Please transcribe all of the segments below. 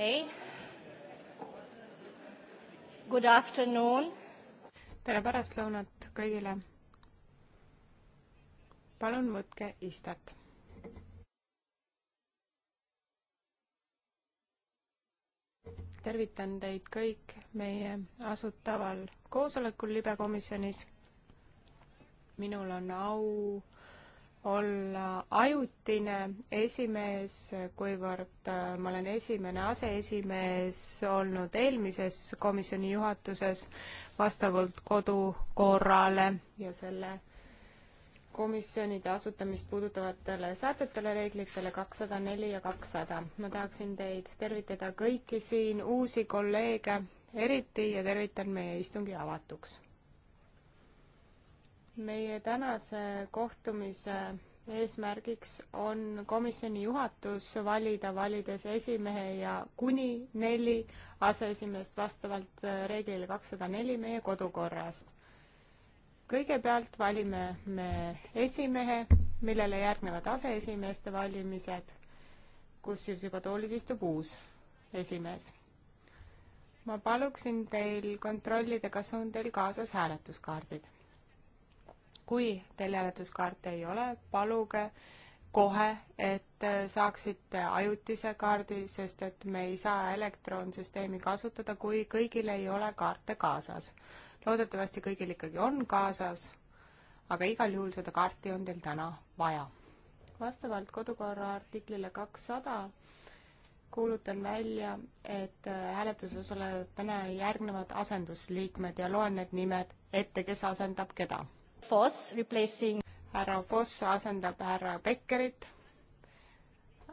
Okay. Good afternoon. tere pärastlõunat kõigile. palun võtke istet. tervitan teid kõik meie asutaval koosolekul libekomisjonis. minul on au olla ajutine esimees, kuivõrd äh, ma olen esimene aseesimees olnud eelmises komisjoni juhatuses vastavalt kodukorrale ja selle komisjonide asutamist puudutavatele sätetele, reeglitele kakssada neli ja kakssada. ma tahaksin teid tervitada kõiki siin, uusi kolleege eriti ja tervitan meie istungi avatuks meie tänase kohtumise eesmärgiks on komisjoni juhatus valida, valides esimehe ja kuni neli aseesimeest vastavalt äh, reeglile kakssada neli meie kodukorrast. kõigepealt valime me esimehe, millele järgnevad aseesimeeste valimised, kus siis juba toolis istub uus esimees. ma paluksin teil kontrollida, kas on teil kaasas hääletuskaardid kui teil hääletuskaarte ei ole, paluge kohe, et äh, saaksite ajutise kaardi, sest et me ei saa elektronsüsteemi kasutada, kui kõigil ei ole kaarte kaasas. loodetavasti kõigil ikkagi on kaasas, aga igal juhul seda kaarti on teil täna vaja. vastavalt kodukorra artiklile kakssada kuulutan välja, et äh, hääletuses olevad täna järgnevad asendusliikmed ja loen need nimed ette, kes asendab keda Foss replacing härra Foss asendab härra Beckerit,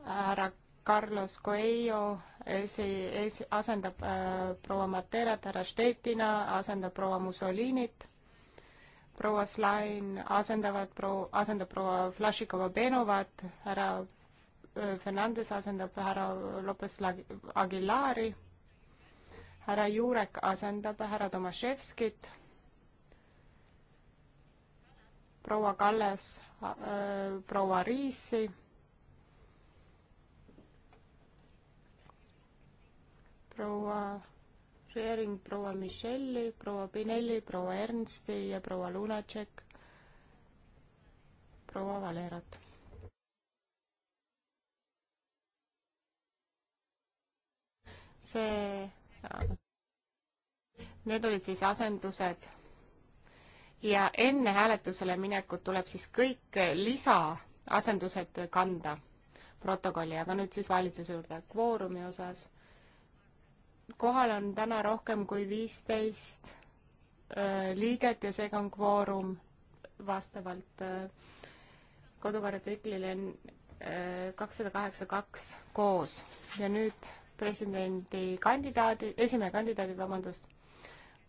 härra Carlos Coelho esi, esi, asendab äh, proua Materat, härra Stettina asendab proua Mussolinit, proua Slain asendavad pro-, asendab proua Flašikova-Benovat, härra äh, Fernandes asendab härra Lopez Aguilari, härra Jurek asendab härra Tomaševskit proua Kallas, äh, proua Riisi, proua Reering, proua Michelli, proua Pinelli, proua Ernsti ja proua Lunacek, proua Valerat. see, äh, need olid siis asendused ja enne hääletusele minekut tuleb siis kõik lisaasendused kanda protokolli, aga nüüd siis valitsuse juurde kvoorumi osas. kohal on täna rohkem kui viisteist äh, liiget ja seega on kvoorum vastavalt äh, kodukorra artiklile äh, kakssada kaheksa kaks koos ja nüüd presidendikandidaadi, esimehe kandidaadid, vabandust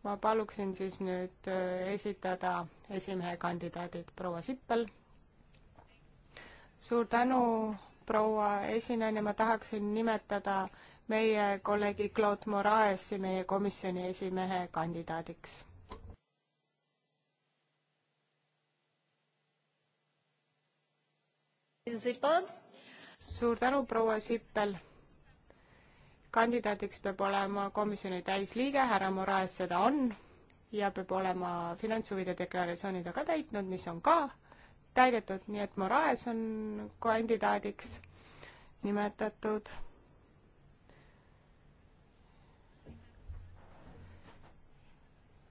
ma paluksin siis nüüd äh, esitada esimehe kandidaadid proua Sippel. suur tänu, proua esinaine, ma tahaksin nimetada meie kolleegi Claude Moraesi meie komisjoni esimehe kandidaadiks suur tänu, proua Sippel kandidaadiks peab olema komisjoni täisliige, härra Moraes seda on, ja peab olema finantshuvide deklaratsioonid aga täitnud, mis on ka täidetud, nii et Moraes on kandidaadiks nimetatud.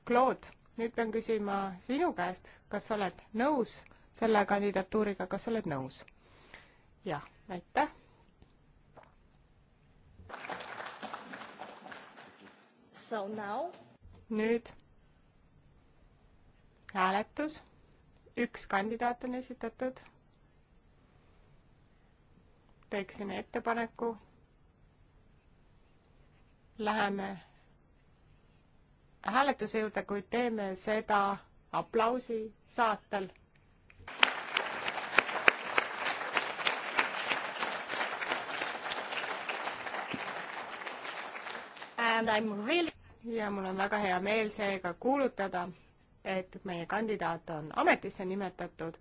Claude, nüüd pean küsima sinu käest, kas sa oled nõus selle kandidatuuriga, kas sa oled nõus? jah, aitäh. So now. nüüd hääletus. üks kandidaat on esitatud. teeksin ettepaneku. Läheme hääletuse juurde, kuid teeme seda aplausi saatel and I'm really ja mul on väga hea meel seega kuulutada, et meie kandidaat on ametisse nimetatud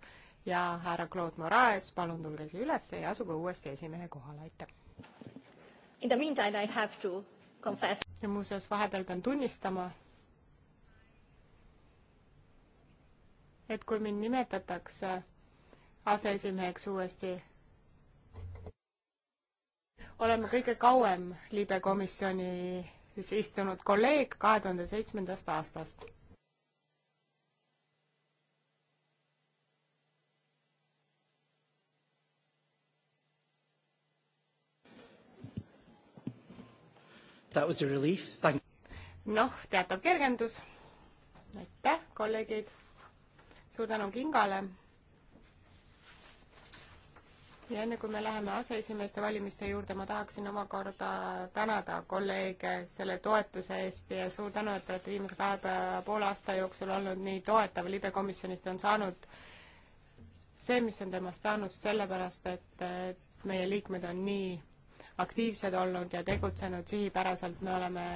ja härra Claude Moraes, palun tulge siia üles ja asuge uuesti esimehe kohale, aitäh! In the meantime I have to confess. ja muuseas, vahepeal pean tunnistama, et kui mind nimetatakse aseesimeheks uuesti, olen ma kõige kauem libekomisjoni istunud kolleeg kahe tuhande seitsmendast aastast. noh, teatav kergendus. aitäh, kolleegid. suur tänu Kingale ja enne kui me läheme aseesimeeste valimiste juurde, ma tahaksin omakorda tänada kolleege selle toetuse eest ja suur tänu, et te olete viimase kahe päeva, poole aasta jooksul olnud nii toetav, libekomisjonist on saanud see, mis on temast saanud, sellepärast et meie liikmed on nii aktiivsed olnud ja tegutsenud sihipäraselt, me oleme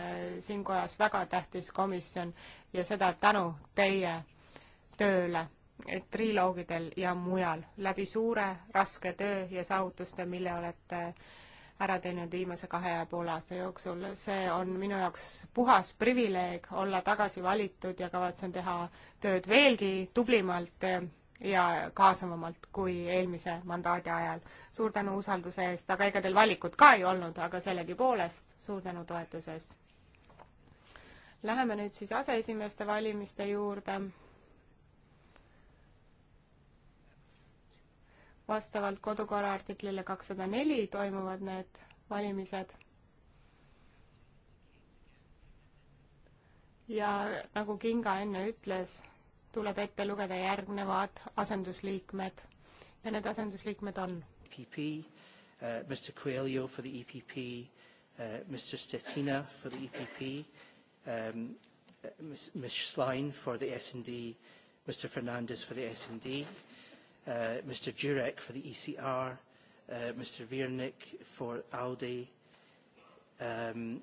siin kojas väga tähtis komisjon ja seda tänu teie tööle triloogidel ja mujal läbi suure raske töö ja saavutuste, mille olete ära teinud viimase kahe ja poole aasta jooksul. see on minu jaoks puhas privileeg olla tagasi valitud ja kavatsen teha tööd veelgi tublimalt ja kaasavamalt kui eelmise mandaadi ajal. suur tänu usalduse eest, aga ega teil valikut ka ei olnud, aga sellegipoolest suur tänu toetuse eest. Läheme nüüd siis aseesimeeste valimiste juurde vastavalt kodukorra artiklile kakssada neli toimuvad need valimised. ja nagu Kinga enne ütles, tuleb ette lugeda järgnevad asendusliikmed ja need asendusliikmed on EPP, uh, Mr Coelho for the EPP, uh, Mr Stetina for the EPP, um, uh, Ms, Ms Schlein for the S&D, Mr Fernandez for the S&D, uh, uh, Mr Jurek for the ECR, uh, Mr Viernik for ALDE, um,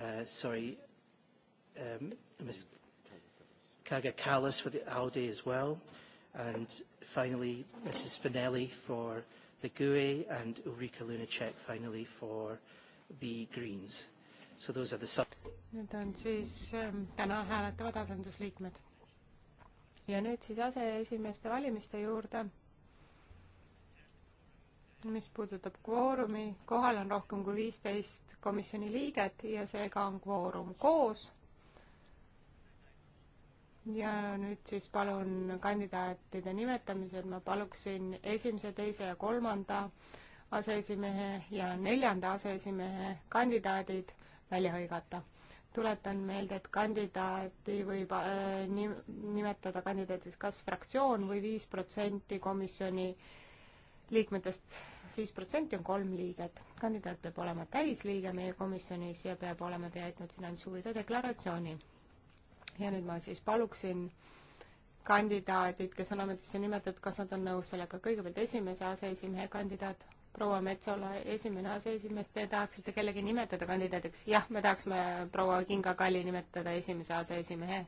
uh, sorry, um, Ms Kaga Callas for the ALDE as well, and finally Mrs Spinelli for the GUE and Ulrika Lunacek finally for the Greens. So those are the sub- Need on siis ähm, täna hääletavad asendusliikmed ja nüüd siis aseesimeeste valimiste juurde, mis puudutab kvoorumi, kohal on rohkem kui viisteist komisjoni liiget ja seega on kvoorum koos. ja nüüd siis palun kandidaatide nimetamisel ma paluksin esimese, teise ja kolmanda aseesimehe ja neljanda aseesimehe kandidaadid välja hõigata tuletan meelde, et kandidaati võib äh, nimetada kandidaadiks kas fraktsioon või viis protsenti komisjoni liikmetest, viis protsenti on kolm liiget. kandidaat peab olema täisliige meie komisjonis ja peab olema täitnud finantshuvide deklaratsiooni. ja nüüd ma siis paluksin kandidaadid, kes on ametisse nimetatud, kas nad on nõus sellega, kõigepealt esimese aseesimehe kandidaat proua Metsola esimene aseesimees, te tahaksite kellegi nimetada kandidaadiks? jah, me tahaksime proua Kinga Kalli nimetada esimese aseesimehe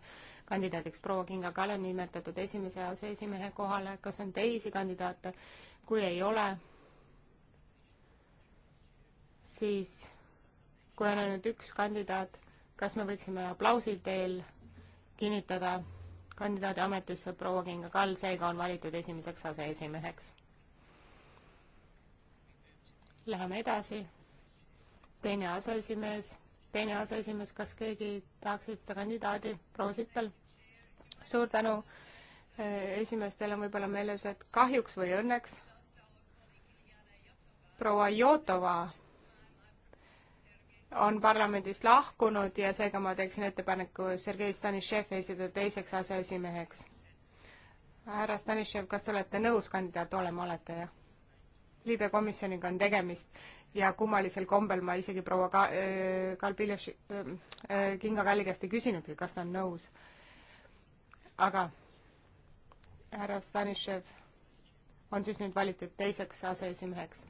kandidaadiks. proua Kinga Kall on nimetatud esimese aseesimehe kohale, kas on teisi kandidaate? kui ei ole, siis kui on ainult üks kandidaat, kas me võiksime aplausi teel kinnitada kandidaadi ametisse proua Kinga Kall, seega on valitud esimeseks aseesimeheks Läheme edasi. teine aseesimees, teine aseesimees, kas keegi tahaks esitada kandidaadi? proua Sippel. suur tänu. Äh, esimestel on võib-olla meeles, et kahjuks või õnneks proua Jotova on parlamendist lahkunud ja seega ma teeksin ettepaneku Sergei Stanishev esitada teiseks aseesimeheks. härra Stanishev, kas te olete nõus kandidaat olema, olete jah? Liibe komisjoniga on tegemist ja kummalisel kombel ma isegi proua Ka-, äh, Kalbiljaš- äh,, äh Kinga-Kalli käest ei küsinudki, kas ta on nõus. aga härra Stanišev on siis nüüd valitud teiseks aseesimeheks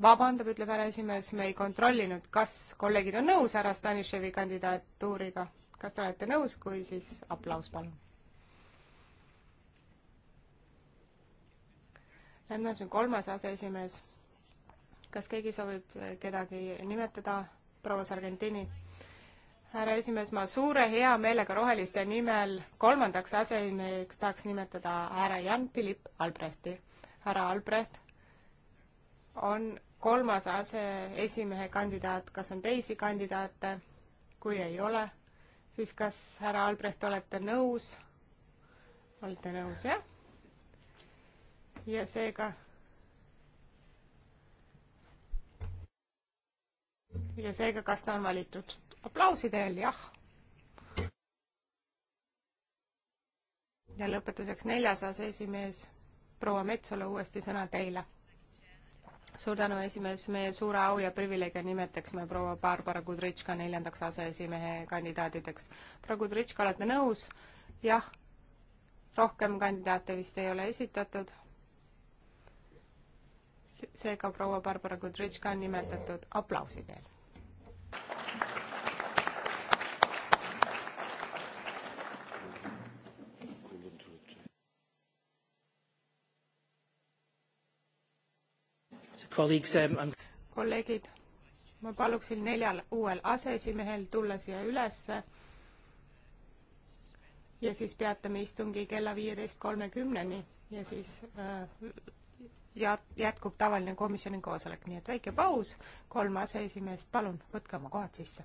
vabandab, ütleb härra esimees, me ei kontrollinud, kas kolleegid on nõus härra Staniševi kandidatuuriga. kas te olete nõus, kui siis aplaus, palun. Lämmas on kolmas aseesimees. kas keegi soovib kedagi nimetada? proua Sargentini. härra esimees, ma suure heameelega Roheliste nimel kolmandaks asemeheks tahaks nimetada härra Jan-Philipp Albrechti. härra Albrecht on kolmas aseesimehe kandidaat, kas on teisi kandidaate? kui ei ole, siis kas härra Albrecht olete nõus? olete nõus, jah? ja seega ja seega, kas ta on valitud aplausi teel, jah. ja lõpetuseks neljas aseesimees proua Metsola uuesti sõna teile. suur tänu, esimees, meie suure au ja privileegia nimetaksime proua Barbara Kudritška neljandaks aseesimehe kandidaadideks. proua Kudritška, olete nõus? jah rohkem kandidaate vist ei ole esitatud seega proua Barbara Kudritška on nimetatud, aplausi veel. Ähm, kolleegid, ma paluksin neljal uuel aseesimehel tulla siia ülesse ja siis peatame istungi kella viieteist kolmekümneni ja siis äh, ja jätkub tavaline komisjoni koosolek, nii et väike paus, kolm aseesimeest, palun võtke oma kohad sisse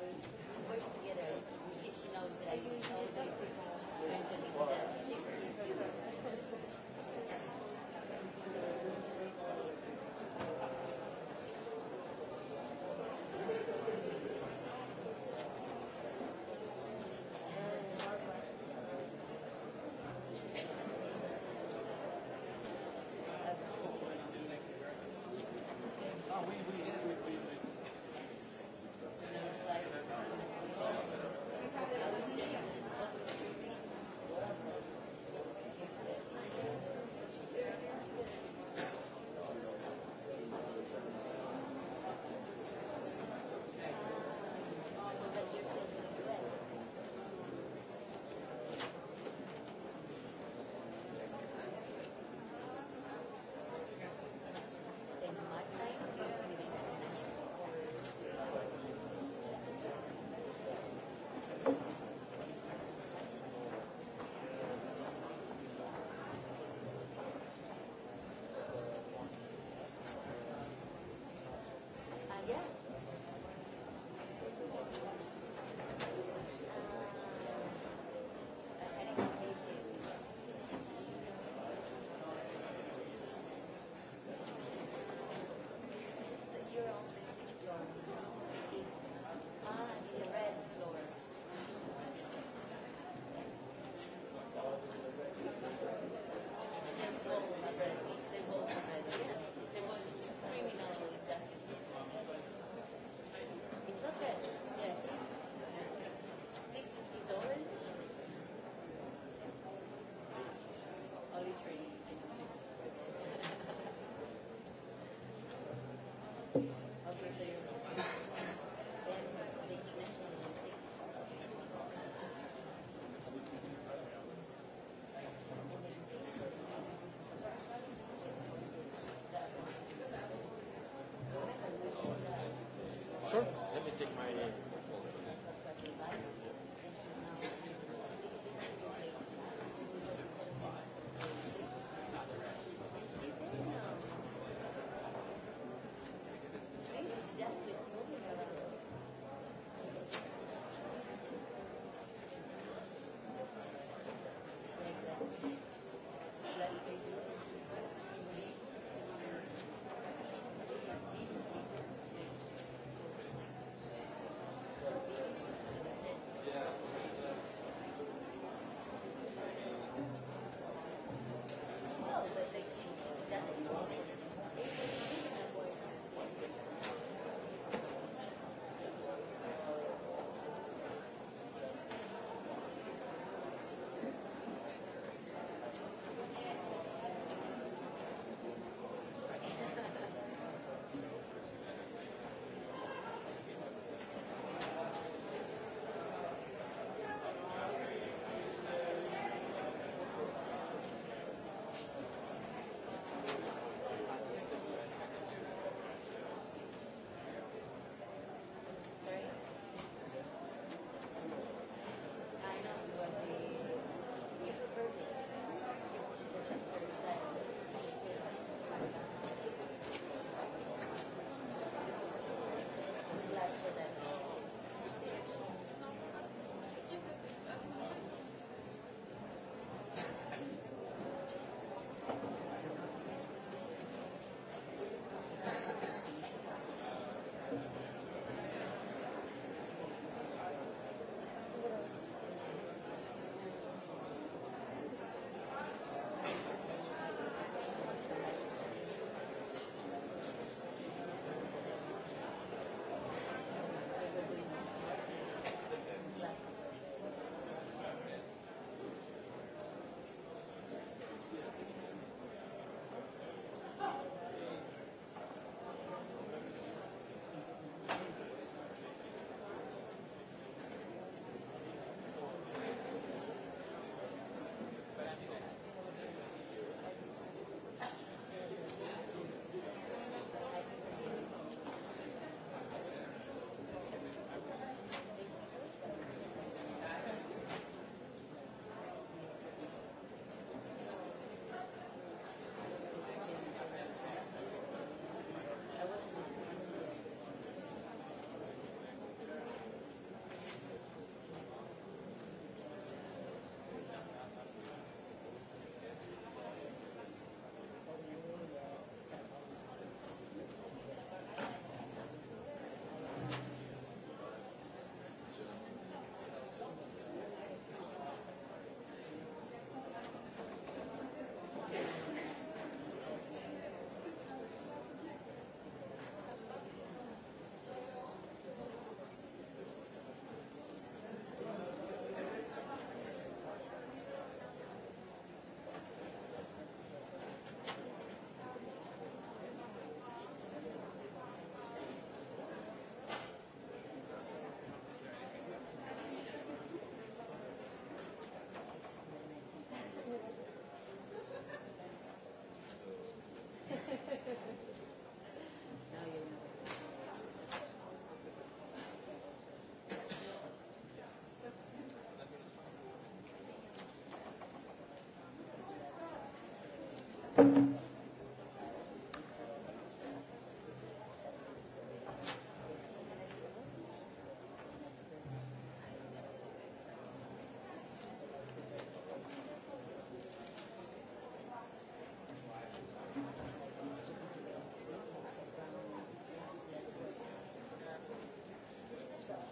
Grazie. Sure. Let me take my.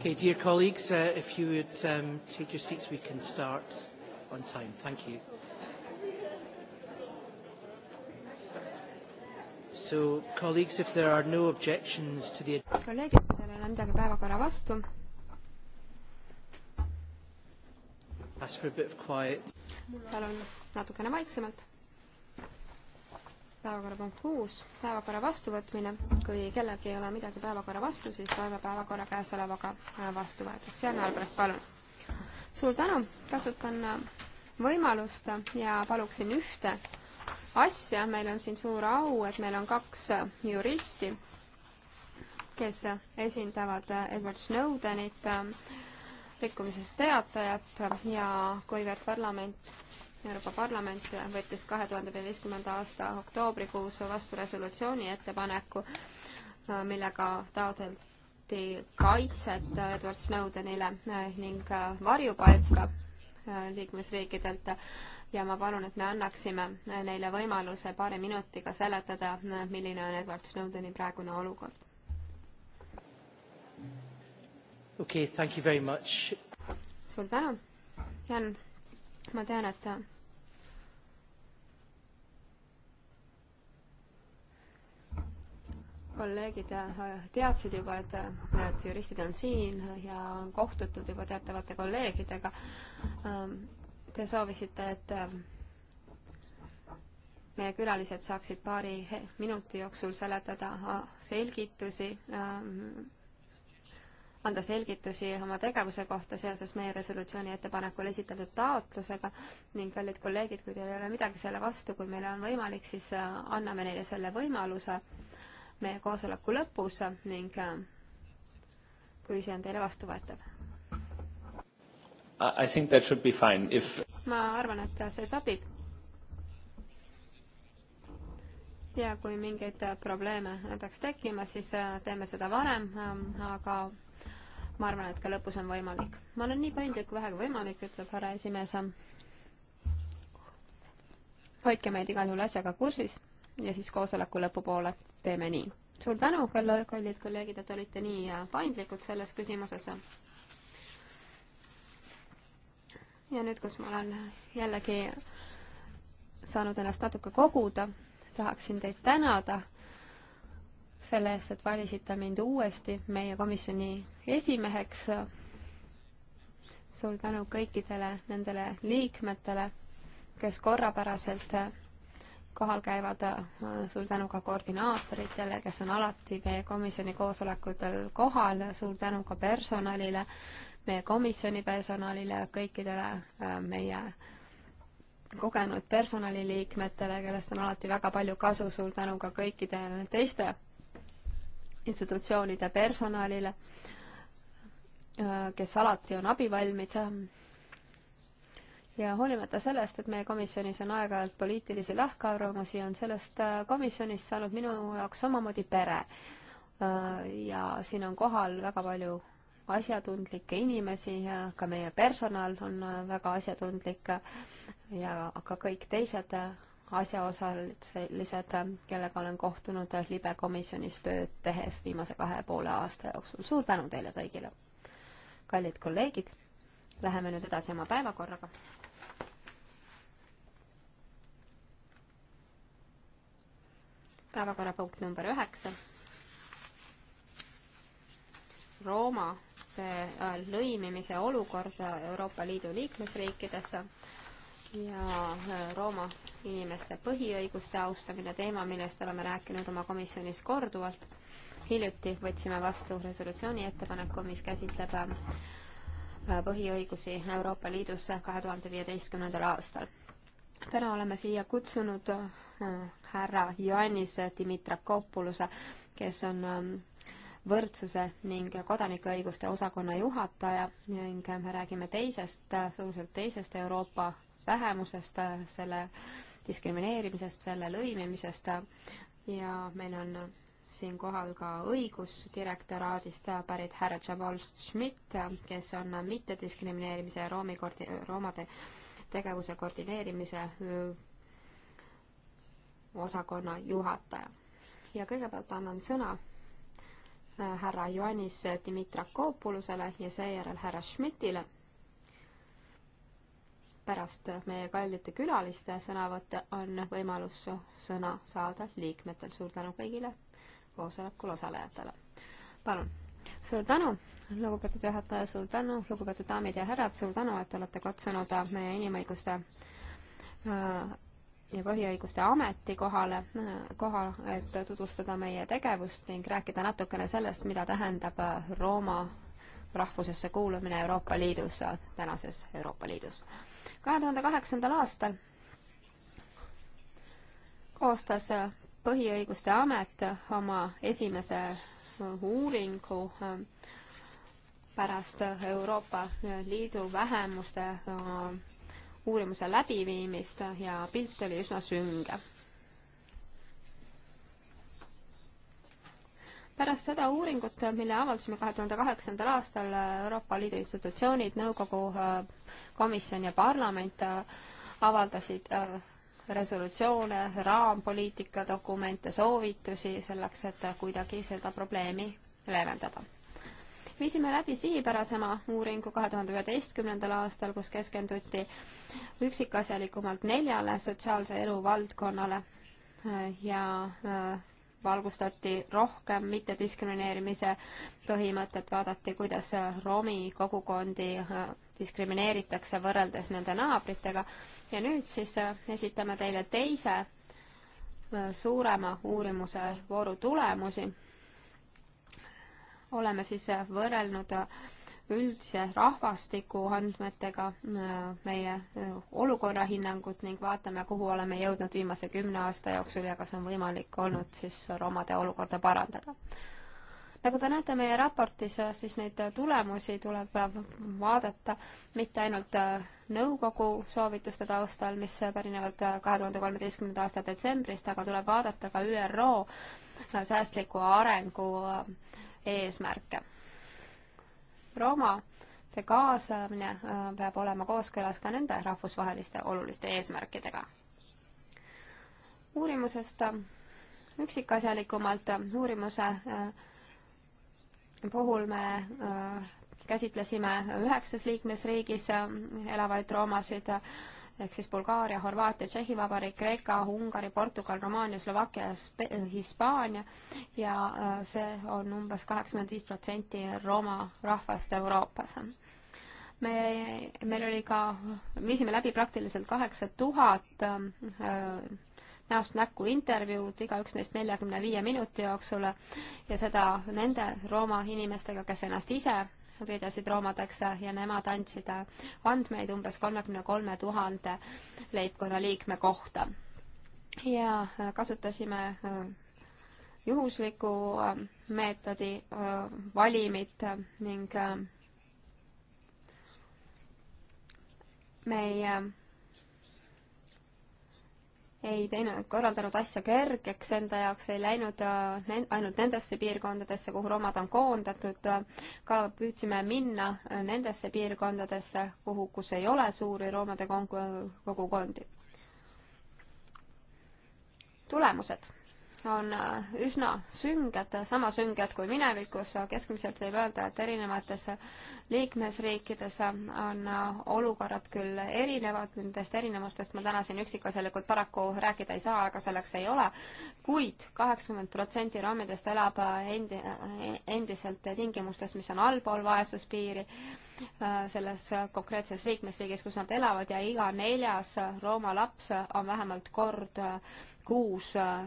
Okay, dear colleagues, uh, if you would um, take your seats, we can start on time. Thank you. So, colleagues, if there are no objections to the... Kolleegid, kui teil on midagi päevakorra vastu, ask for a bit of quiet. palun natukene vaiksemalt päevakorrapunkt kuus, päevakorra vastuvõtmine. kui kellelgi ei ole midagi päevakorra vastu, siis loeme päevakorra käesolevaga äh, vastu võetuks. Jan Albrecht, palun. suur tänu, kasutan äh, võimalust äh, ja paluksin ühte asja, meil on siin suur au, et meil on kaks juristi, kes esindavad Edward Snowdenit, rikkumisest teatajat ja kuivõrd parlament Euroopa Parlament võttis kahe tuhande viieteistkümnenda aasta oktoobrikuus vastu resolutsiooni ettepaneku, millega taotleti kaitset Edward Snowdenile ning varjupaika liikmesriikidelt ja ma palun, et me annaksime neile võimaluse paari minutiga seletada, milline on Edward Snowdeni praegune olukord. okei okay,, thank you very much. suur tänu, Jan ma tean, et kolleegid teadsid juba, et need juristid on siin ja on kohtutud juba teatavate kolleegidega. Te soovisite, et meie külalised saaksid paari minuti jooksul seletada selgitusi anda selgitusi oma tegevuse kohta seoses meie resolutsiooni ettepanekul esitatud taotlusega ning kallid kolleegid, kui teil ei ole midagi selle vastu, kui meil on võimalik, siis äh, anname neile selle võimaluse meie koosoleku lõpus ning äh, kui see on teile vastuvõetav. I think that should be fine if ma arvan, et see sobib ja kui mingeid äh, probleeme äh, peaks tekkima, siis äh, teeme seda varem, ähm, aga ma arvan, et ka lõpus on võimalik. ma olen nii paindlik kui vähegi võimalik, ütleb härra esimees. hoidke meid igal juhul asjaga kursis ja siis koosoleku lõpupoole teeme nii. suur tänu, kallid kolleegid, et olite nii paindlikud selles küsimuses ja nüüd, kus ma olen jällegi saanud ennast natuke koguda tahaksin teid tänada selle eest, et valisite mind uuesti meie komisjoni esimeheks. suur tänu kõikidele nendele liikmetele, kes korrapäraselt kohal käivad, suur tänu ka koordinaatoritele, kes on alati meie komisjoni koosolekutel kohal, suur tänu ka personalile, meie komisjoni personalile, kõikidele äh, meie kogenud personaliliikmetele, kellest on alati väga palju kasu, suur tänu ka kõikide teiste institutsioonide personalile, kes alati on abivalmid. ja hoolimata sellest, et meie komisjonis on aeg-ajalt poliitilisi lahkarvamusi, on sellest komisjonist saanud minu jaoks omamoodi pere. ja siin on kohal väga palju asjatundlikke inimesi ja ka meie personal on väga asjatundlik ja ka kõik teised asjaosalised, kellega olen kohtunud libe komisjonis tööd tehes viimase kahe poole aasta jooksul. suur tänu teile kõigile! kallid kolleegid, läheme nüüd edasi oma päevakorraga. päevakorrapunkt number üheksa Rooma laste äh, lõimimise olukorda Euroopa Liidu liikmesriikidesse ja äh, Rooma inimeste põhiõiguste austamine, teema, millest oleme rääkinud oma komisjonis korduvalt. hiljuti võtsime vastu resolutsiooni ettepaneku, mis käsitleb äh, põhiõigusi Euroopa Liidus kahe tuhande viieteistkümnendal aastal. täna oleme siia kutsunud härra Ioannis Dimitrakopuluse, kes on ähm, võrdsuse ning kodanikuõiguste osakonna juhataja ning me räägime teisest, suuruselt teisest Euroopa vähemusest, selle diskrimineerimisest, selle lõimimisest ja meil on siinkohal ka õigusdirektoraadist pärit härra Jamal Schmidt, kes on mittediskrimineerimise ja roomi koordi-, roomade tegevuse koordineerimise osakonna juhataja. ja kõigepealt annan sõna Äh, härra Ioannis Dimitrakopoulusele ja seejärel härra Schmidtile. pärast meie kallite külaliste sõnavõtte on võimalus sõna saada liikmetel. suur tänu kõigile koosolekul osalejatele. palun. suur tänu, lugupeetud juhataja, suur tänu, lugupeetud daamid ja härrad, suur tänu, et olete kutsunud meie inimõiguste äh, ja Põhiõiguste Ameti kohale, koha, et tutvustada meie tegevust ning rääkida natukene sellest, mida tähendab äh, Rooma rahvusesse kuulumine Euroopa Liidus, äh, tänases Euroopa Liidus. kahe tuhande kaheksandal aastal koostas äh, Põhiõiguste Amet oma esimese uuringu pärast Euroopa Liidu vähemuste uurimuse läbiviimist ja pilt oli üsna sünge. pärast seda uuringut, mille avaldasime kahe tuhande kaheksandal aastal, Euroopa Liidu institutsioonid, nõukogu komisjon ja parlament avaldasid äh, resolutsioone, raampoliitika dokumente, soovitusi selleks, et kuidagi seda probleemi leevendada viisime läbi sihipärasema uuringu kahe tuhande üheteistkümnendal aastal, kus keskenduti üksikasjalikumalt neljale sotsiaalse elu valdkonnale äh, ja äh, valgustati rohkem mittediskrimineerimise põhimõtet, vaadati, kuidas romi kogukondi äh, diskrimineeritakse võrreldes nende naabritega ja nüüd siis esitame teile teise suurema uurimuse vooru tulemusi oleme siis võrrelnud üldse rahvastiku andmetega äh, meie äh, olukorrahinnangut ning vaatame, kuhu oleme jõudnud viimase kümne aasta jooksul ja kas on võimalik olnud siis romade olukorda parandada. nagu te näete meie raportis, äh, siis neid tulemusi tuleb vaadata mitte ainult nõukogu soovituste taustal, mis pärinevad kahe tuhande kolmeteistkümnenda aasta detsembrist, aga tuleb vaadata ka ÜRO säästliku arengu äh, eesmärke. Romade kaasamine äh, peab olema kooskõlas ka nende rahvusvaheliste oluliste eesmärkidega. uurimusest äh, üksikasjalikumalt äh, uurimuse puhul me käsitlesime üheksas liikmesriigis elavaid roomasid ehk siis Bulgaaria, Horvaatia, Tšehhi Vabariik, Kreeka, Ungari, Portugal, Rumaania, Slovakkia ja Hispaania ja äh, see on umbes kaheksakümmend viis protsenti Rooma rahvast Euroopas me, meil oli ka, viisime läbi praktiliselt kaheksa tuhat äh, näost näkku intervjuud, igaüks neist neljakümne viie minuti jooksul ja seda nende Rooma inimestega, kes ennast ise videosid roomadeks ja nemad andsid andmeid umbes kolmekümne kolme tuhande leibkonna liikme kohta. ja kasutasime äh, juhuslikku äh, meetodi äh, valimit ning meie ei teinud, korraldanud asja kergeks enda jaoks, ei läinud äh, ainult nendesse piirkondadesse, kuhu romad on koondatud, äh, ka püüdsime minna äh, nendesse piirkondadesse, kuhu, kus ei ole suuri romade kogukondi. tulemused on äh, üsna sünged, sama sünged kui minevikus, keskmiselt võib öelda, et erinevates liikmesriikides on äh, olukorrad küll erinevad, nendest erinevustest ma täna siin üksikasjalikult paraku rääkida ei saa, aega selleks ei ole kuid, kuid kaheksakümmend protsenti roomidest elab äh, endi-, endiselt tingimustes, mis on allpool vaesuspiiri selles konkreetses liikmesriigis, kus nad elavad ja iga neljas Rooma laps on vähemalt kord kuus, äh,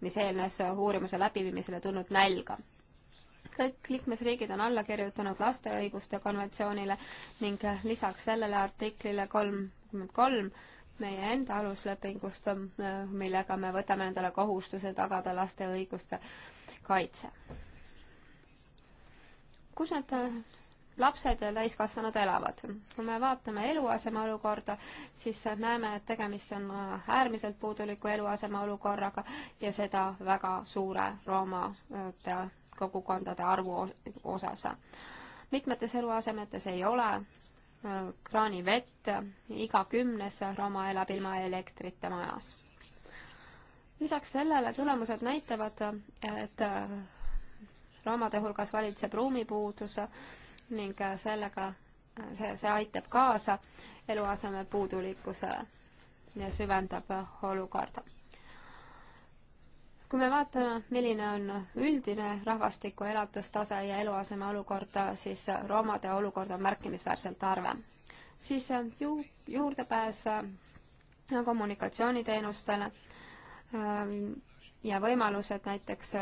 mis eelnes uurimuse läbiviimisele tulnud nälga kõik liikmesriigid on alla kirjutanud laste õiguste konventsioonile ning lisaks sellele artiklile kolmkümmend kolm meie enda aluslepingust, äh, millega me võtame endale kohustuse tagada laste õiguste kaitse. kus need äh, lapsed ja täiskasvanud elavad. kui me vaatame eluaseme olukorda, siis näeme, et tegemist on äh, äärmiselt puuduliku eluaseme olukorraga ja seda väga suure roomade äh, kogukondade arvu osas. mitmetes eluasemetes ei ole äh, kraanivett, iga kümnes roma elab ilma elektrita majas. lisaks sellele tulemused näitavad, et romade hulgas valitseb ruumipuudus ning äh, sellega äh, see, see aitab kaasa eluaseme puudulikkusele ja süvendab äh, olukorda. kui me vaatame, milline on üldine rahvastiku elatustase ja eluaseme olukord, siis roomade olukord on märkimisväärselt harvem. siis ju-, juurdepääs kommunikatsiooniteenustele ähm, ja võimalused näiteks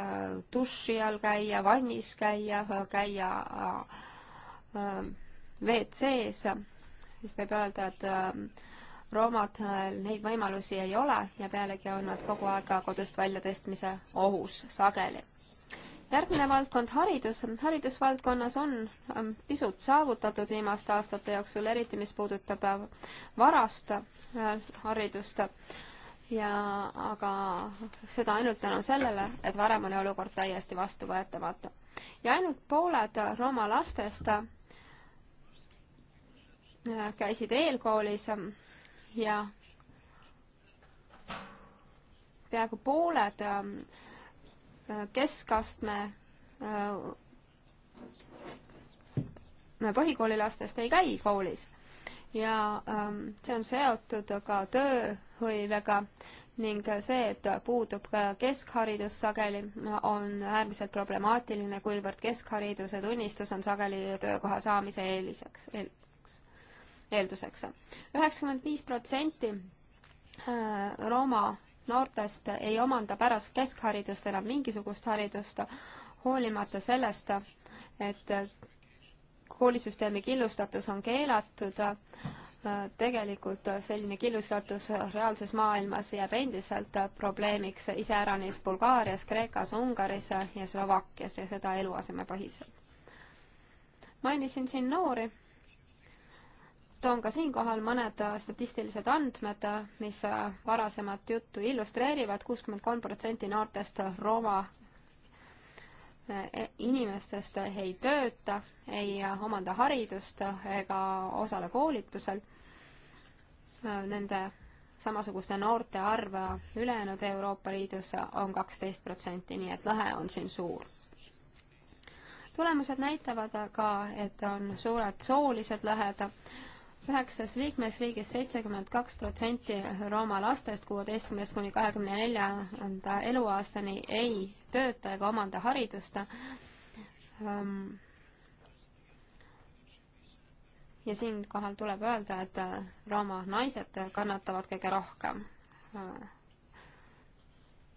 duši all käia, vannis käia, käia Ähm, WC-s, siis võib öelda, et ähm, roomad, äh, neid võimalusi ei ole ja pealegi on nad kogu aeg ka kodust väljatõstmise ohus sageli. järgmine valdkond, haridus. haridusvaldkonnas on ähm, pisut saavutatud viimaste aastate jooksul, eriti mis puudutab äh, varast äh, haridust ja aga seda ainult tänu sellele, et varem oli olukord täiesti vastuvõetamatu. ja ainult pooled Rooma lastest Äh, käisid eelkoolis ähm, ja peaaegu pooled ähm, äh, keskastme äh, põhikoolilastest ei käi koolis ja ähm, see on seotud ka tööhõivega ning see, et puudub keskharidus sageli, on äärmiselt problemaatiline, kuivõrd keskhariduse tunnistus on sageli töökoha saamise eeliseks, eelduseks. üheksakümmend viis protsenti äh, Rooma noortest ei omanda pärast keskharidust enam mingisugust haridust, hoolimata sellest, et koolisüsteemi killustatus on keelatud, äh, tegelikult selline killustatus reaalses maailmas jääb endiselt probleemiks iseäranis Bulgaarias, Kreekas, Ungaris ja Slovakkias ja seda eluasemepõhiselt. mainisin siin noori toon ka siinkohal mõned äh, statistilised andmed, äh, mis äh, varasemat juttu illustreerivad, kuuskümmend kolm protsenti noortest Rooma inimestest ei tööta, ei omanda haridust ega osale koolitusel. Nende samasuguste noorte arv ülejäänud Euroopa Liidus on kaksteist protsenti, nii et lõhe on siin suur tulemused näitavad aga, et on suured soolised lõhed üheksas liikmesriigis seitsekümmend kaks protsenti Rooma lastest kuueteistkümnest kuni kahekümne neljanda eluaastani ei tööta ega omanda haridust. Ehm, ja siinkohal tuleb öelda, et Rooma naised kannatavad kõige rohkem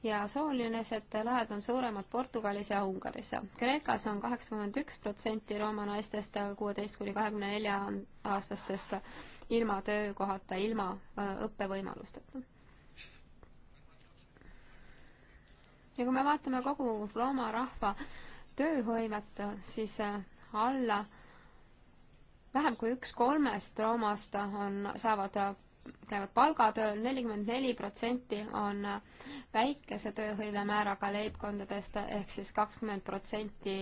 ja soolinäsed lõhed on suuremad Portugalis ja Ungaris. Kreekas on kaheksakümmend üks protsenti Rooma naistest kuueteist kuni kahekümne nelja aastastest ilma töökohata, ilma õppevõimalusteta. ja kui me vaatame kogu Rooma rahva tööhõivet, siis alla vähem kui üks kolmest Roomast on, saavad käivad palgatööl, nelikümmend neli protsenti on väikese tööhõive määraga leibkondadest ehk siis kakskümmend protsenti,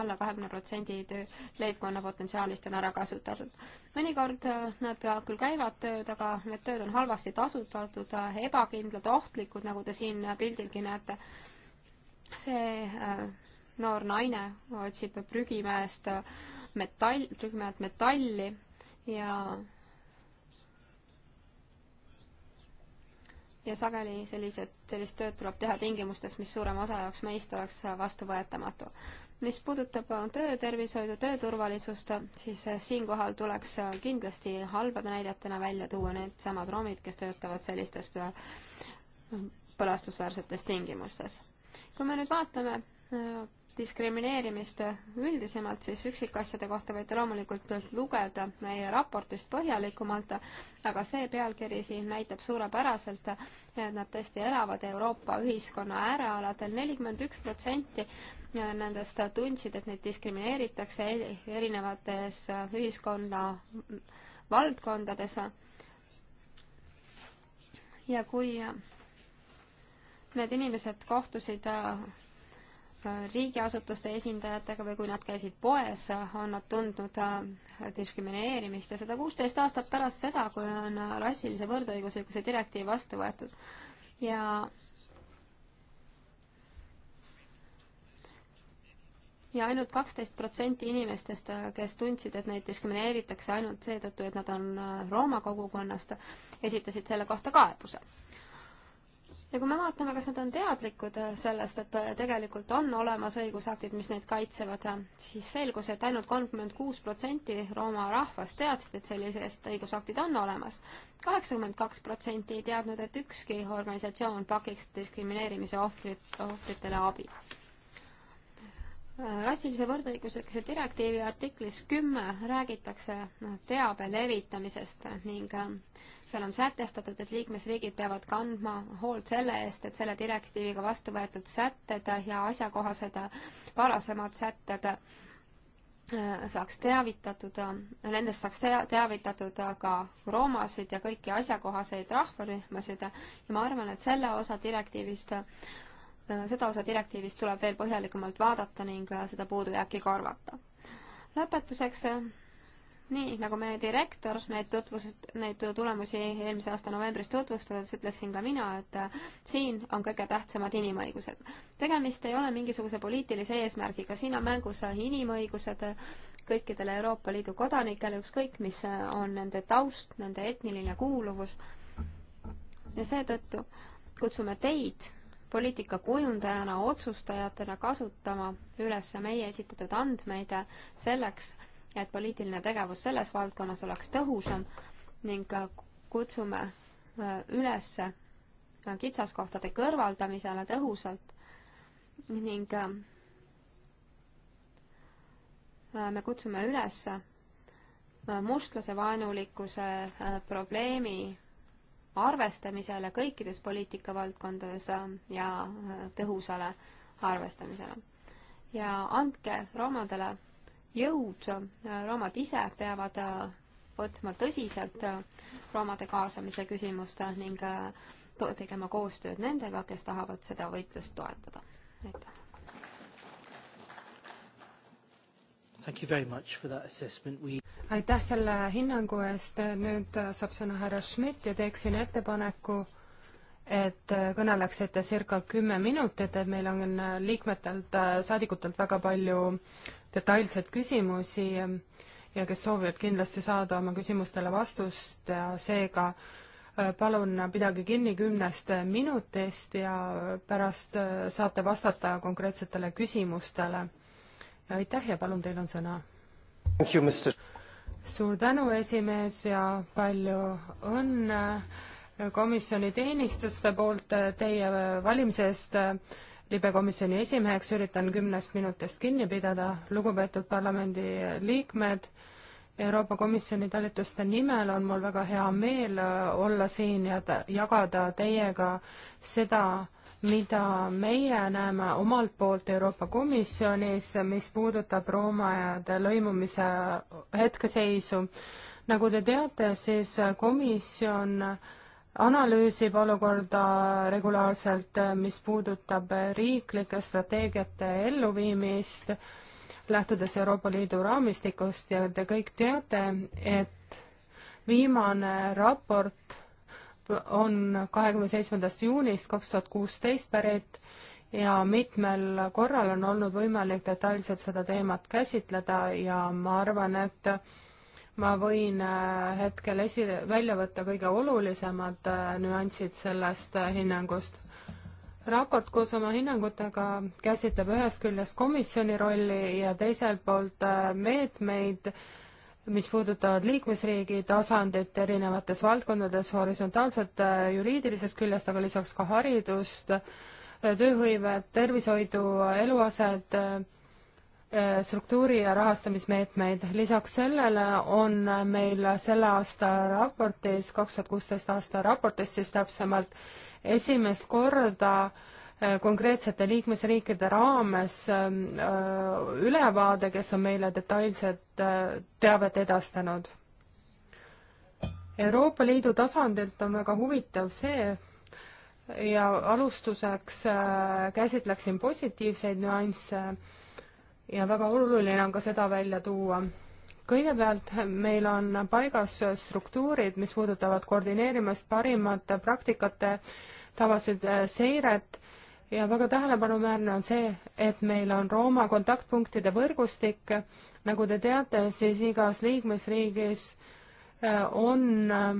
alla kahekümne protsendi töö, leibkonna potentsiaalist on ära kasutatud. mõnikord nad küll käivad tööd, aga need tööd on halvasti tasutatud, ebakindlad, ohtlikud, nagu te siin pildilgi näete. see äh, noor naine otsib prügimäest metall, prügimäelt metalli ja ja sageli sellised, sellist tööd tuleb teha tingimustes, mis suurema osa jaoks meist oleks vastuvõetamatu. mis puudutab äh, töötervishoidu, tööturvalisust, siis äh, siinkohal tuleks äh, kindlasti halbade näidetena välja tuua needsamad roomid, kes töötavad sellistes põlastusväärsetes tingimustes. kui me nüüd vaatame diskrimineerimist üldisemalt, siis üksikasjade kohta võite loomulikult lugeda meie raportist põhjalikumalt, aga see pealkiri siin näitab suurepäraselt, et nad tõesti elavad Euroopa ühiskonna äärealadel. nelikümmend üks protsenti nendest tundsid, et neid diskrimineeritakse erinevates ühiskonna valdkondades. ja kui need inimesed kohtusid riigiasutuste esindajatega või kui nad käisid poes, on nad tundnud äh, diskrimineerimist ja seda kuusteist aastat pärast seda, kui on äh, rassilise võrdõiguslikkuse direktiiv vastu võetud. ja ja ainult kaksteist protsenti inimestest, äh, kes tundsid, et neid diskrimineeritakse ainult seetõttu, et nad on Rooma kogukonnast, esitasid selle kohta kaebuse ja kui me vaatame, kas nad on teadlikud äh, sellest, et äh, tegelikult on olemas õigusaktid, mis neid kaitsevad, äh, siis selgus, et ainult kolmkümmend kuus protsenti Rooma rahvast teadsid, et sellised õigusaktid on olemas. kaheksakümmend kaks protsenti ei teadnud, et ükski organisatsioon pakiks diskrimineerimise ohvrit, ohvritele abi rassilise võrdõiguslikkuse direktiivi artiklis kümme räägitakse teabe levitamisest ning äh, seal on sätestatud, et liikmesriigid peavad kandma hoolt selle eest, et selle direktiiviga vastu võetud sätted ja asjakohased varasemad sätted äh, saaks teavitatud, äh, nendest saaks teavitatud ka roomasid ja kõiki asjakohaseid rahvarühmasid ja ma arvan, et selle osa direktiivist, äh, seda osa direktiivist tuleb veel põhjalikumalt vaadata ning seda puudujääki korvata. lõpetuseks nii nagu meie direktor neid tutvusid, neid tulemusi eelmise aasta novembris tutvustades ütleksin ka mina, et äh, siin on kõige tähtsamad inimõigused. tegemist ei ole mingisuguse poliitilise eesmärgiga, siin on mängus äh, inimõigused äh, kõikidele Euroopa Liidu kodanikele, ükskõik mis on nende taust, nende etniline kuuluvus. ja seetõttu kutsume teid poliitika kujundajana, otsustajatena kasutama üles meie esitatud andmeid selleks, ja et poliitiline tegevus selles valdkonnas oleks tõhusam ning äh, kutsume äh, üles äh, kitsaskohtade kõrvaldamisele tõhusalt ning me kutsume üles mustlase vaenulikkuse probleemi arvestamisele kõikides poliitikavaldkondades ja tõhusale arvestamisele. ja andke romadele jõud, roomad ise peavad äh, võtma tõsiselt äh, roomade kaasamise küsimust ning äh, tegema koostööd nendega, kes tahavad seda võitlust toetada. aitäh! Thank you very much for that assessment. We... aitäh selle hinnangu eest, nüüd saab sõna härra Schmidt ja teeksin ettepaneku, et kõneleksite circa kümme minutit, et meil on liikmetelt, saadikutelt väga palju detailseid küsimusi ja kes soovivad kindlasti saada oma küsimustele vastust ja seega äh, palun pidage kinni kümnest minutist ja pärast äh, saate vastata konkreetsetele küsimustele. aitäh ja palun, teil on sõna. suur tänu, esimees, ja palju õnne komisjoni teenistuste poolt teie valimise eest libekomisjoni esimeheks, üritan kümnest minutist kinni pidada, lugupeetud parlamendiliikmed, Euroopa Komisjoni talituste nimel on mul väga hea meel äh, olla siin ja jagada teiega seda, mida meie näeme omalt poolt Euroopa Komisjonis, mis puudutab roomajade lõimumise hetkeseisu. nagu te teate, siis komisjon äh, analüüsib olukorda regulaarselt, mis puudutab riiklike strateegiate elluviimist, lähtudes Euroopa Liidu raamistikust ja te kõik teate, et viimane raport on kahekümne seitsmendast juunist kaks tuhat kuusteist pärit ja mitmel korral on olnud võimalik detailselt seda teemat käsitleda ja ma arvan, et ma võin äh, hetkel esi, välja võtta kõige olulisemad äh, nüansid sellest äh, hinnangust. raport koos oma hinnangutega käsitleb ühest küljest komisjoni rolli ja teiselt poolt meetmeid, mis puudutavad liikmesriigi tasandit erinevates valdkondades horisontaalselt juriidilisest küljest, aga lisaks ka haridust, tööhõivet, tervishoidu, eluaset, Äh, struktuuri- ja rahastamismeetmeid. lisaks sellele on meil selle aasta raportis, kaks tuhat kuusteist aasta raportis siis täpsemalt, esimest korda äh, konkreetsete liikmesriikide raames ähm, äh, ülevaade, kes on meile detailset teavet edastanud. Euroopa Liidu tasandilt on väga huvitav see, ja alustuseks käsitleksin positiivseid nüansse ja väga oluline on ka seda välja tuua. kõigepealt meil on paigas struktuurid, mis puudutavad koordineerimist, parimate praktikate tavasid äh, seiret ja väga tähelepanuväärne on see, et meil on Rooma kontaktpunktide võrgustik. nagu te teate, siis igas liikmesriigis äh, on äh,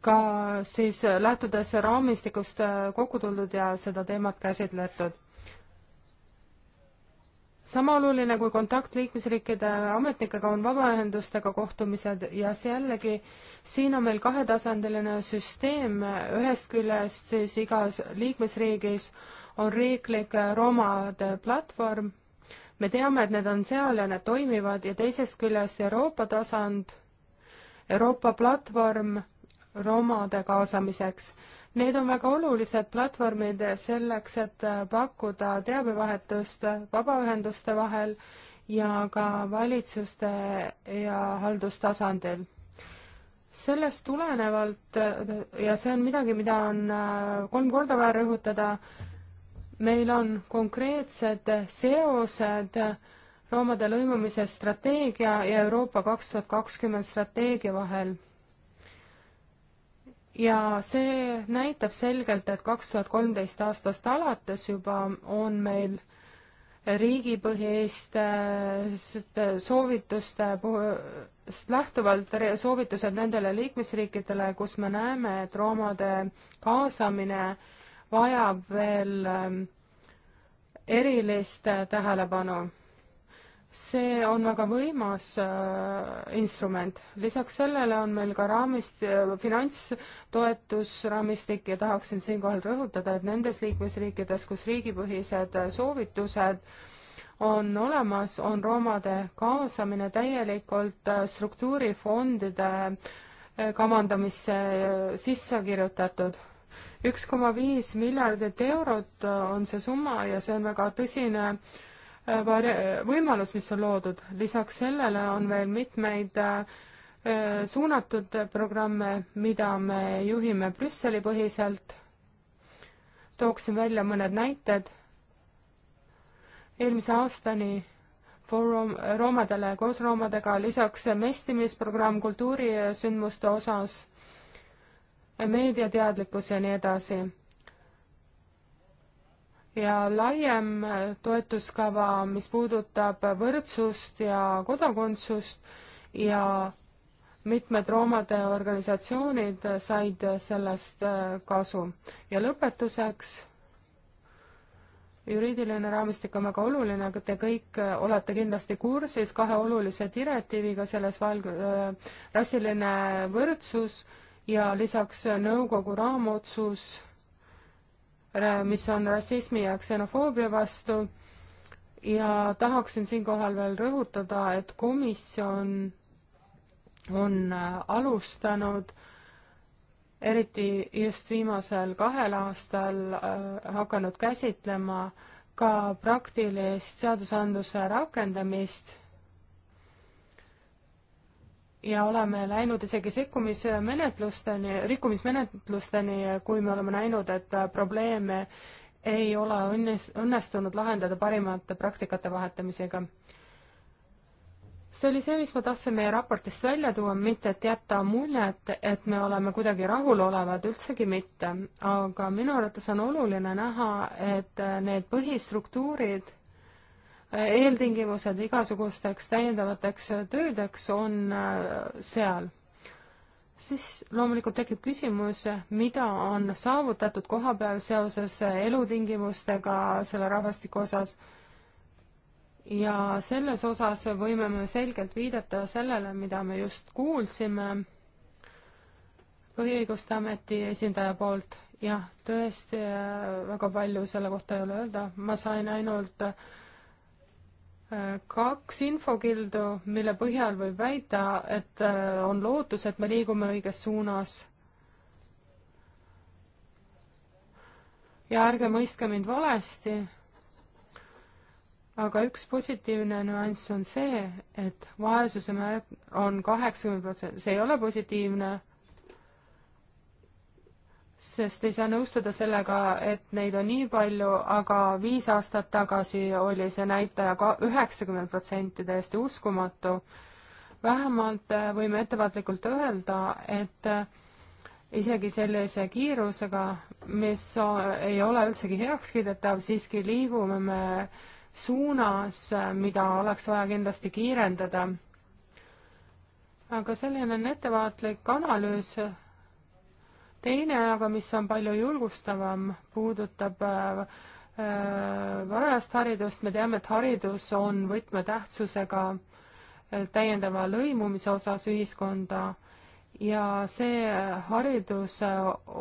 ka siis lähtudes raamistikust kokku tuldud ja seda teemat käsitletud sama oluline kui kontakt liikmesriikide ametnikega on vabaühendustega kohtumised ja jällegi siin on meil kahetasandiline süsteem, ühest küljest siis igas liikmesriigis on riiklik romade platvorm, me teame, et need on seal ja need toimivad ja teisest küljest Euroopa tasand, Euroopa platvorm romade kaasamiseks Need on väga olulised platvormid selleks, et pakkuda teabevahetust vabaühenduste vahel ja ka valitsuste ja haldustasandil. sellest tulenevalt ja see on midagi, mida on äh, kolm korda vaja rõhutada, meil on konkreetsed seosed roomade lõimumise strateegia ja Euroopa kaks tuhat kakskümmend strateegia vahel ja see näitab selgelt, et kaks tuhat kolmteist aastast alates juba on meil riigipõhiste soovitustest lähtuvalt soovitused nendele liikmesriikidele, kus me näeme, et roomade kaasamine vajab veel ähm, erilist äh, tähelepanu see on väga võimas äh, instrument. lisaks sellele on meil ka raamist äh,, finantstoetusraamistik ja tahaksin siinkohal rõhutada, et nendes liikmesriikides, kus riigipõhised äh, soovitused on olemas, on roomade kaasamine täielikult äh, struktuurifondide äh, kavandamisse äh, sisse kirjutatud üks koma viis miljardit eurot äh, on see summa ja see on väga tõsine äh, Äh, võimalus, mis on loodud. lisaks sellele on veel mitmeid äh, suunatud programme, mida me juhime Brüsseli põhiselt. tooksin välja mõned näited. eelmise aastani Forum roomadele koos roomadega, lisaks mestimisprogramm kultuurisündmuste osas, meediateadlikkus ja nii edasi ja laiem äh, toetuskava, mis puudutab võrdsust ja kodakondsust ja mitmed roomade organisatsioonid said sellest äh, kasu. ja lõpetuseks, juriidiline raamistik on väga oluline, aga te kõik äh, olete kindlasti kursis kahe olulise direktiiviga selles valg- äh,, rassiline võrdsus ja lisaks nõukogu raamotsus Äh, mis on rassismi ja ksenofoobia vastu ja tahaksin siinkohal veel rõhutada, et komisjon on äh, alustanud eriti just viimasel kahel aastal äh, hakanud käsitlema ka praktilist seadusandluse rakendamist ja oleme läinud isegi sekkumismenetlusteni, rikkumismenetlusteni, kui me oleme näinud, et probleeme ei ole õnnes-, õnnestunud lahendada parimate praktikate vahetamisega. see oli see, mis ma tahtsin meie raportist välja tuua, mitte et jätta muljet, et me oleme kuidagi rahulolevad, üldsegi mitte. aga minu arvates on oluline näha, et need põhistruktuurid eeltingimused igasugusteks täiendavateks töödeks on äh, seal. siis loomulikult tekib küsimus, mida on saavutatud koha peal seoses elutingimustega selle rahvastiku osas. ja selles osas võime me selgelt viidata sellele, mida me just kuulsime Põhiõiguste Ameti esindaja poolt, jah, tõesti äh, väga palju selle kohta ei ole öelda, ma sain ainult äh, kaks infokildu, mille põhjal võib väita, et äh, on lootus, et me liigume õiges suunas. ja ärge mõistke mind valesti, aga üks positiivne nüanss on see, et vaesuse määr on kaheksakümmend protsenti, see ei ole positiivne sest ei saa nõustuda sellega, et neid on nii palju, aga viis aastat tagasi oli see näitaja ka üheksakümmend protsenti, täiesti uskumatu. vähemalt äh, võime ettevaatlikult öelda, et äh, isegi sellise kiirusega, mis ei ole üldsegi heakskiidetav, siiski liigume me suunas, äh, mida oleks vaja kindlasti kiirendada. aga selline on ettevaatlik analüüs teine aga, mis on palju julgustavam, puudutab äh, äh, varajast haridust, me teame, et haridus on võtmetähtsusega äh, täiendava lõimumise osas ühiskonda ja see äh, hariduse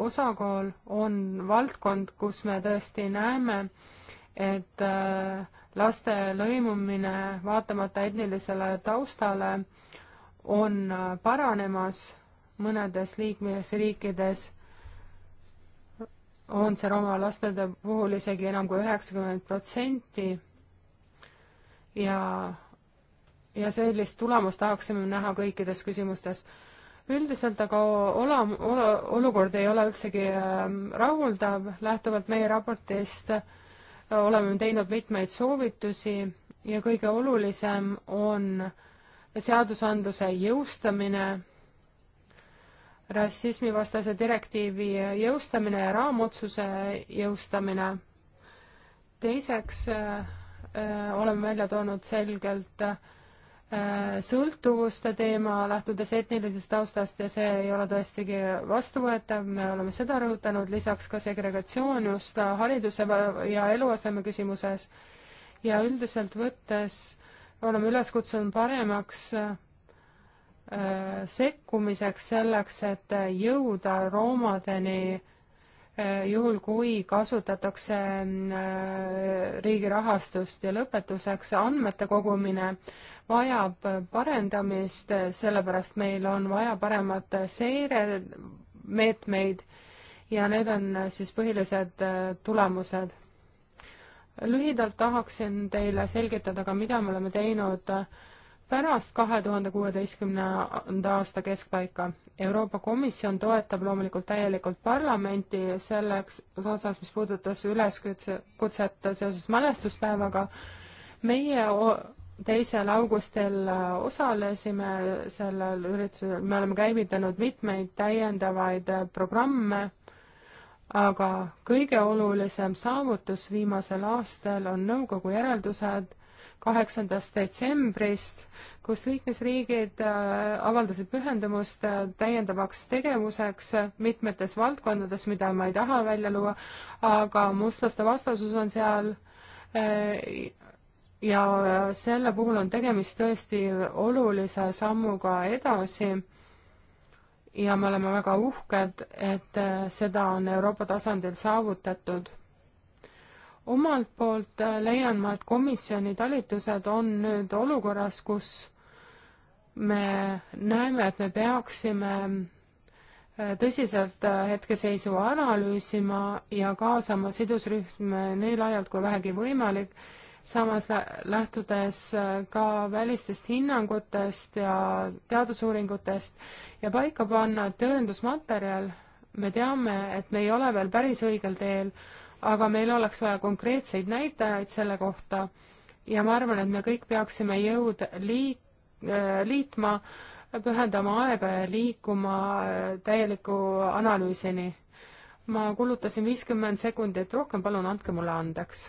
osakaal on valdkond, kus me tõesti näeme, et laste lõimumine vaatamata etnilisele taustale on paranemas mõnedes liikmesriikides on see roma lastede puhul isegi enam kui üheksakümmend protsenti ja, ja sellist tulemust tahaksime näha kõikides küsimustes. üldiselt aga ola, ola, olukord ei ole üldsegi ähm, rahuldav, lähtuvalt meie raportist äh, oleme teinud mitmeid soovitusi ja kõige olulisem on seadusandluse jõustamine rassismivastase direktiivi jõustamine ja raamotsuse jõustamine. teiseks öö, äh, oleme välja toonud selgelt öö, äh, sõltuvuste teema, lähtudes etnilisest taustast ja see ei ole tõestigi vastuvõetav, me oleme seda rõhutanud, lisaks ka segregatsioon just hariduse ja eluaseme küsimuses ja üldiselt võttes oleme üles kutsunud paremaks öö, äh, Äh, sekkumiseks selleks, et jõuda roomadeni äh, juhul, kui kasutatakse äh, riigi rahastust ja lõpetuseks andmete kogumine vajab parendamist, sellepärast meil on vaja paremat seiremeetmeid ja need on siis põhilised tulemused. lühidalt tahaksin teile selgitada ka, mida me oleme teinud äh, pärast kahe tuhande kuueteistkümnenda aasta keskpaika. Euroopa Komisjon toetab loomulikult täielikult parlamenti selleks osas, mis puudutas üleskutset seoses mälestuspäevaga. meie teisel augustil osalesime sellel üritusel, me oleme käivitanud mitmeid täiendavaid programme, aga kõige olulisem saavutus viimasel aastal on nõukogu järeldused kaheksandast detsembrist, kus liikmesriigid äh, avaldasid pühendumust äh, täiendavaks tegevuseks äh, mitmetes valdkondades, mida ma ei taha välja luua, aga mustlaste vastasus on seal ja selle puhul on tegemist tõesti olulise sammuga edasi ja me oleme väga uhked, et seda on Euroopa tasandil saavutatud omalt poolt äh, leian ma, et komisjoni talitused on nüüd olukorras, kus me näeme, et me peaksime äh, tõsiselt äh, hetkeseisu analüüsima ja kaasama sidusrühme nii laialt kui vähegi võimalik, samas lähtudes ka välistest hinnangutest ja teadusuuringutest ja paika panna tõendusmaterjal, me teame, et me ei ole veel päris õigel teel aga meil oleks vaja konkreetseid näitajaid selle kohta ja ma arvan, et me kõik peaksime jõud liik-, äh, liitma, pühendama aega ja liikuma äh, täieliku analüüsini. ma kulutasin viiskümmend sekundit rohkem, palun andke mulle andeks.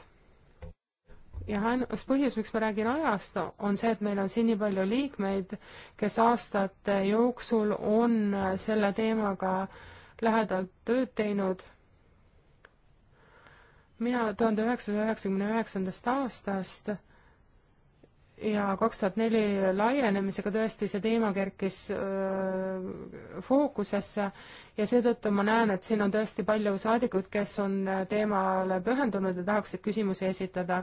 ja ainus põhjus, miks ma räägin ajast, on see, et meil on siin nii palju liikmeid, kes aastate jooksul on äh, selle teemaga lähedalt tööd teinud mina tuhande üheksasaja üheksakümne üheksandast aastast ja kaks tuhat neli laienemisega tõesti see teema kerkis öö, fookusesse ja seetõttu ma näen, et siin on tõesti palju saadikuid, kes on teemale pühendunud ja tahaksid küsimusi esitada.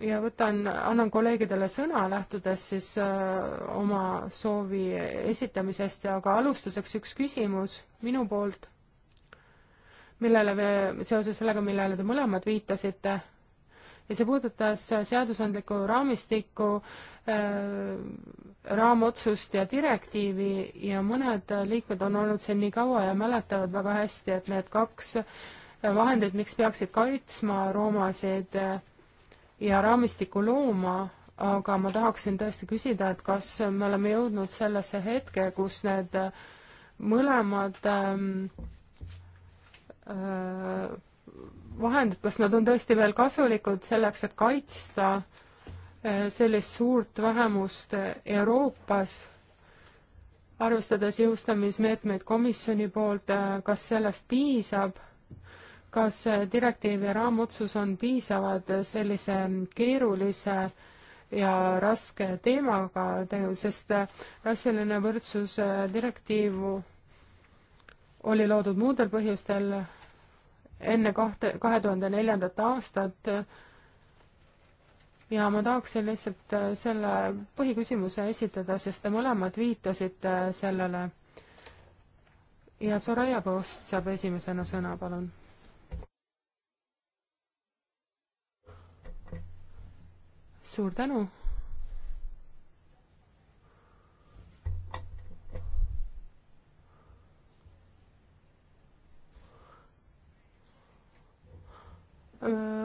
ja võtan, annan kolleegidele sõna, lähtudes siis öö, oma soovi esitamisest, aga alustuseks üks küsimus minu poolt millele, seoses sellega, millele te mõlemad viitasite, ja see puudutas seadusandlikku raamistikku äh,, raamotsust ja direktiivi ja mõned liikmed on olnud siin nii kaua ja mäletavad väga hästi, et need kaks vahendid, miks peaksid kaitsma roomasid äh, ja raamistiku looma, aga ma tahaksin tõesti küsida, et kas me oleme jõudnud sellesse hetke, kus need äh, mõlemad ähm, Äh, vahendid, kas nad on tõesti veel kasulikud selleks, et kaitsta äh, sellist suurt vähemust äh, Euroopas, arvestades jõustamismeetmeid komisjoni poolt, kas sellest piisab, kas direktiiv ja raamotsus on piisavad sellise mm, keerulise ja raske teemaga tegu, sest rassiline võrdsus direktiiv oli loodud muudel põhjustel enne kahte, kahe tuhande neljandat aastat. ja ma tahaksin lihtsalt äh, selle põhiküsimuse esitada, sest te mõlemad viitasite äh, sellele. ja Soraya Post saab esimesena sõna, palun. suur tänu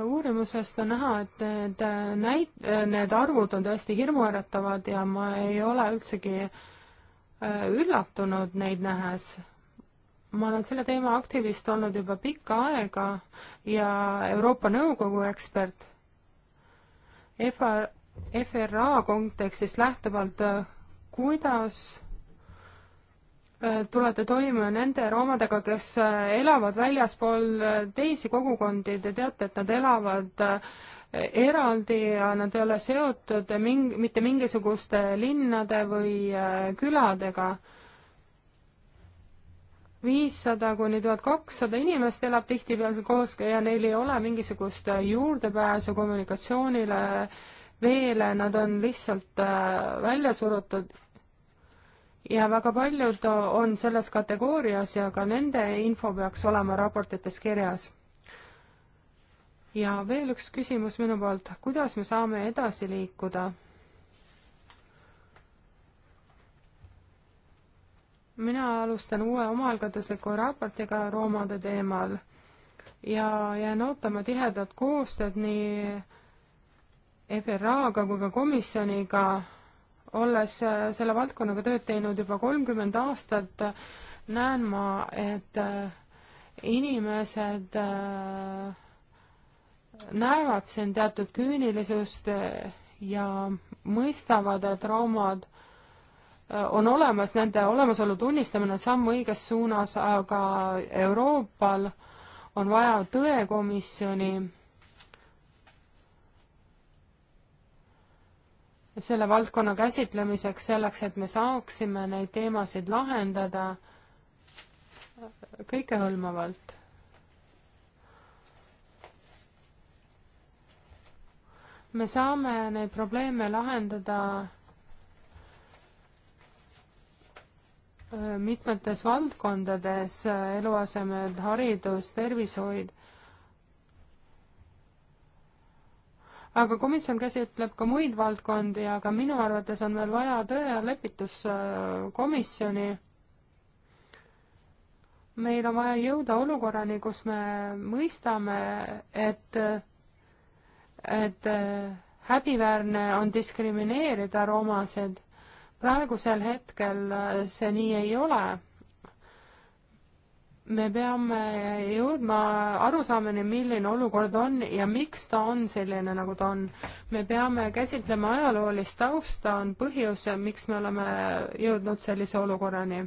uurimusest on näha, et need äh, näit-, äh, need arvud on tõesti hirmuäratavad ja ma ei ole üldsegi äh, üllatunud neid nähes. ma olen selle teema aktivist olnud juba pikka aega ja Euroopa Nõukogu ekspert. FR, FRA kontekstist lähtuvalt, kuidas Äh, tulete toime nende roomadega, kes äh, elavad väljaspool äh, teisi kogukondi, te teate, et nad elavad eraldi ja nad ei ole seotud ming-, mitte mingisuguste linnade või küladega. viissada kuni tuhat kakssada inimest elab tihtipeale koos ja neil ei ole mingisugust juurdepääsu kommunikatsioonile, veele, nad on lihtsalt välja surutud ja väga paljud on selles kategoorias ja ka nende info peaks olema raportites kirjas. ja veel üks küsimus minu poolt, kuidas me saame edasi liikuda? mina alustan uue omaalgatusliku raportiga roomade teemal ja jään ootama tihedat koostööd nii FRA-ga kui ka komisjoniga olles äh, selle valdkonnaga tööd teinud juba kolmkümmend aastat, näen ma, et äh, inimesed äh, näevad siin teatud küünilisust ja mõistavad, et traumad on olemas, nende olemasolu tunnistamine on samm õiges suunas, aga Euroopal on vaja tõekomisjoni selle valdkonna käsitlemiseks, selleks et me saaksime neid teemasid lahendada kõikehõlmavalt. me saame neid probleeme lahendada äh, mitmetes valdkondades, äh, eluasemed, haridus, tervishoid aga komisjon käsitleb ka muid valdkondi, aga minu arvates on veel vaja tõelepituskomisjoni. meil on vaja jõuda olukorrani, kus me mõistame, et, et äh, häbiväärne on diskrimineerida roomasid. praegusel hetkel äh, see nii ei ole me peame jõudma arusaamini, milline olukord on ja miks ta on selline, nagu ta on. me peame käsitlema ajaloolist tausta, on põhjus, miks me oleme jõudnud sellise olukorrani.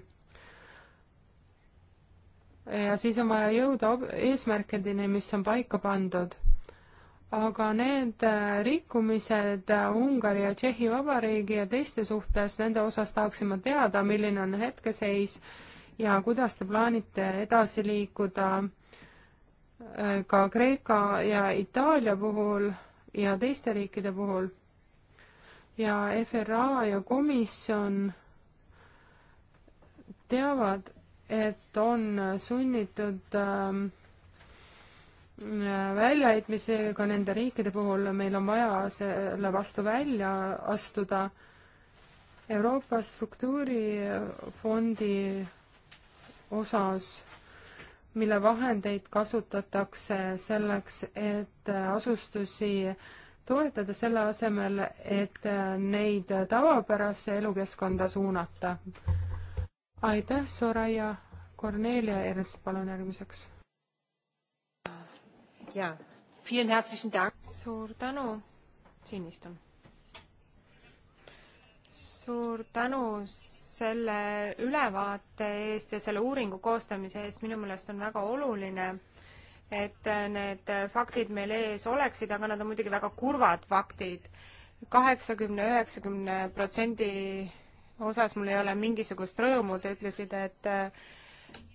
ja siis on vaja jõuda eesmärkideni, mis on paika pandud. aga need äh, rikkumised äh, Ungari ja Tšehhi Vabariigi ja teiste suhtes, nende osas tahaksime teada, milline on hetkeseis ja kuidas te plaanite edasi liikuda äh, ka Kreeka ja Itaalia puhul ja teiste riikide puhul? ja FRA ja komisjon teavad, et on sunnitud ähm, äh, väljaheitmisega nende riikide puhul meil on vaja selle vastu välja astuda. Euroopa struktuurifondi osas, mille vahendeid kasutatakse selleks, et asustusi toetada, selle asemel, et neid tavapärasse elukeskkonda suunata. aitäh, Soraya. Kornelia Ernst, palun järgmiseks. jaa, suur tänu, siin istun. suur tänu selle ülevaate eest ja selle uuringu koostamise eest, minu meelest on väga oluline, et need faktid meil ees oleksid, aga nad on muidugi väga kurvad faktid. kaheksakümne, üheksakümne protsendi osas mul ei ole mingisugust rõõmu, te ütlesite, et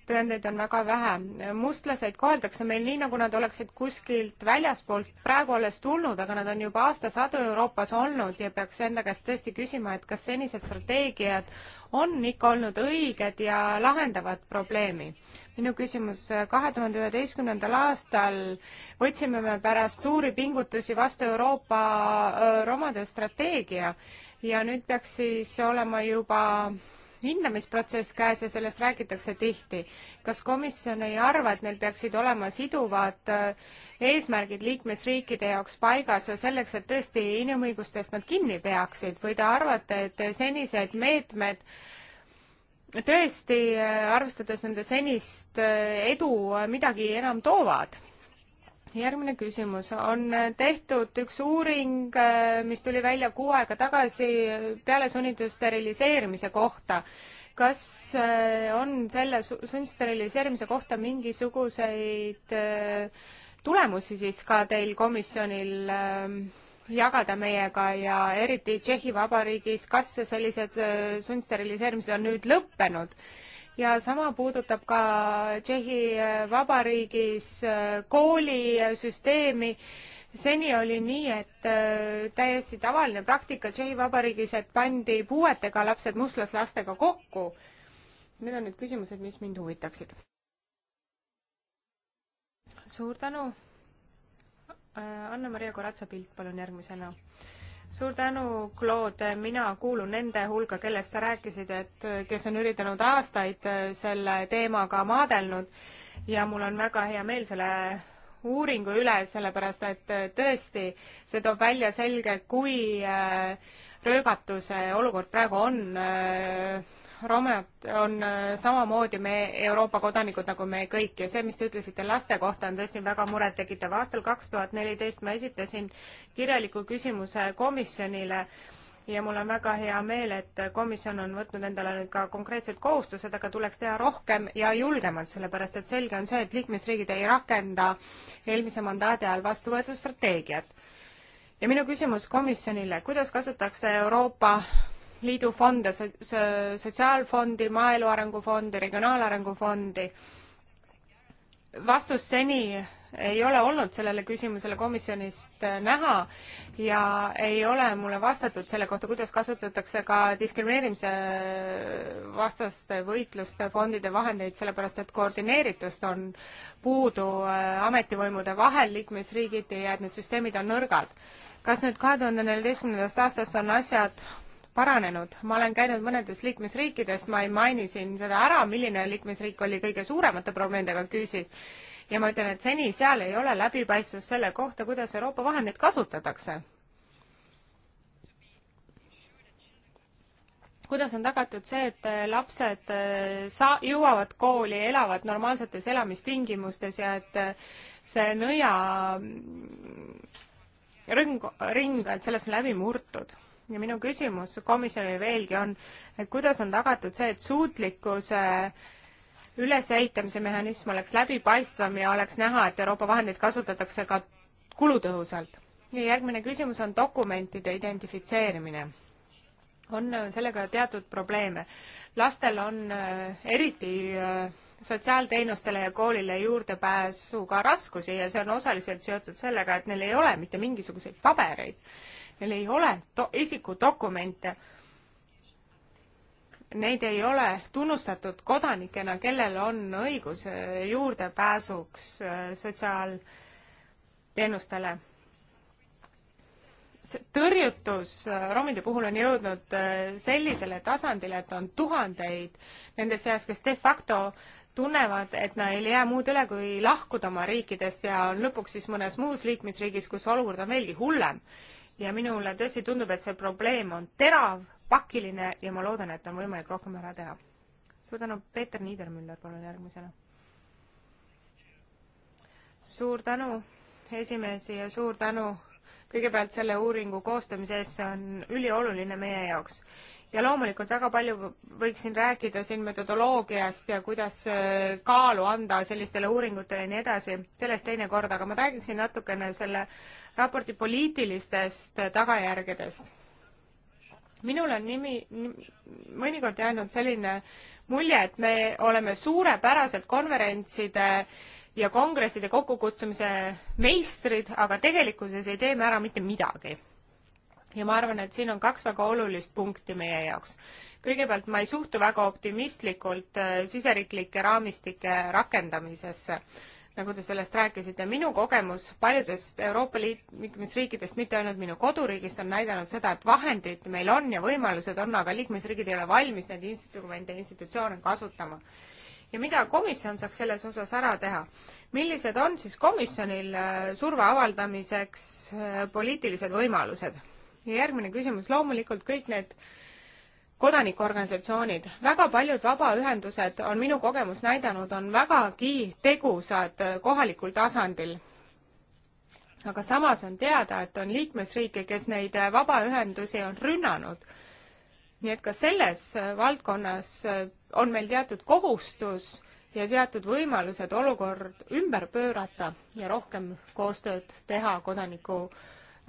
rändeid on väga vähe. mustlaseid koheldakse meil nii, nagu nad oleksid kuskilt väljaspoolt praegu alles tulnud, aga nad on juba aastasadu Euroopas olnud ja peaks enda käest tõesti küsima, et kas senised strateegiad on ikka olnud õiged ja lahendavad probleemi. minu küsimus, kahe tuhande üheteistkümnendal aastal võtsime me pärast suuri pingutusi vastu Euroopa äh, romade strateegia ja nüüd peaks siis olema juba hindamisprotsess käes ja sellest räägitakse tihti. kas komisjon ei arva, et meil peaksid olema siduvad äh, eesmärgid liikmesriikide jaoks paigas ja selleks, et tõesti inimõigustest nad kinni peaksid või te arvate, et senised meetmed tõesti, äh, arvestades nende senist äh, edu, midagi enam toovad? järgmine küsimus. on tehtud üks uuring, äh, mis tuli välja kuu aega tagasi äh, peale sunnitud steriliseerimise kohta. kas äh, on selle sundsteriliseerimise kohta mingisuguseid tulemusi siis ka teil komisjonil jagada meiega ja eriti Tšehhi Vabariigis, kas sellised sundsteriliseerimised on nüüd lõppenud? ja sama puudutab ka Tšehhi äh, Vabariigis äh, koolisüsteemi. Äh, seni oli nii, et täiesti tavaline praktika Tšehhi Vabariigis, et pandi puuetega lapsed mustlaslastega kokku. Need on need küsimused, mis mind huvitaksid. suur tänu. Anna-Maria Koratsa pilt, palun järgmisena suur tänu, Claude, mina kuulun nende hulka, kellest sa rääkisid, et kes on üritanud aastaid äh, selle teemaga maadelnud ja mul on väga hea meel selle uuringu üle, sellepärast et äh, tõesti, see toob välja selge, kui äh, röögatuse olukord praegu on romad on äh, samamoodi me Euroopa kodanikud nagu me kõik ja see, mis te ütlesite laste kohta, on tõesti väga murettekitav. aastal kaks tuhat neliteist ma esitasin kirjaliku küsimuse komisjonile ja mul on väga hea meel, et komisjon on võtnud endale nüüd ka konkreetsed kohustused, aga tuleks teha rohkem ja julgemalt, sellepärast et selge on see, et liikmesriigid ei rakenda eelmise mandaadi ajal vastu võetud strateegiat. ja minu küsimus komisjonile, kuidas kasutatakse Euroopa Liidu fonde, sotsiaalfondi, maaelu arengufondi, regionaalarengu fondi. vastus seni ei ole olnud sellele küsimusele komisjonist äh, näha ja ei ole mulle vastatud selle kohta, kuidas kasutatakse ka diskrimineerimise äh, vastaste võitluste fondide vahendeid, sellepärast et koordineeritust on puudu äh, ametivõimude vahel liikmesriigiti ja et need süsteemid on nõrgad kas nüüd kahe tuhande neljateistkümnendast aastast on asjad paranenud. ma olen käinud mõnedes liikmesriikides, ma ei maini siin seda ära, milline liikmesriik oli kõige suuremate probleemidega küüsis, ja ma ütlen, et seni seal ei ole läbipaistvust selle kohta, kuidas Euroopa vahendeid kasutatakse. kuidas on tagatud see, et lapsed äh, saa-, jõuavad kooli, elavad normaalsetes elamistingimustes ja et äh, see nõia mm, rõng, ring, et sellest on läbi murtud? ja minu küsimus komisjonile veelgi on, et kuidas on tagatud see, et suutlikkuse ülesehitamise mehhanism oleks läbipaistvam ja oleks näha, et Euroopa vahendeid kasutatakse ka kulutõhusalt. ja järgmine küsimus on dokumentide identifitseerimine. on sellega teatud probleeme. lastel on äh, eriti äh, sotsiaalteenustele ja koolile juurdepääsuga raskusi ja see on osaliselt seotud sellega, et neil ei ole mitte mingisuguseid pabereid neil ei ole isikudokumente. Neid ei ole tunnustatud kodanikena, kellel on õigus eh, juurdepääsuks eh, sotsiaalteenustele tõrjutus eh, romide puhul on jõudnud sellisele tasandile, et on tuhandeid nende seas, kes de facto tunnevad, et neil ei jää muud üle, kui lahkuda oma riikidest ja on lõpuks siis mõnes muus liikmesriigis, kus olukord on veelgi hullem ja minule tõesti tundub, et see probleem on terav, pakiline ja ma loodan, et on võimalik rohkem ära teha. suur tänu, Peeter Niidermüller, palun järgmisena. suur tänu, esimees, ja suur tänu kõigepealt selle uuringu koostamise eest, see on ülioluline meie jaoks ja loomulikult väga palju võiksin rääkida siin metodoloogiast ja kuidas äh, kaalu anda sellistele uuringutele ja nii edasi, sellest teinekord, aga ma räägiksin natukene selle raporti poliitilistest äh, tagajärgedest. minul on nimi, mõnikord jäänud selline mulje, et me oleme suurepärased konverentside ja kongresside kokkukutsumise meistrid, aga tegelikkuses ei tee me ära mitte midagi ja ma arvan, et siin on kaks väga olulist punkti meie jaoks. kõigepealt ma ei suhtu väga optimistlikult äh, siseriiklike raamistike rakendamisesse, nagu te sellest rääkisite. minu kogemus paljudest Euroopa Liidu liikmesriikidest, mitte ainult minu koduriigist, on näidanud seda, et vahendid meil on ja võimalused on, aga liikmesriigid ei ole valmis neid instrumente, institutsioone kasutama ja mida komisjon saaks selles osas ära teha? millised on siis komisjonil äh, surve avaldamiseks äh, poliitilised võimalused? ja järgmine küsimus, loomulikult kõik need kodanikuorganisatsioonid, väga paljud vabaühendused on minu kogemus näidanud, on vägagi tegusad kohalikul tasandil. aga samas on teada, et on liikmesriike, kes neid vabaühendusi on rünnanud. nii et ka selles valdkonnas on meil teatud kohustus ja teatud võimalused olukord ümber pöörata ja rohkem koostööd teha kodaniku äh,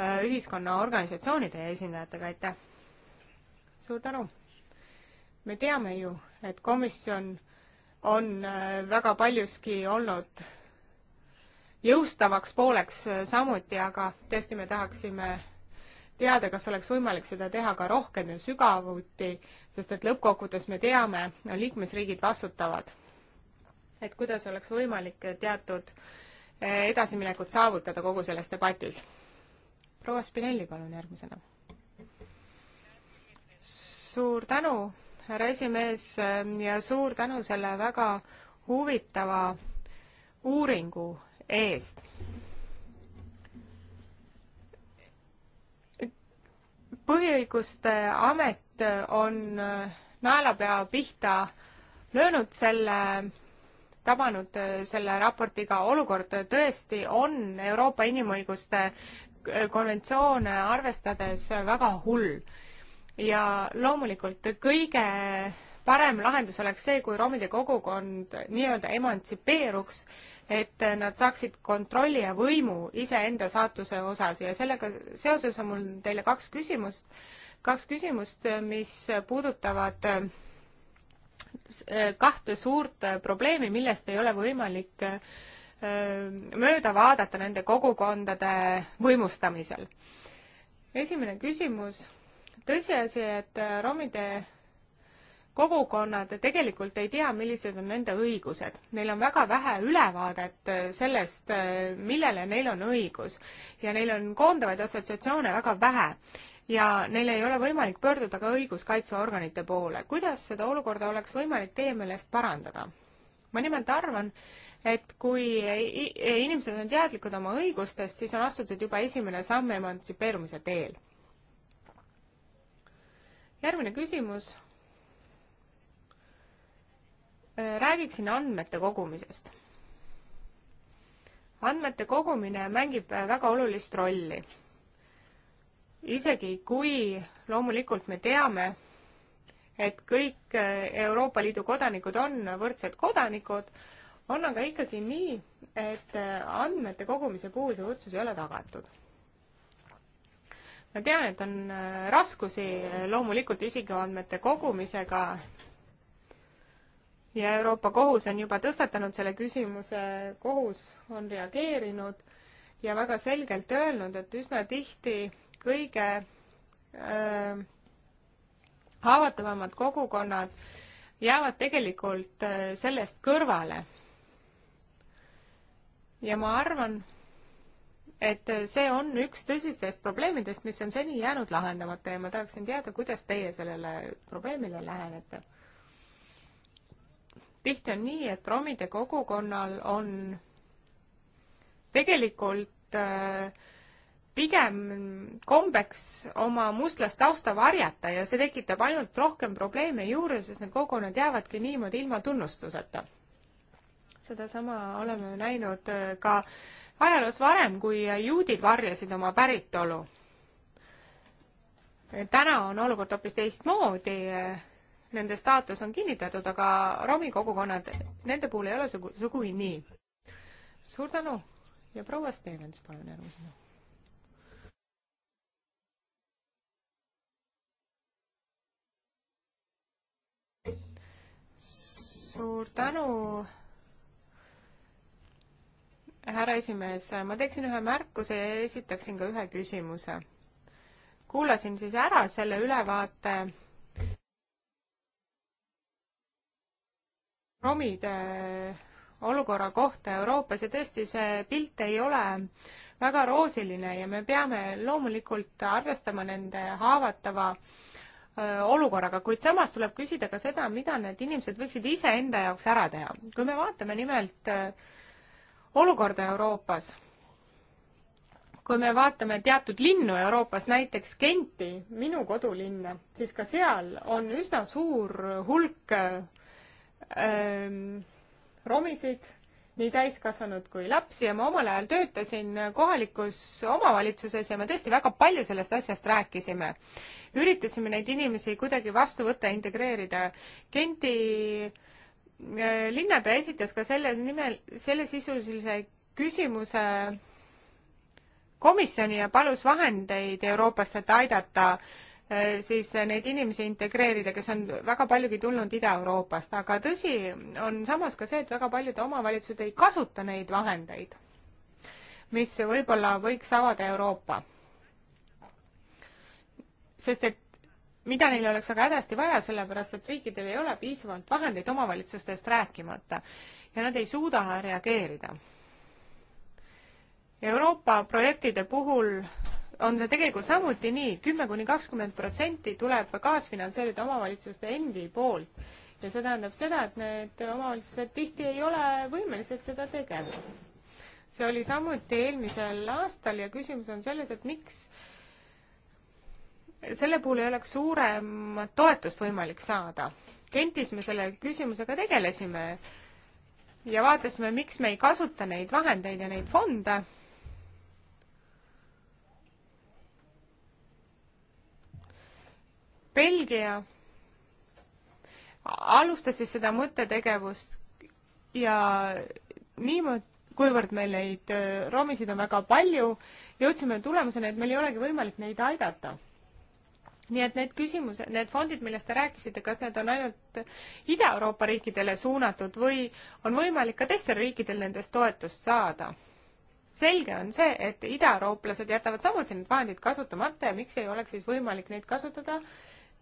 Äh, ühiskonna organisatsioonide esindajatega, aitäh! suur tänu! me teame ju, et komisjon on äh, väga paljuski olnud jõustavaks pooleks äh, samuti, aga tõesti, me tahaksime teada, kas oleks võimalik seda teha ka rohkem ja sügavuti, sest et lõppkokkuvõttes me teame, no liikmesriigid vastutavad. et kuidas oleks võimalik teatud edasiminekut saavutada kogu selles debatis proua Spinelli, palun järgmisena. suur tänu, härra esimees, ja suur tänu selle väga huvitava uuringu eest. põhiõiguste amet on naelapea pihta löönud selle, tabanud selle raportiga, olukord tõesti on Euroopa inimõiguste konventsioone arvestades väga hull. ja loomulikult kõige parem lahendus oleks see, kui romide kogukond nii-öelda emantsipeeruks, et nad saaksid kontrolli ja võimu iseenda saatuse osas ja sellega seoses on mul teile kaks küsimust, kaks küsimust, mis puudutavad eh, kahte suurt eh, probleemi, millest ei ole võimalik äh, mööda vaadata nende kogukondade võimustamisel. esimene küsimus, tõsiasi, et äh, romide kogukonnad tegelikult ei tea, millised on nende õigused. Neil on väga vähe ülevaadet äh, sellest, äh, millele neil on õigus ja neil on koondavaid assotsiatsioone väga vähe ja neil ei ole võimalik pöörduda ka õiguskaitseorganite poole. kuidas seda olukorda oleks võimalik teie meelest parandada? ma nimelt arvan, et kui inimesed on teadlikud oma õigustest, siis on astutud juba esimene samm emantsipeerumise teel. järgmine küsimus. Äh, räägiksin andmete kogumisest. andmete kogumine mängib äh, väga olulist rolli. isegi kui loomulikult me teame, et kõik äh, Euroopa Liidu kodanikud on võrdsed kodanikud, on aga ikkagi nii, et äh, andmete kogumise puhul see võrdsus ei ole tagatud. ma tean, et on äh, raskusi äh, loomulikult isikuandmete kogumisega ja Euroopa Kohus on juba tõstatanud selle küsimuse, kohus on reageerinud ja väga selgelt öelnud, et üsna tihti kõige äh, haavatavamad kogukonnad jäävad tegelikult äh, sellest kõrvale ja ma arvan, et see on üks tõsistest probleemidest, mis on seni jäänud lahendamata ja ma tahaksin teada, kuidas teie sellele probleemile lähenete. tihti on nii, et romide kogukonnal on tegelikult äh, pigem kombeks oma mustlast tausta varjata ja see tekitab ainult rohkem probleeme juurde, sest need kogukonnad jäävadki niimoodi ilma tunnustuseta sedasama oleme ju näinud äh, ka ajaloos varem, kui juudid varjasid oma päritolu. täna on olukord hoopis teistmoodi, äh, nende staatus on kinnitatud, aga romi kogukonnad, nende puhul ei ole sugu, sugugi nii. suur tänu ja proua Stevens, palun järgmisena. suur tänu härra esimees, ma teeksin ühe märkuse ja esitaksin ka ühe küsimuse. kuulasin siis ära selle ülevaate romide olukorra kohta Euroopas ja tõesti, see pilt ei ole väga roosiline ja me peame loomulikult arvestama nende haavatava olukorraga, kuid samas tuleb küsida ka seda, mida need inimesed võiksid iseenda jaoks ära teha. kui me vaatame nimelt äh, olukorda Euroopas, kui me vaatame teatud linnu Euroopas, näiteks Genti, minu kodulinna, siis ka seal on üsna suur hulk ähm, romisid, nii täiskasvanud kui lapsi ja ma omal ajal töötasin kohalikus omavalitsuses ja me tõesti väga palju sellest asjast rääkisime. üritasime neid inimesi kuidagi vastu võtta, integreerida. Genti äh, linnapea esitas ka selle nimel, sellesisulise küsimuse komisjoni ja palus vahendeid Euroopast, et aidata äh, siis neid inimesi integreerida, kes on väga paljugi tulnud Ida-Euroopast, aga tõsi on samas ka see, et väga paljud omavalitsused ei kasuta neid vahendeid, mis võib-olla võiks avada Euroopa. sest et mida neil oleks väga hädasti vaja, sellepärast et riikidel ei ole piisavalt vahendeid omavalitsustest rääkimata ja nad ei suuda reageerida. Euroopa projektide puhul on see tegelikult samuti nii, kümme kuni kakskümmend protsenti tuleb kaasfinantseerida omavalitsuste endi poolt ja see tähendab seda, et need omavalitsused tihti ei ole võimelised seda tegema. see oli samuti eelmisel aastal ja küsimus on selles, et miks äh, selle puhul ei oleks suuremat toetust võimalik saada. Gentis me selle küsimusega tegelesime ja vaatasime, miks me ei kasuta neid vahendeid ja neid fonde. Belgia alustas siis seda mõttetegevust ja niimoodi, kuivõrd meil neid äh, romisid on väga palju, jõudsime tulemuseni, et meil ei olegi võimalik neid aidata nii et need küsimused, need fondid, millest te rääkisite, kas need on ainult Ida-Euroopa riikidele suunatud või on võimalik ka teistel riikidel nendest toetust saada? selge on see, et idaeurooplased jätavad samuti need vahendid kasutamata ja miks ei oleks siis võimalik neid kasutada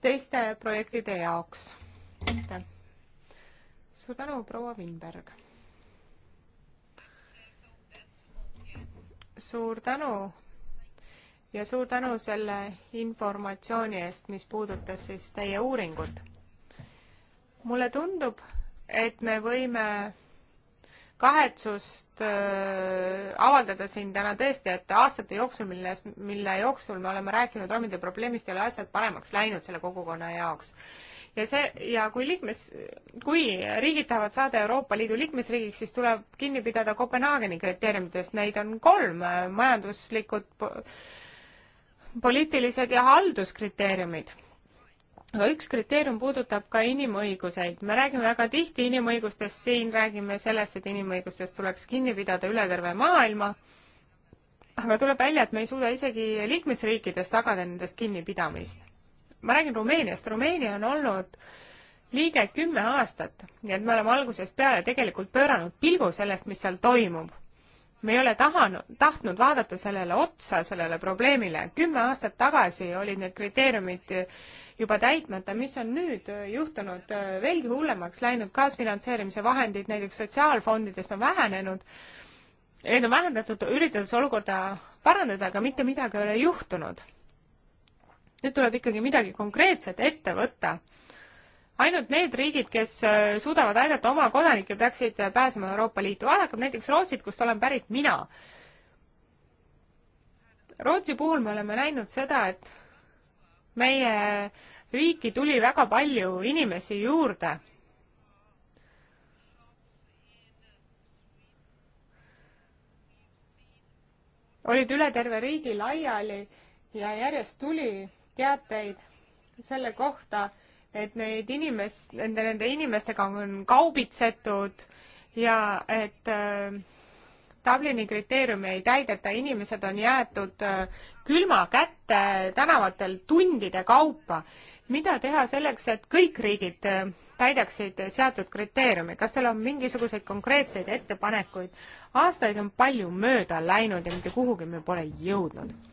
teiste projektide jaoks? aitäh. suur tänu, proua Vinberg. suur tänu ja suur tänu selle informatsiooni eest, mis puudutas siis teie uuringut. mulle tundub, et me võime kahetsust äh, avaldada siin täna tõesti, et aastate jooksul, milles, mille jooksul me oleme rääkinud romide probleemist, ei ole asjad paremaks läinud selle kogukonna jaoks. ja see, ja kui liikmes, kui riigid tahavad saada Euroopa Liidu liikmesriigiks, siis tuleb kinni pidada Kopenhaageni kriteeriumitest, neid on kolm, majanduslikud äh,, poliitilised ja halduskriteeriumid. aga üks kriteerium puudutab ka inimõiguseid. me räägime väga tihti inimõigustest siin, räägime sellest, et inimõigustest tuleks kinni pidada üle terve maailma, aga tuleb välja, et me ei suuda isegi liikmesriikides tagada nendest kinnipidamist. ma räägin Rumeeniast, Rumeenia on olnud liige kümme aastat, nii et me oleme algusest peale tegelikult pööranud pilgu sellest, mis seal toimub me ei ole tahanud, tahtnud vaadata sellele otsa, sellele probleemile. kümme aastat tagasi olid need kriteeriumid juba täitmata, mis on nüüd juhtunud veelgi hullemaks läinud, kaasfinantseerimise vahendid näiteks sotsiaalfondidest on vähenenud. Need on vähendatud, üritades olukorda parandada, aga mitte midagi ei ole juhtunud. nüüd tuleb ikkagi midagi konkreetset ette võtta ainult need riigid, kes äh, suudavad aidata oma kodanikke, peaksid äh, pääsema Euroopa Liitu. vaadakem näiteks Rootsit, kust olen pärit mina. Rootsi puhul me oleme näinud seda, et meie riiki tuli väga palju inimesi juurde olid üle terve riigi laiali ja järjest tuli teateid selle kohta, et neid inimes-, nende, nende inimestega on kaubitsetud ja et äh, Dublini kriteeriumi ei täideta, inimesed on jäetud äh, külma kätte tänavatel tundide kaupa. mida teha selleks, et kõik riigid äh, täidaksid seatud kriteeriumi, kas teil on mingisuguseid konkreetseid ettepanekuid? aastaid on palju mööda läinud ja mitte kuhugi me pole jõudnud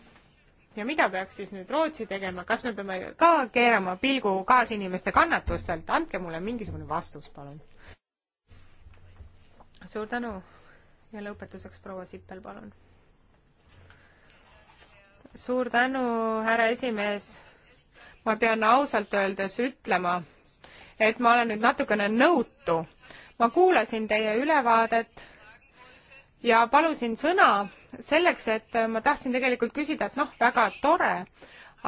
ja mida peaks siis nüüd Rootsi tegema, kas me peame ka keerama pilgu kaasinimeste kannatustelt, andke mulle mingisugune vastus, palun. suur tänu ja lõpetuseks proua Sippel, palun. suur tänu, härra esimees. ma pean ausalt öeldes ütlema, et ma olen nüüd natukene nõutu. ma kuulasin teie ülevaadet ja palusin sõna selleks, et ma tahtsin tegelikult küsida, et noh, väga tore,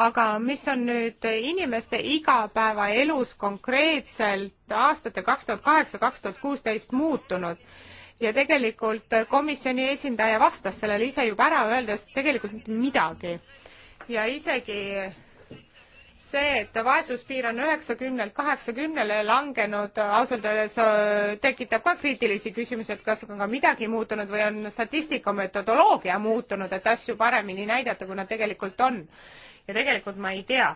aga mis on nüüd inimeste igapäevaelus konkreetselt aastatel kaks tuhat kaheksa, kaks tuhat kuusteist muutunud? ja tegelikult komisjoni esindaja vastas sellele ise juba ära, öeldes tegelikult mitte midagi. ja isegi see, et vaesuspiir on üheksakümnelt kaheksakümnele langenud, ausalt öeldes tekitab ka kriitilisi küsimusi, et kas on ka midagi muutunud või on statistika metodoloogia muutunud, et asju paremini näidata, kui nad tegelikult on. ja tegelikult ma ei tea,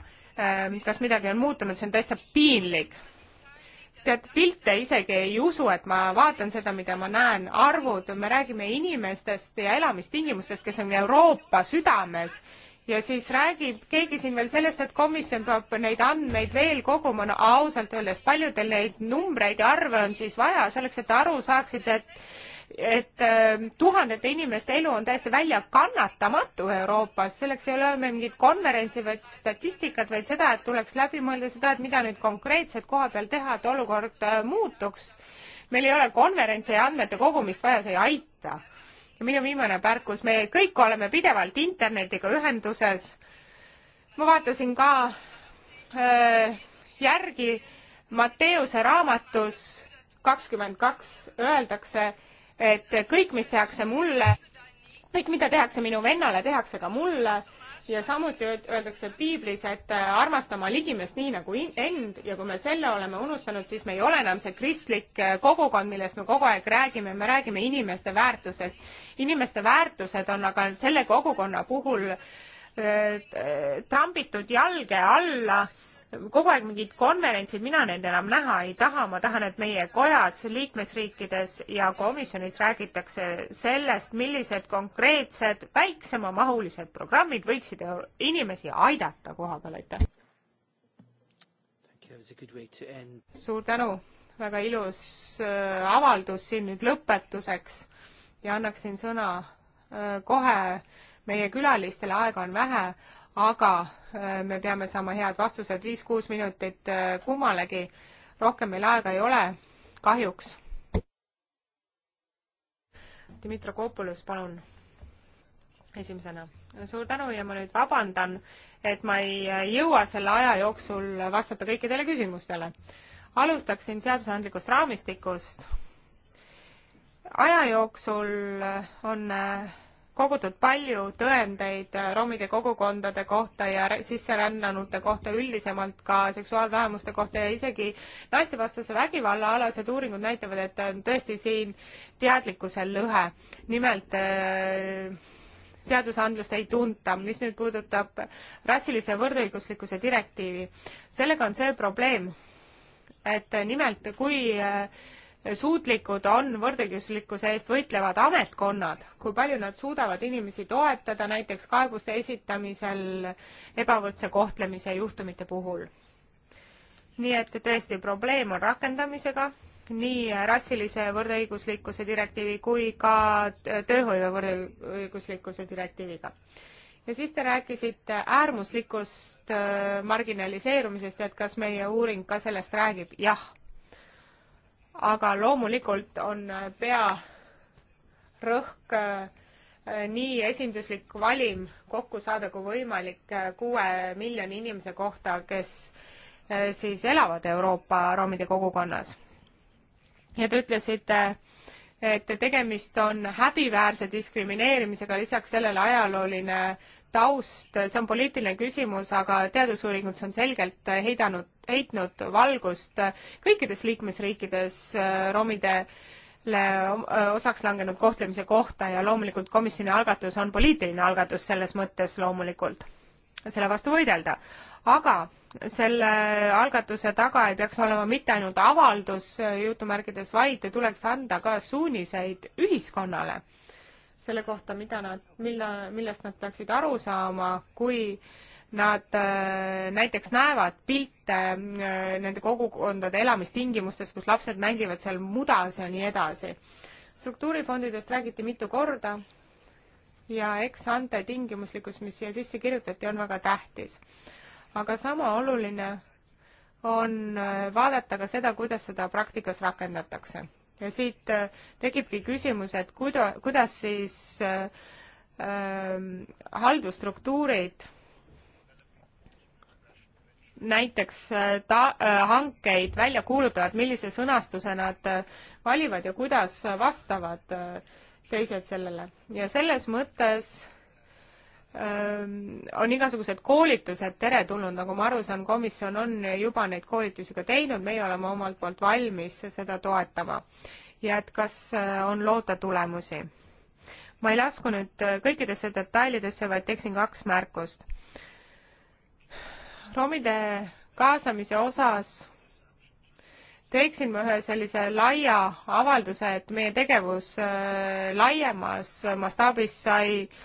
kas midagi on muutunud, see on täitsa piinlik. tead, pilte isegi ei usu, et ma vaatan seda, mida ma näen, arvud, me räägime inimestest ja elamistingimustest, kes on Euroopa südames ja siis räägib keegi siin veel sellest, et komisjon peab neid andmeid veel koguma, no ausalt öeldes, palju teil neid numbreid ja arve on siis vaja selleks, et aru saaksite, et et äh, tuhandete inimeste elu on täiesti välja kannatamatu Euroopas, selleks ei ole mingit konverentsi või statistikat, vaid seda, et tuleks läbi mõelda seda, et mida nüüd konkreetselt koha peal teha, et olukord äh, muutuks. meil ei ole konverentsi ja andmete kogumist vaja, see ei aita ja minu viimane märkus, me kõik oleme pidevalt internetiga ühenduses. ma vaatasin ka äh, järgi Matteuse raamatus kakskümmend kaks öeldakse, et kõik, mis tehakse mulle kõik, mida tehakse minu vennale, tehakse ka mulle ja samuti öeldakse piiblis, et äh, armasta oma ligimest nii nagu end ja kui me selle oleme unustanud, siis me ei ole enam see kristlik äh, kogukond, millest me kogu aeg räägime, me räägime inimeste väärtusest. inimeste väärtused on aga selle kogukonna puhul äh, äh trambitud jalge alla äh, kogu aeg mingid konverentsid, mina neid enam näha ei taha, ma tahan, et meie kojas, liikmesriikides ja komisjonis räägitakse sellest, millised konkreetsed väiksemamahulised programmid võiksid inimesi aidata koha peal, aitäh! suur tänu, väga ilus äh, avaldus siin nüüd lõpetuseks ja annaksin sõna äh, kohe meie külalistele, aega on vähe aga äh, me peame saama head vastused, viis-kuus minutit äh, kummalegi, rohkem meil aega ei ole, kahjuks. Dmitri Kopulus, palun esimesena. suur tänu ja ma nüüd vabandan, et ma ei äh, jõua selle aja jooksul vastata kõikidele küsimustele. alustaksin seadusandlikust raamistikust. aja jooksul on kogutud palju tõendeid äh, romide kogukondade kohta ja sisserännanute kohta üldisemalt, ka seksuaalvähemuste kohta ja isegi naistevastase vägivalla alased uuringud näitavad, et on tõesti siin teadlikkuse lõhe. nimelt äh, seadusandlust ei tunta. mis nüüd puudutab rassilise võrdõiguslikkuse direktiivi, sellega on see probleem, et nimelt kui äh, suutlikud on võrdõiguslikkuse eest võitlevad ametkonnad, kui palju nad suudavad inimesi toetada näiteks kaebuste esitamisel ebavõrdse kohtlemise juhtumite puhul. nii et tõesti, probleem on rakendamisega, nii rassilise võrdõiguslikkuse direktiivi kui ka tööhõive võrdõiguslikkuse direktiiviga ja siis te rääkisite äärmuslikust äh, marginaliseerumisest ja et kas meie uuring ka sellest räägib, jah aga loomulikult on pearõhk äh, nii esinduslik valim kokku saada kui võimalik äh, kuue miljoni inimese kohta, kes äh, siis elavad Euroopa roomide kogukonnas. ja te ütlesite, et tegemist on häbiväärse diskrimineerimisega, lisaks sellele ajalooline taust, see on poliitiline küsimus, aga teadusuuringud on selgelt heidanud, heitnud valgust kõikides liikmesriikides äh, romidele äh, osaks langenud kohtlemise kohta ja loomulikult komisjoni algatus on poliitiline algatus selles mõttes loomulikult, selle vastu võidelda. aga selle algatuse taga ei peaks olema mitte ainult avaldus äh, jutumärkides, vaid tuleks anda ka suuniseid ühiskonnale selle kohta, mida nad, mille, millest nad peaksid aru saama, kui nad äh, näiteks näevad pilte äh, nende kogukondade elamistingimustes, kus lapsed mängivad seal mudas ja nii edasi. struktuurifondidest räägiti mitu korda ja eks ante tingimuslikkus, mis siia sisse kirjutati, on väga tähtis. aga sama oluline on äh, vaadata ka seda, kuidas seda praktikas rakendatakse ja siit äh, tekibki küsimus, et kuida-, kuidas siis äh, ähm, haldusstruktuurid näiteks äh, ta-, äh, hankeid välja kuulutavad, millise sõnastuse nad valivad ja kuidas vastavad teised sellele. ja selles mõttes on igasugused koolitused teretulnud, nagu ma aru saan, komisjon on juba neid koolitusi ka teinud, meie oleme omalt poolt valmis seda toetama. ja et kas on loota tulemusi? ma ei lasku nüüd kõikidesse detailidesse, vaid teeksin kaks märkust. romide kaasamise osas teeksin ma ühe sellise laia avalduse, et meie tegevus laiemas mastaabis sai äh,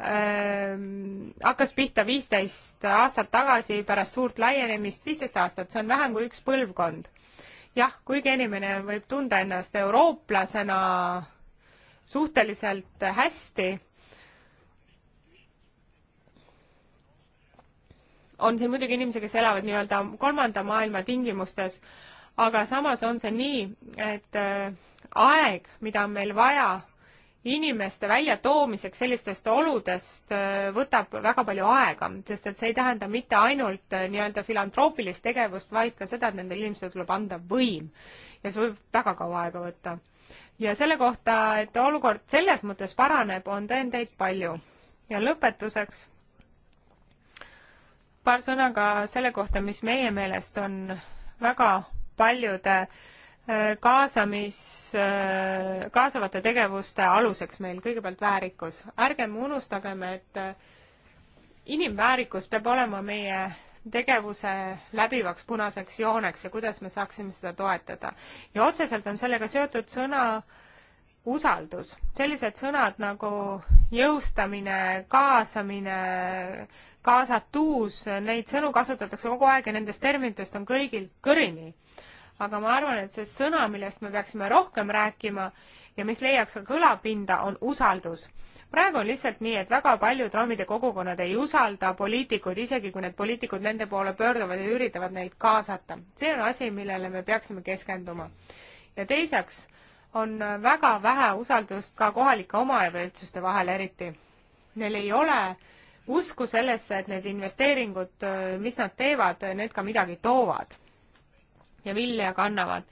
ähm, hakkas pihta viisteist aastat tagasi pärast suurt laienemist, viisteist aastat, see on vähem kui üks põlvkond. jah, kuigi inimene võib tunda ennast eurooplasena suhteliselt hästi, on siin muidugi inimesi, kes elavad nii-öelda kolmanda maailma tingimustes, aga samas on see nii, et äh, aeg, mida on meil vaja inimeste väljatoomiseks sellistest oludest äh, võtab väga palju aega, sest et see ei tähenda mitte ainult äh, nii-öelda filantroopilist tegevust, vaid ka seda, et nendele inimestele tuleb anda võim ja see võib väga kaua aega võtta. ja selle kohta, et olukord selles mõttes paraneb, on tõendeid palju. ja lõpetuseks paar sõna ka selle kohta, mis meie meelest on väga paljude äh, kaasamis, kaasavate tegevuste aluseks meil kõigepealt väärikus. ärgem unustagem, et inimväärikus peab olema meie tegevuse läbivaks punaseks jooneks ja kuidas me saaksime seda toetada. ja otseselt on sellega seotud sõna usaldus. sellised sõnad nagu jõustamine, kaasamine, kaasatuus, neid sõnu kasutatakse kogu aeg ja nendest terminitest on kõigil kõrini aga ma arvan, et see sõna, millest me peaksime rohkem rääkima ja mis leiaks ka kõlapinda, on usaldus. praegu on lihtsalt nii, et väga paljud roomide kogukonnad ei usalda poliitikuid, isegi kui need poliitikud nende poole pöörduvad ja üritavad neid kaasata. see on asi, millele me peaksime keskenduma. ja teiseks on väga vähe usaldust ka kohalike omavalitsuste vahel eriti. Neil ei ole usku sellesse, et need investeeringud, mis nad teevad, need ka midagi toovad ja vilja kannavad.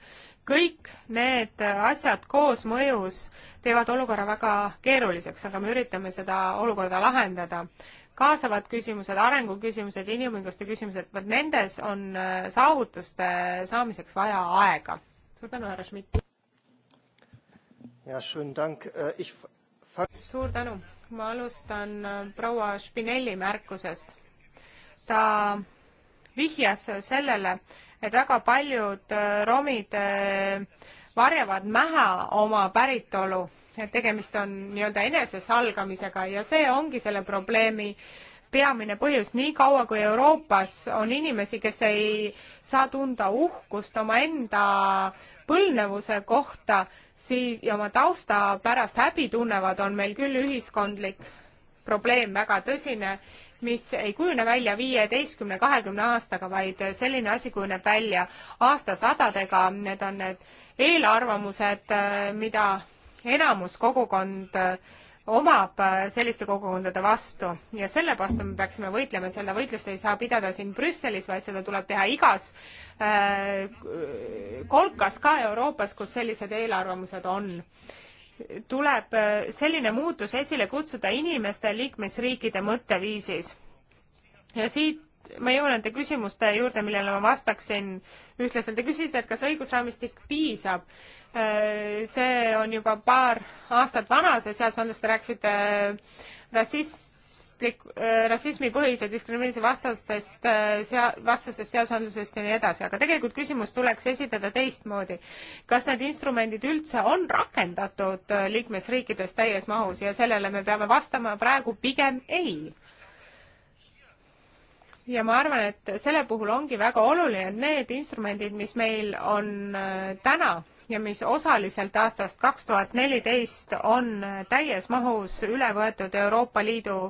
kõik need asjad koos mõjus teevad olukorra väga keeruliseks, aga me üritame seda olukorda lahendada. kaasavad küsimused, arenguküsimused, inimõiguste küsimused, vot nendes on äh, saavutuste saamiseks vaja aega. suur tänu, härra Schmidt! ja, schönen Dank, äh, ich suur tänu, ma alustan äh, proua Spinelli märkusest. ta vihjas sellele, et väga paljud äh, romid äh, varjavad maha oma päritolu, et tegemist on nii-öelda enesesalgamisega ja see ongi selle probleemi peamine põhjus, niikaua kui Euroopas on inimesi, kes ei saa tunda uhkust omaenda põlvnevuse kohta, siis ja oma tausta pärast häbi tunnevad, on meil küll ühiskondlik probleem väga tõsine mis ei kujune välja viieteistkümne, kahekümne aastaga, vaid selline asi kujuneb välja aastasadadega, need on need eelarvamused, mida enamus kogukond omab selliste kogukondade vastu ja selle vastu me peaksime võitlema, seda võitlust ei saa pidada siin Brüsselis, vaid seda tuleb teha igas äh, kolkas ka Euroopas, kus sellised eelarvamused on tuleb äh, selline muutus esile kutsuda inimeste liikmesriikide mõtteviisis. ja siit ma jõuan nende küsimuste juurde, millele ma vastaksin ühtlaselt. Te küsisite, et kas õigusraamistik piisab. Äh, see on juba paar aastat vana, see seadusandlus, te rääkisite äh, rassism, rassistlik, äh, rassismipõhise diskrimineerimise vastastest äh, sea-, vastasest seadusandlusest ja nii edasi, aga tegelikult küsimus tuleks esitada teistmoodi. kas need instrumendid üldse on rakendatud äh, liikmesriikides täies mahus ja sellele me peame vastama praegu pigem ei? ja ma arvan, et selle puhul ongi väga oluline, et need instrumendid, mis meil on täna, ja mis osaliselt aastast kaks tuhat neliteist on täies mahus üle võetud Euroopa Liidu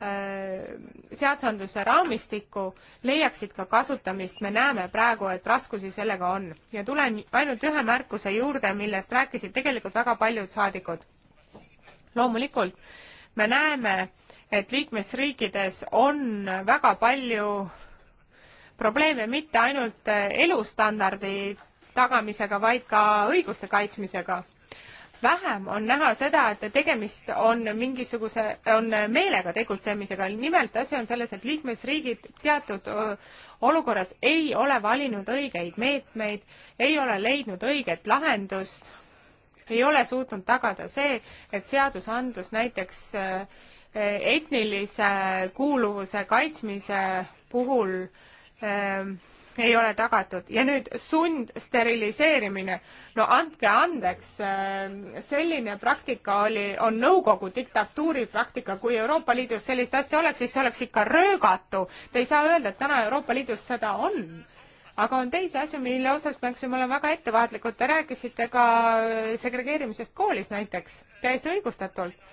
Äh, seadusandluse raamistikku leiaksid ka kasutamist, me näeme praegu, et raskusi sellega on. ja tulen ainult ühe märkuse juurde, millest rääkisid tegelikult väga paljud saadikud. loomulikult me näeme, et liikmesriikides on väga palju probleeme mitte ainult elustandardi tagamisega, vaid ka õiguste kaitsmisega vähem on näha seda, et tegemist on mingisuguse, on meelega tegutsemisega, nimelt asi on selles, et liikmesriigid teatud olukorras ei ole valinud õigeid meetmeid, ei ole leidnud õiget lahendust, ei ole suutnud tagada see, et seadusandlus näiteks etnilise kuuluvuse kaitsmise puhul ähm, ei ole tagatud. ja nüüd sundsteriliseerimine. no andke andeks, äh, selline praktika oli, on Nõukogu diktatuuri praktika, kui Euroopa Liidus sellist asja oleks, siis see oleks ikka röögatu. Te ei saa öelda, et täna Euroopa Liidus seda on aga on teisi asju, mille osas peaksime olema väga ettevaatlikud. Te rääkisite ka äh, segregeerimisest koolis näiteks, täiesti õigustatult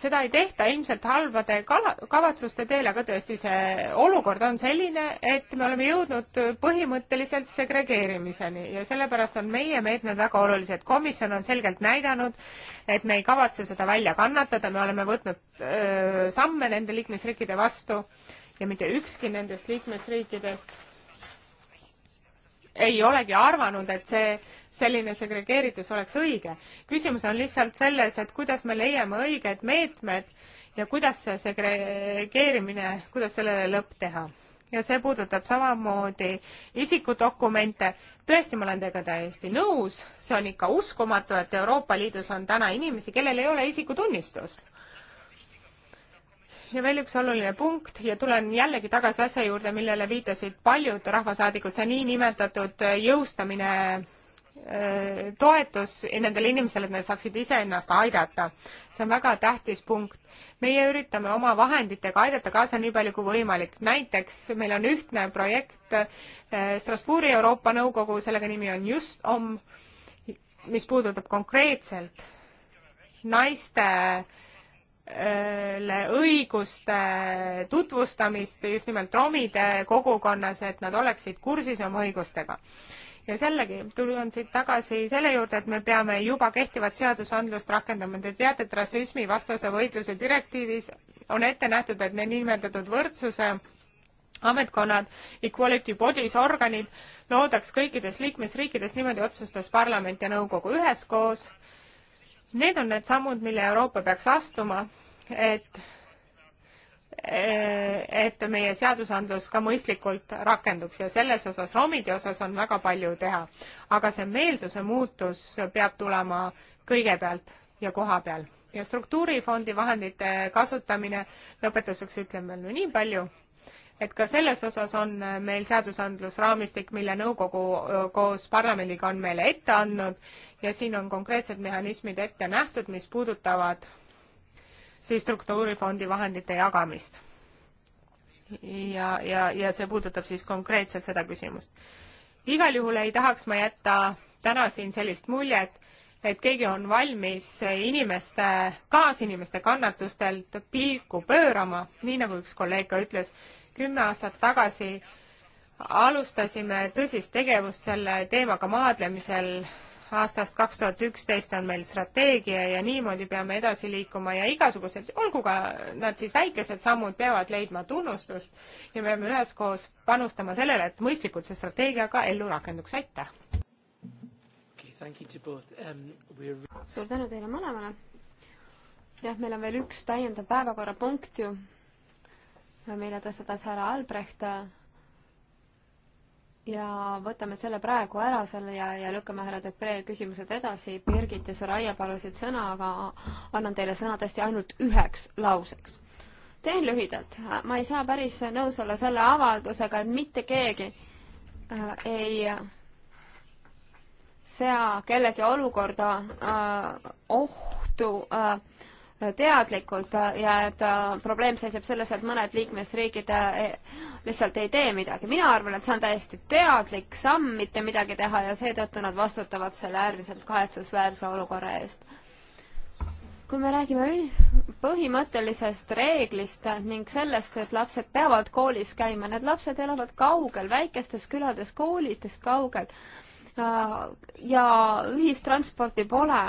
seda ei tehta ilmselt halbade kala, kavatsuste teel, aga tõesti see olukord on selline, et me oleme jõudnud põhimõtteliselt segregeerimiseni ja sellepärast on meie meetmed väga olulised. komisjon on selgelt näidanud, et me ei kavatse seda välja kannatada, me oleme võtnud öö, samme nende liikmesriikide vastu ja mitte ükski nendest liikmesriikidest ei olegi arvanud, et see selline segregeeritus oleks õige. küsimus on lihtsalt selles, et kuidas me leiame õiged meetmed ja kuidas see segregeerimine, kuidas sellele lõpp teha ja see puudutab samamoodi isikudokumente. tõesti, ma olen teiega täiesti nõus, see on ikka uskumatu, et Euroopa Liidus on täna inimesi, kellel ei ole isikutunnistust ja veel üks oluline punkt ja tulen jällegi tagasi asja juurde, millele viitasid paljud rahvasaadikud, see niinimetatud jõustamine äh, toetus nendele inimestele, et nad saaksid iseennast aidata. see on väga tähtis punkt. meie üritame oma vahenditega aidata kaasa nii palju kui võimalik. näiteks meil on ühtne projekt äh, Strasbourgi Euroopa Nõukogu, sellega nimi on Just Om, mis puudutab konkreetselt naiste äh, õiguste tutvustamist just nimelt romide kogukonnas, et nad oleksid kursis oma õigustega. ja sellegi, tulen siit tagasi selle juurde, et me peame juba kehtivat seadusandlust rakendama. Te teate, et rassismivastase võitluse direktiivis on ette nähtud, et need niinimetatud võrdsuse ametkonnad, equality bodies, organid loodaks kõikides liikmesriikides, niimoodi otsustas parlament ja nõukogu üheskoos Need on need sammud, mille Euroopa peaks astuma, et et meie seadusandlus ka mõistlikult rakenduks ja selles osas, romide osas on väga palju teha. aga see meelsuse muutus peab tulema kõigepealt ja koha peal. ja struktuurifondi vahendite kasutamine, lõpetuseks ütlen veel nii palju, et ka selles osas on meil seadusandlusraamistik, mille nõukogu koos parlamendiga on meile ette andnud ja siin on konkreetsed mehhanismid ette nähtud, mis puudutavad siis struktuurifondi vahendite jagamist. ja, ja, ja see puudutab siis konkreetselt seda küsimust. igal juhul ei tahaks ma jätta täna siin sellist muljet, et keegi on valmis inimeste, kaasinimeste kannatustelt pilku pöörama, nii nagu üks kolleeg ka ütles, kümme aastat tagasi alustasime tõsist tegevust selle teemaga maadlemisel. aastast kaks tuhat üksteist on meil strateegia ja niimoodi peame edasi liikuma ja igasugused, olgu ka nad siis väikesed sammud, peavad leidma tunnustust ja me peame üheskoos panustama sellele, et mõistlikult see strateegia ka ellu rakenduks, aitäh okay,! Um, suur tänu teile mõlemale! jah, meil on veel üks täiendav päevakorrapunkt ju mille tõstatas härra Albrecht ja võtame selle praegu ära selle ja, ja lükkame härra Depre küsimused edasi. Birgit ja Soraya palusid sõna, aga annan teile sõna tõesti ainult üheks lauseks. teen lühidalt, ma ei saa päris nõus olla selle avaldusega, et mitte keegi äh, ei sea kellegi olukorda äh, ohtu äh, teadlikud ja et äh, probleem seisneb selles, et mõned liikmesriigid äh, lihtsalt ei tee midagi. mina arvan, et see on täiesti teadlik samm mitte midagi teha ja seetõttu nad vastutavad selle äärmiselt kahetsusväärse olukorra eest. kui me räägime põhimõttelisest reeglist ning sellest, et lapsed peavad koolis käima, need lapsed elavad kaugel, väikestes külades, koolidest kaugel äh, ja ühistransporti pole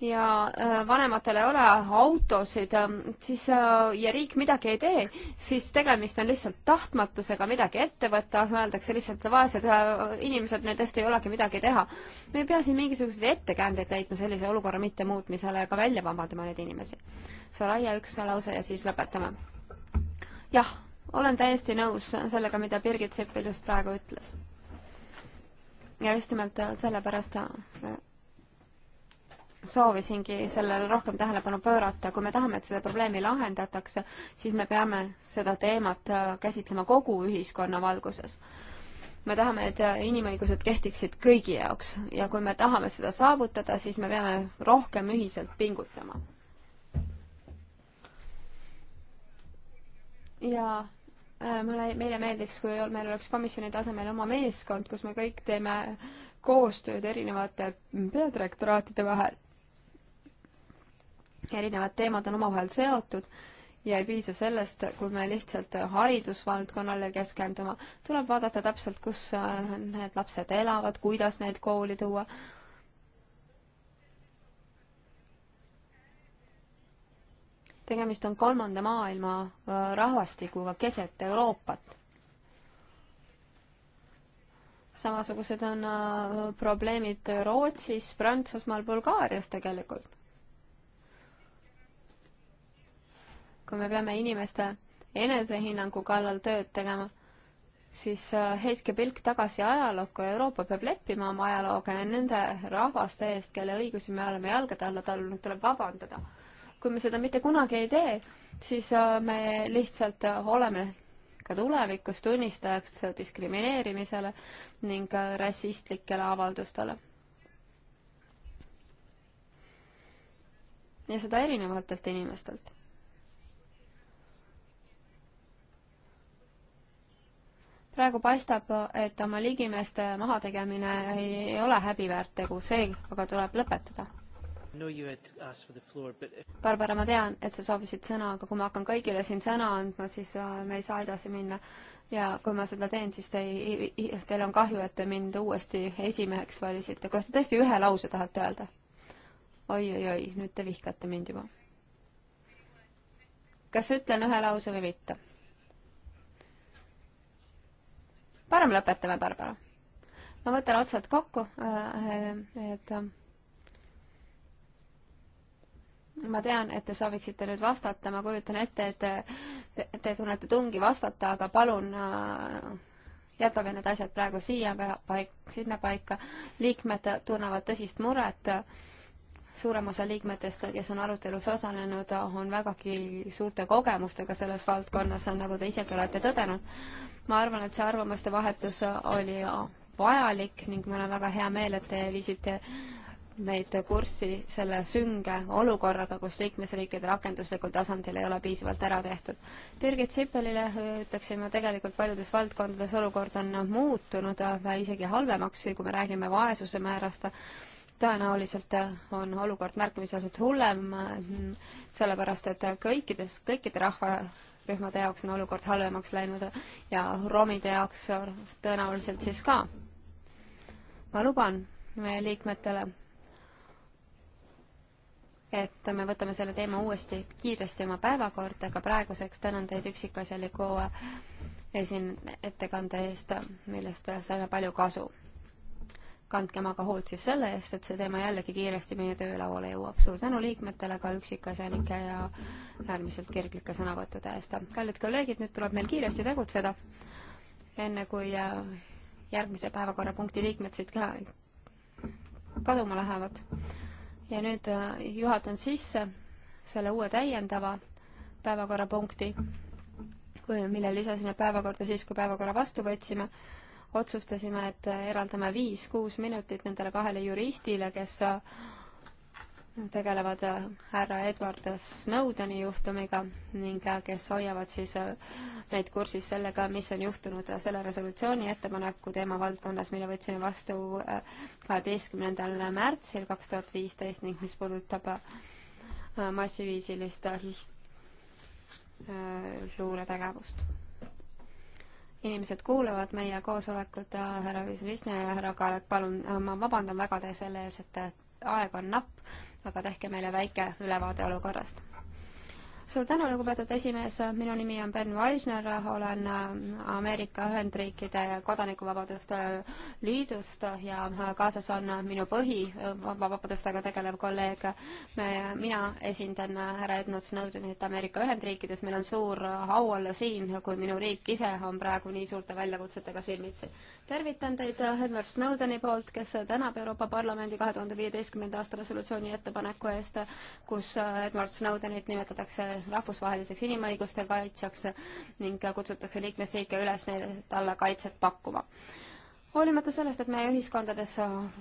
ja äh, vanematel ei ole autosid, ähm, siis äh, ja riik midagi ei tee, siis tegemist on lihtsalt tahtmatusega midagi ette võtta, öeldakse lihtsalt vaesed äh, inimesed, neil tõesti ei olegi midagi teha. me ei pea siin mingisuguseid ettekäändeid leidma sellise olukorra mittemuutmisele ega välja vabandama neid inimesi. Soraya üks lause ja siis lõpetame. jah, olen täiesti nõus sellega, mida Birgit Seppel just praegu ütles. ja just nimelt sellepärast soovisingi sellele rohkem tähelepanu pöörata, kui me tahame, et seda probleemi lahendatakse, siis me peame seda teemat äh, käsitlema kogu ühiskonna valguses. me tahame, et äh, inimõigused kehtiksid kõigi jaoks ja kui me tahame seda saavutada, siis me peame rohkem ühiselt pingutama. ja äh, mulle, meile meeldiks, kui meil oleks komisjoni tasemel oma meeskond, kus me kõik teeme koostööd erinevate peadirektoraatide vahel erinevad teemad on omavahel seotud ja ei piisa sellest, kui me lihtsalt haridusvaldkonnale keskendume. tuleb vaadata täpselt, kus äh, need lapsed elavad, kuidas neid kooli tuua. tegemist on kolmanda maailma äh, rahvastikuga keset Euroopat. samasugused on äh, probleemid Rootsis, Prantsusmaal, Bulgaarias tegelikult kui me peame inimeste enesehinnangu kallal tööd tegema, siis äh, hetkepilk tagasi ajalukku ja Euroopa peab leppima oma ajalooga ja nende rahvaste eest, kelle õigusi me oleme jalgade alla tallunud, tuleb vabandada. kui me seda mitte kunagi ei tee, siis äh, me lihtsalt äh, oleme ka tulevikus tunnistajaks diskrimineerimisele ning rassistlikele avaldustele. ja seda erinevatelt inimestelt. praegu paistab, et oma ligimeeste mahategemine ei, ei ole häbiväärt tegu, see aga tuleb lõpetada. Barbara, ma tean, et sa soovisid sõna, aga kui ma hakkan kõigile siin sõna andma, siis äh, me ei saa edasi minna. ja kui ma seda teen, siis te ei, teil on kahju, et te mind uuesti esimeheks valisite. kas te tõesti ühe lause tahate öelda oi,? oi-oi-oi, nüüd te vihkate mind juba. kas ütlen ühe lause või mitte? parem lõpetame, Barbara. ma võtan otsad kokku, äh, äh, et äh, ma tean, et te sooviksite nüüd vastata, ma kujutan ette, et te tunnete tungi vastata, aga palun jätame need asjad praegu siia paik, sinnapaika. liikmed tunnevad tõsist muret. suurem osa liikmetest, kes on arutelus osalenud, on vägagi suurte kogemustega selles valdkonnas, nagu te isegi olete tõdenud ma arvan, et see arvamuste vahetus oli vajalik ning mul on väga hea meel, et te viisite meid kurssi selle sünge olukorraga, kus liikmesriikide rakenduslikul tasandil ei ole piisavalt ära tehtud. Birgit Sippelile ütleksin ma tegelikult paljudes valdkondades olukord on muutunud isegi halvemaks, kui me räägime vaesuse määrast. tõenäoliselt on olukord märkimisväärselt hullem, sellepärast et kõikides, kõikide rahva rühmade jaoks on olukord halvemaks läinud ja romide jaoks tõenäoliselt siis ka. ma luban meie liikmetele, et me võtame selle teema uuesti kiiresti oma päevakorda, aga praeguseks tänan teid üksikasjaliku esin-, ettekande eest, millest saime palju kasu kandkem aga hoolt siis selle eest, et see teema jällegi kiiresti meie töölauale jõuab. suur tänu liikmetele ka üksikasjalike ja äärmiselt kirglike sõnavõttude eest. kallid kolleegid, nüüd tuleb meil kiiresti tegutseda, enne kui äh, järgmise päevakorrapunkti liikmed siit ka kaduma lähevad. ja nüüd äh, juhatan sisse selle uue täiendava päevakorrapunkti, mille lisasime päevakorda siis, kui päevakorra vastu võtsime otsustasime, et eraldame viis-kuus minutit nendele kahele juristile, kes tegelevad äh, härra Edward Snowdeni juhtumiga ning äh, kes hoiavad siis äh, meid kursis sellega, mis on juhtunud selle resolutsiooni ettepaneku teemavaldkonnas, mille võtsime vastu kaheteistkümnendal märtsil kaks tuhat viisteist ning mis puudutab massiviisilist luuretegevust inimesed kuulavad meie koosolekut, härra Vizvisne ja härra Kaalep, palun, ma vabandan väga teie selle ees, et aeg on napp, aga tehke meile väike ülevaade olukorrast suur tänu, lugupeetud esimees, minu nimi on Ben Weisner, olen äh, Ameerika Ühendriikide Kodanikuvabaduste Liidust ja äh, kaasas on minu põhivabadustega tegelev kolleeg. me, mina esindan äh, härra Edmund Snowdenit Ameerika Ühendriikides, meil on suur au olla siin, kui minu riik ise on praegu nii suurte väljakutsetega silmitsi. tervitan teid Edward Snowdeni poolt, kes tänab Euroopa Parlamendi kahe tuhande viieteistkümnenda aasta resolutsiooni ettepaneku eest, kus Edward Snowdenit nimetatakse rahvusvaheliseks inimõiguste kaitsjaks ning kutsutakse liikmesriike üles neile talle kaitset pakkuma hoolimata sellest, et meie ühiskondades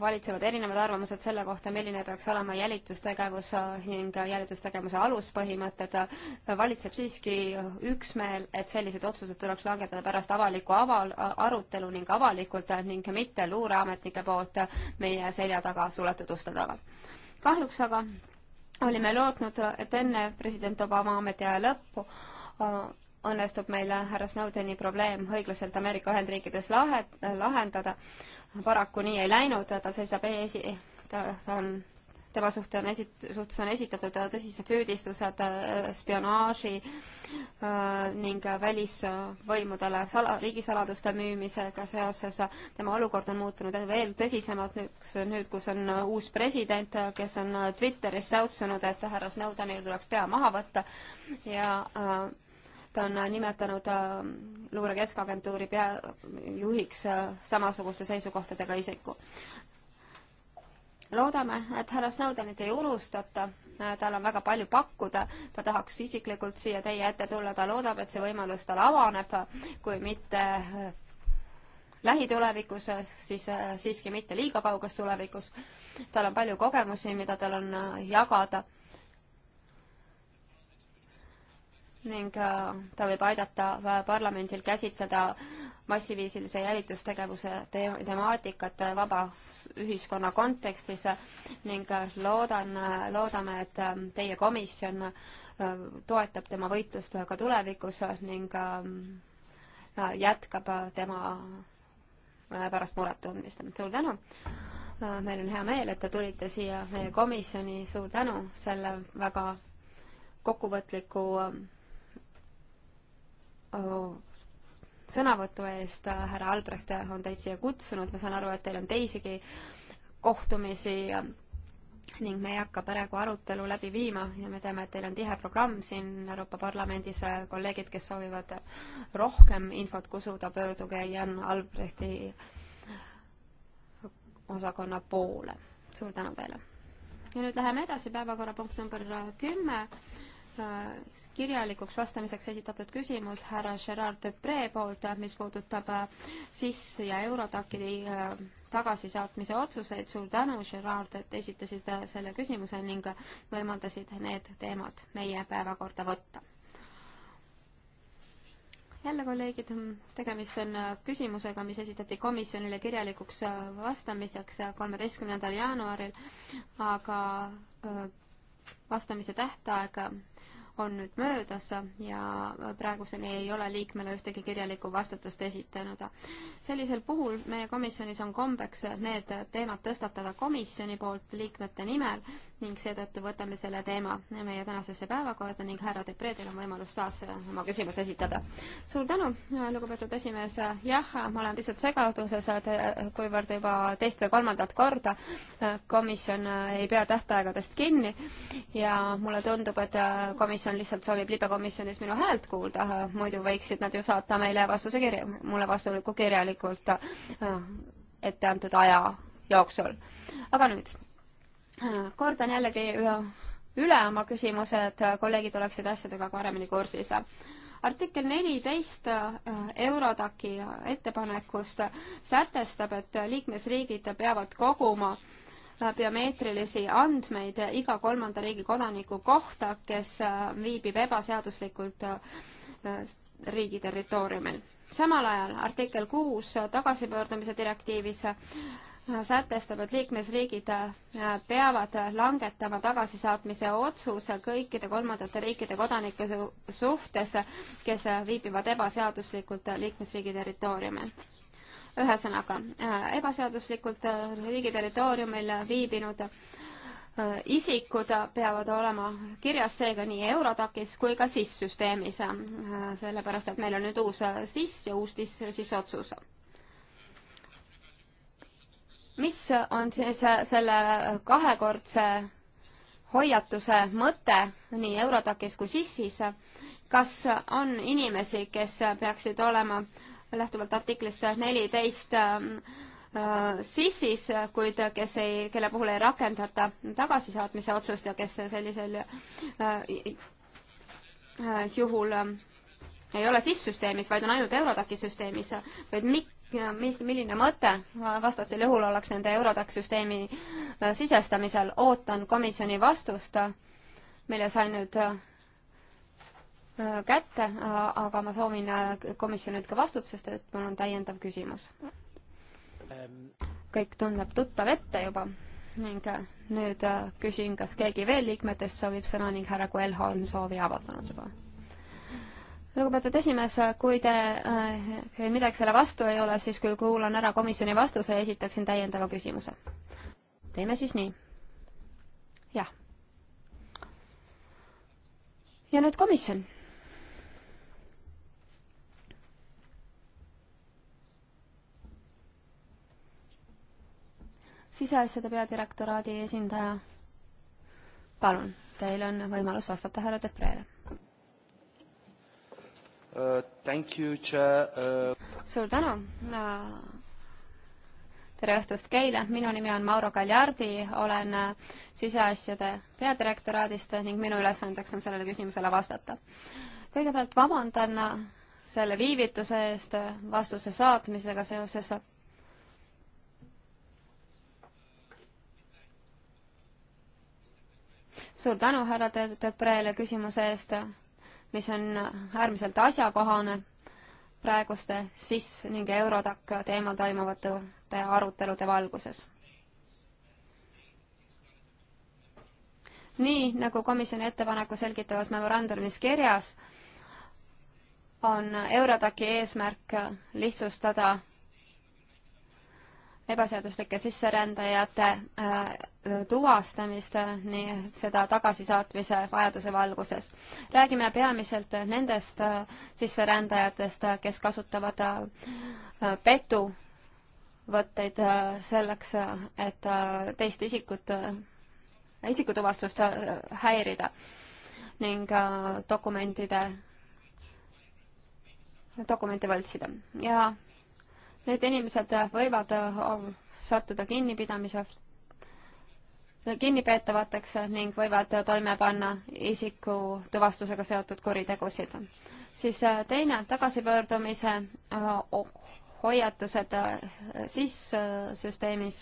valitsevad erinevad arvamused selle kohta, milline peaks olema jälitustegevus ning jälitustegevuse aluspõhimõtted, valitseb siiski üksmeel, et sellised otsused tuleks langetada pärast avalikku aval-, arutelu ning avalikult ning mitte luureametnike poolt meie selja taga suletud uste taga. kahjuks aga olime lootnud, et enne president Obama ametiaja lõppu äh, õnnestub meil äh, härra Snowdeni probleem õiglaselt Ameerika Ühendriikides lahe, lahendada. paraku nii ei läinud, ta seisab ees, ta, ta on tema suhte on esit-, suhtes on esitatud äh, tõsised süüdistused äh, spionaaži äh, ning välisvõimudele sala, riigisaladuste müümisega seoses. tema olukord on muutunud veel tõsisemalt nüüd, nüüd, kus on uus president, kes on Twitteris säutsunud, et härra Snowdenil tuleks pea maha võtta ja ta on nimetanud luure keskagentuuri pea, juhiks samasuguste seisukohtadega isiku loodame, et härra Snowdenit ei unustata, tal on väga palju pakkuda, ta tahaks isiklikult siia teie ette tulla, ta loodab, et see võimalus tal avaneb, kui mitte äh, lähitulevikus, äh, siis äh, siiski mitte liiga kauges tulevikus. tal on palju kogemusi, mida tal on jagada ning äh, ta võib aidata äh, parlamendil käsitleda massiviisilise jälitustegevuse te temaatikat äh, vaba ühiskonna kontekstis ning loodan, loodame, et teie komisjon toetab tema võitlust ka tulevikus ning jätkab tema pärast muret tundmist. suur tänu! meil on hea meel, et te tulite siia meie komisjoni, suur tänu selle väga kokkuvõtliku Äh, sõnavõtu eest, äh, härra Albrecht on teid siia kutsunud, ma saan aru, et teil on teisigi kohtumisi ning me ei hakka praegu arutelu läbi viima ja me teame, et teil on tihe programm siin Euroopa Parlamendis, äh, kolleegid, kes soovivad rohkem infot kusuda, pöörduge Jan Albrechti osakonna poole. suur tänu teile! ja nüüd läheme edasi, päevakorrapunkt number kümme Äh, kirjalikuks vastamiseks esitatud küsimus härra Gerard Depre poolt, äh, mis puudutab äh, SIS ja Eurotaki tagasisaatmise otsuseid. suur tänu, Gerard, et esitasid selle küsimuse ning võimaldasid need teemad meie päevakorda võtta. jälle, kolleegid, tegemist on küsimusega, mis esitati komisjonile kirjalikuks vastamiseks kolmeteistkümnendal jaanuaril, aga vastamise tähtaeg on nüüd möödas ja praeguseni ei ole liikmele ühtegi kirjalikku vastutust esitanud. sellisel puhul meie komisjonis on kombeks need teemad tõstatada komisjoni poolt liikmete nimel ning seetõttu võtame selle teema meie tänasesse päevakorda ning härra Depre, teil on võimalus taas äh, oma küsimus esitada. suur tänu, lugupeetud esimees, jah, ma olen pisut segaduses, äh, kuivõrd juba teist või kolmandat korda äh, komisjon ei pea tähtaegadest kinni ja mulle tundub, et komisjon lihtsalt soovib libekomisjonis minu häält kuulda, muidu võiksid nad ju saata meile vastuse kirja, mulle vastuse kirjalikult etteantud aja jooksul. aga nüüd kordan jällegi üle oma küsimuse, et kolleegid oleksid asjadega paremini kursis. artikkel neliteist äh, Eurodaki ettepanekust sätestab, et liikmesriigid peavad koguma äh, biomeetrilisi andmeid iga kolmanda riigi kodaniku kohta, kes äh, viibib ebaseaduslikult riigi territooriumil. samal ajal artikkel kuus tagasipöördumise direktiivis sätestab, et liikmesriigid äh, peavad langetama tagasisaatmise otsuse kõikide kolmandate riikide kodanike suhtes, kes äh, viibivad ebaseaduslikult äh, liikmesriigi territooriumil. ühesõnaga, ebaseaduslikult riigi territooriumil viibinud isikud peavad olema kirjas seega nii Eurodacis kui ka SIS-süsteemis, sellepärast et meil on nüüd uus SIS ja uus SIS-otsus sis mis on siis äh, selle kahekordse hoiatuse mõte nii Eurotakis kui SIS-is? kas on inimesi, kes peaksid olema lähtuvalt artiklist neliteist äh, äh, sissis, kuid kes ei, kelle puhul ei rakendata tagasisaatmise otsust ja kes sellisel juhul ei ole SIS-süsteemis, vaid on ainult Eurodaki süsteemis, vaid mik-, mis, milline mõte vastasel juhul oleks nende Eurodax süsteemi äh, sisestamisel, ootan komisjoni vastust, äh, mille sain nüüd äh, kätte, aga ma soovin komisjonilt ka vastut, sest et mul on täiendav küsimus. Ähm. kõik tundub tuttav ette juba ning nüüd küsin, kas keegi veel liikmetest soovib sõna ning härra Koelho on soovi avaldanud juba lugupeetud esimees, kui te äh, midagi selle vastu ei ole, siis kui kuulan ära komisjoni vastuse, esitaksin täiendava küsimuse. teeme siis nii. jah. ja nüüd komisjon siseasjade peadirektoraadi esindaja. palun, teil on võimalus vastata härra Depreele. Thank you, Chair uh.... suur tänu uh,. tere õhtust Keile, minu nimi on Mauro Kaljardi, olen äh, siseasjade peadirektoraadist ning minu ülesandeks on sellele küsimusele vastata. kõigepealt vabandan äh, selle viivituse eest äh, vastuse saatmisega seoses suur tänu, härra Debrele küsimuse eest mis on äärmiselt asjakohane praeguste SIS ning Eurodac teemal toimuvate arutelude valguses. nii nagu komisjoni ettepaneku selgitavas memorandumis kirjas, on Eurodaki eesmärk lihtsustada ebaseaduslike sisserändajate äh, tuvastamist, nii seda tagasisaatmise vajaduse valguses. räägime peamiselt nendest sisserändajatest, kes kasutavad äh, petuvõtteid äh, selleks, et äh, teist isikut, isikutuvastust häirida ning dokumentide, dokumente võltsida ja need inimesed võivad sattuda kinnipidamise kinnipeetavateks ning võivad toime panna isiku tuvastusega seotud kuritegusid. siis äh, teine tagasipöördumise äh, hoiatused äh, SIS süsteemis.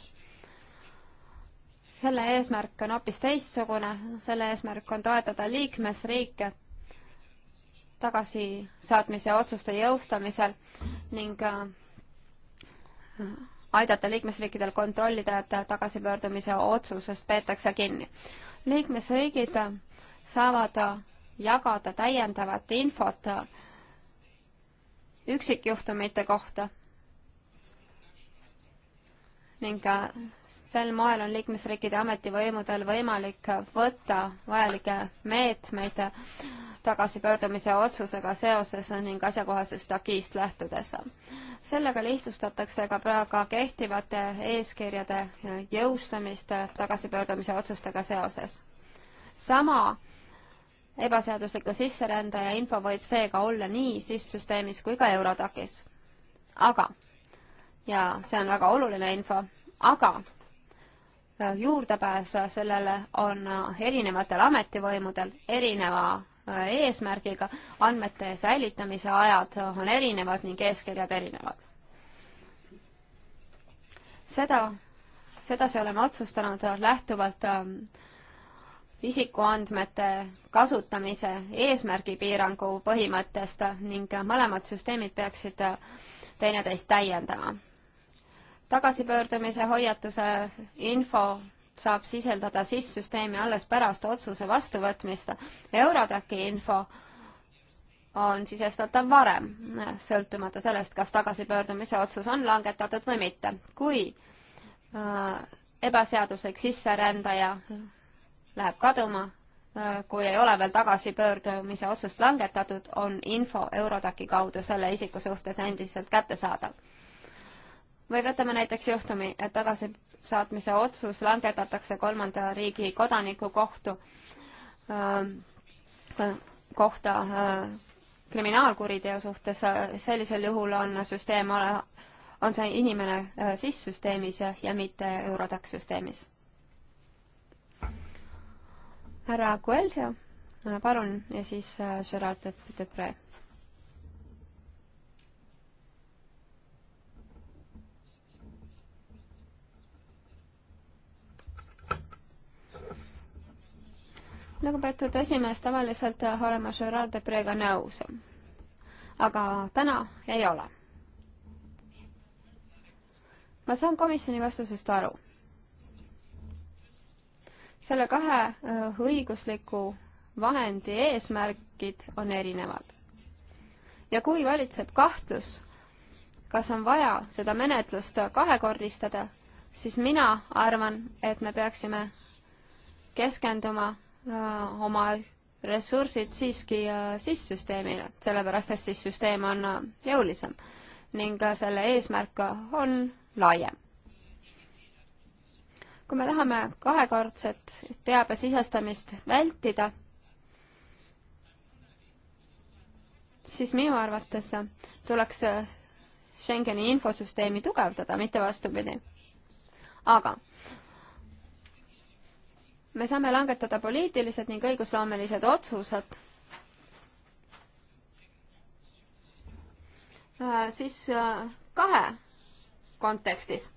selle eesmärk on hoopis teistsugune, selle eesmärk on toetada liikmesriike tagasisaatmise otsuste jõustamisel ning aidata liikmesriikidel kontrollida, et tagasipöördumise otsusest peetakse kinni. liikmesriigid saavad jagada täiendavat infot üksikjuhtumite kohta ning sel moel on liikmesriikide ametivõimudel võimalik võtta vajalikke meetmeid meet tagasipöördumise otsusega seoses ning asjakohasest agiist lähtudes. sellega lihtsustatakse ka praegu kehtivate eeskirjade jõustamist tagasipöördumise otsustega seoses. sama ebaseadusliku sisserändaja info võib seega olla nii SIS-süsteemis kui ka Eurodacis. aga, ja see on väga oluline info, aga äh, juurdepääs sellele on äh, erinevatel ametivõimudel erineva Äh, eesmärgiga, andmete säilitamise ajad on erinevad ning eeskirjad erinevad. seda, sedasi oleme otsustanud lähtuvalt ähm, isikuandmete kasutamise eesmärgipiirangu põhimõttest ning mõlemad süsteemid peaksid äh, teineteist täiendama. tagasipöördumise hoiatuse info saab sisaldada SIS-süsteemi alles pärast otsuse vastuvõtmist. Eurodaki info on sisestatav varem, sõltumata sellest, kas tagasipöördumise otsus on langetatud või mitte. kui äh, ebaseaduslik sisserändaja läheb kaduma äh,, kui ei ole veel tagasipöördumise otsust langetatud, on info Eurodaki kaudu selle isiku suhtes endiselt kättesaadav või võtame näiteks juhtumi, et tagasisaatmise otsus langetatakse kolmanda riigi kodaniku kohtu äh,, kohta äh, kriminaalkuriteo suhtes, sellisel juhul on süsteem, on see inimene äh, siis süsteemis ja, ja mitte Eurodac süsteemis. härra Coelho, palun, ja siis äh, Gerard Depree lugupeetud esimees, tavaliselt olen ma Gerard Deprega nõus. aga täna ei ole. ma saan komisjoni vastusest aru. selle kahe äh, õigusliku vahendi eesmärgid on erinevad. ja kui valitseb kahtlus, kas on vaja seda menetlust kahekordistada, siis mina arvan, et me peaksime keskenduma Äh, oma ressursid siiski äh, SIS-süsteemile, sellepärast et SIS-süsteem on äh, jõulisem ning selle eesmärk on laiem. kui me tahame kahekordset teabe sisestamist vältida, siis minu arvates tuleks Schengeni infosüsteemi tugevdada, mitte vastupidi. aga me saame langetada poliitilised ning õigusloomelised otsused äh,, siis äh, kahe kontekstis.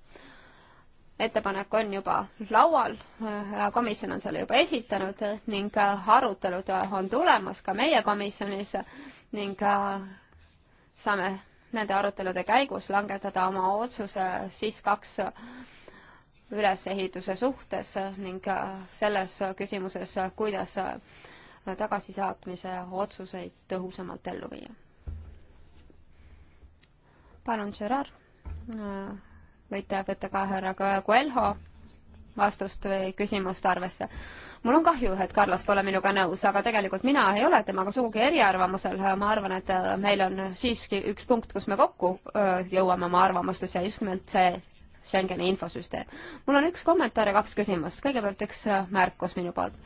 ettepanek on juba laual äh,, komisjon on selle juba esitanud ning äh, arutelud on tulemas ka meie komisjonis ning äh, saame nende arutelude käigus langetada oma otsuse siis kaks ülesehituse suhtes ning äh, selles küsimuses, äh, kuidas äh, tagasisaatmise otsuseid tõhusamalt ellu viia. palun, Gerard, võite võtta ka härra Coelho vastust või küsimust arvesse. mul on kahju, et Carlos pole minuga nõus, aga tegelikult mina ei ole temaga sugugi eriarvamusel, ma arvan, et meil on siiski üks punkt, kus me kokku jõuame oma arvamustes ja just nimelt see Schengeni infosüsteem. mul on üks kommentaar ja kaks küsimust. kõigepealt üks äh, märkus minu poolt.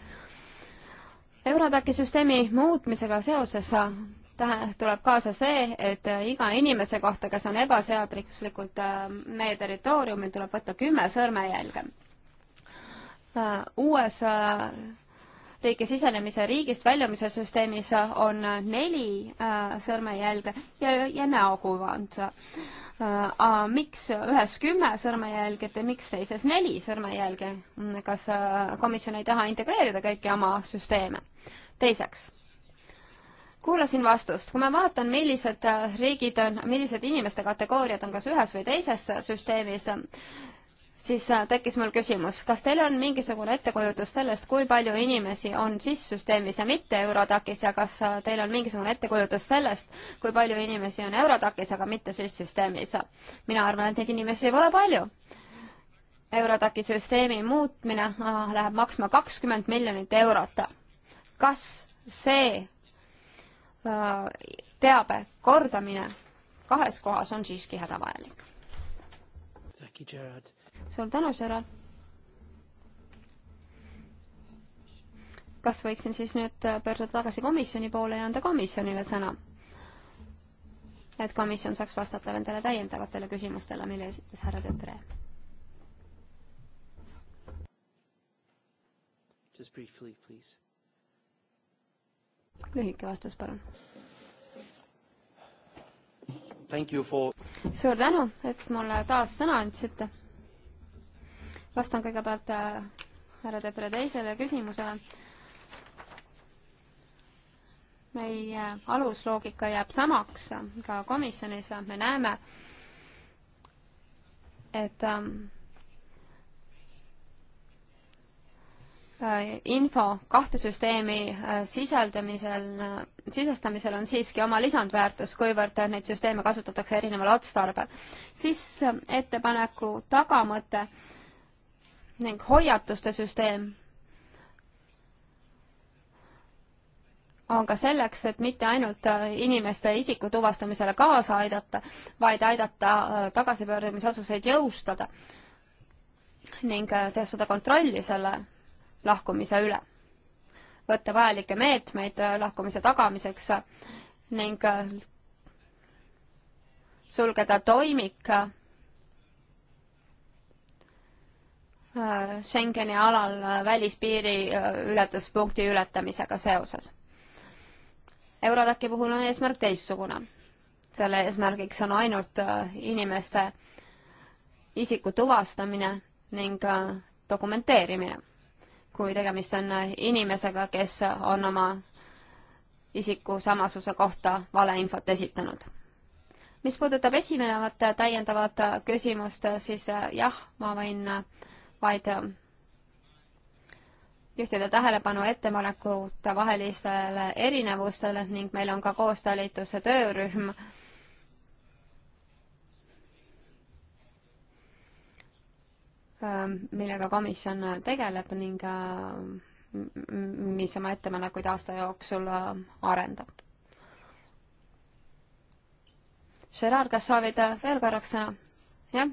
Eurodaki süsteemi muutmisega seoses äh, tähe-, tuleb kaasa see, et äh, iga inimese kohta, kes on ebaseaduslikult meie territooriumil, tuleb võtta kümme sõrmejälge. uues riiki sisenemise, riigist väljumise süsteemis on neli äh, sõrmejälge ja, ja näokuvand. Äh, miks ühes kümme sõrmejälge, miks teises neli sõrmejälge? kas äh, komisjon ei taha integreerida kõiki oma süsteeme? teiseks kuulasin vastust, kui ma vaatan, millised riigid on, millised inimeste kategooriad on kas ühes või teises süsteemis, siis äh, tekkis mul küsimus, kas teil on mingisugune ettekujutus sellest, kui palju inimesi on SIS-süsteemis ja mitte Eurodacis ja kas äh, teil on mingisugune ettekujutus sellest, kui palju inimesi on Eurodacis, aga mitte SIS-süsteemis? mina arvan, et neid inimesi pole palju. Eurodaki süsteemi muutmine äh, läheb maksma kakskümmend miljonit eurot. kas see teabe kordamine kahes kohas on siiski hädavajalik? Gerard suur tänu, Gerard. kas võiksin siis nüüd pöörduda tagasi komisjoni poole ja anda komisjonile sõna? et komisjon saaks vastata nendele täiendavatele küsimustele, mille esitas härra Töpre. lühike vastus, palun. For... suur tänu, et mulle taas sõna andsite vastan kõigepealt äh, härra Tepre teisele küsimusele. meie äh, alusloogika jääb samaks ka komisjonis, me näeme, et ähm, äh, info kahte süsteemi sisaldamisel, sisestamisel on siiski oma lisandväärtus, kuivõrd neid süsteeme kasutatakse erineval otstarbel. siis ettepaneku tagamõte äh, ning hoiatuste süsteem on ka selleks, et mitte ainult äh, inimeste isiku tuvastamisele kaasa aidata, vaid aidata äh, tagasipöördumisotsuseid jõustada ning äh, teostada kontrolli selle lahkumise üle, võtta vajalikke meetmeid lahkumise tagamiseks ning sulgeda toimik Äh, Schengeni alal äh, välispiiri äh, ületuspunkti ületamisega seoses. Eurodaki puhul on eesmärk teistsugune. selle eesmärgiks on ainult inimeste isiku tuvastamine ning dokumenteerimine. kui tegemist on inimesega, kes on oma isiku samasuse kohta valeinfot esitanud. mis puudutab esinevat täiendavat küsimust, siis jah, ma võin äh, vaid äh, juhtida tähelepanu ettepanekute vahelistele erinevustele ning meil on ka koostalituse töörühm, äh, millega komisjon tegeleb ning äh, mis oma ettepanekuid aasta jooksul arendab. Gerard, kas soovid veel korraks sõna? jah?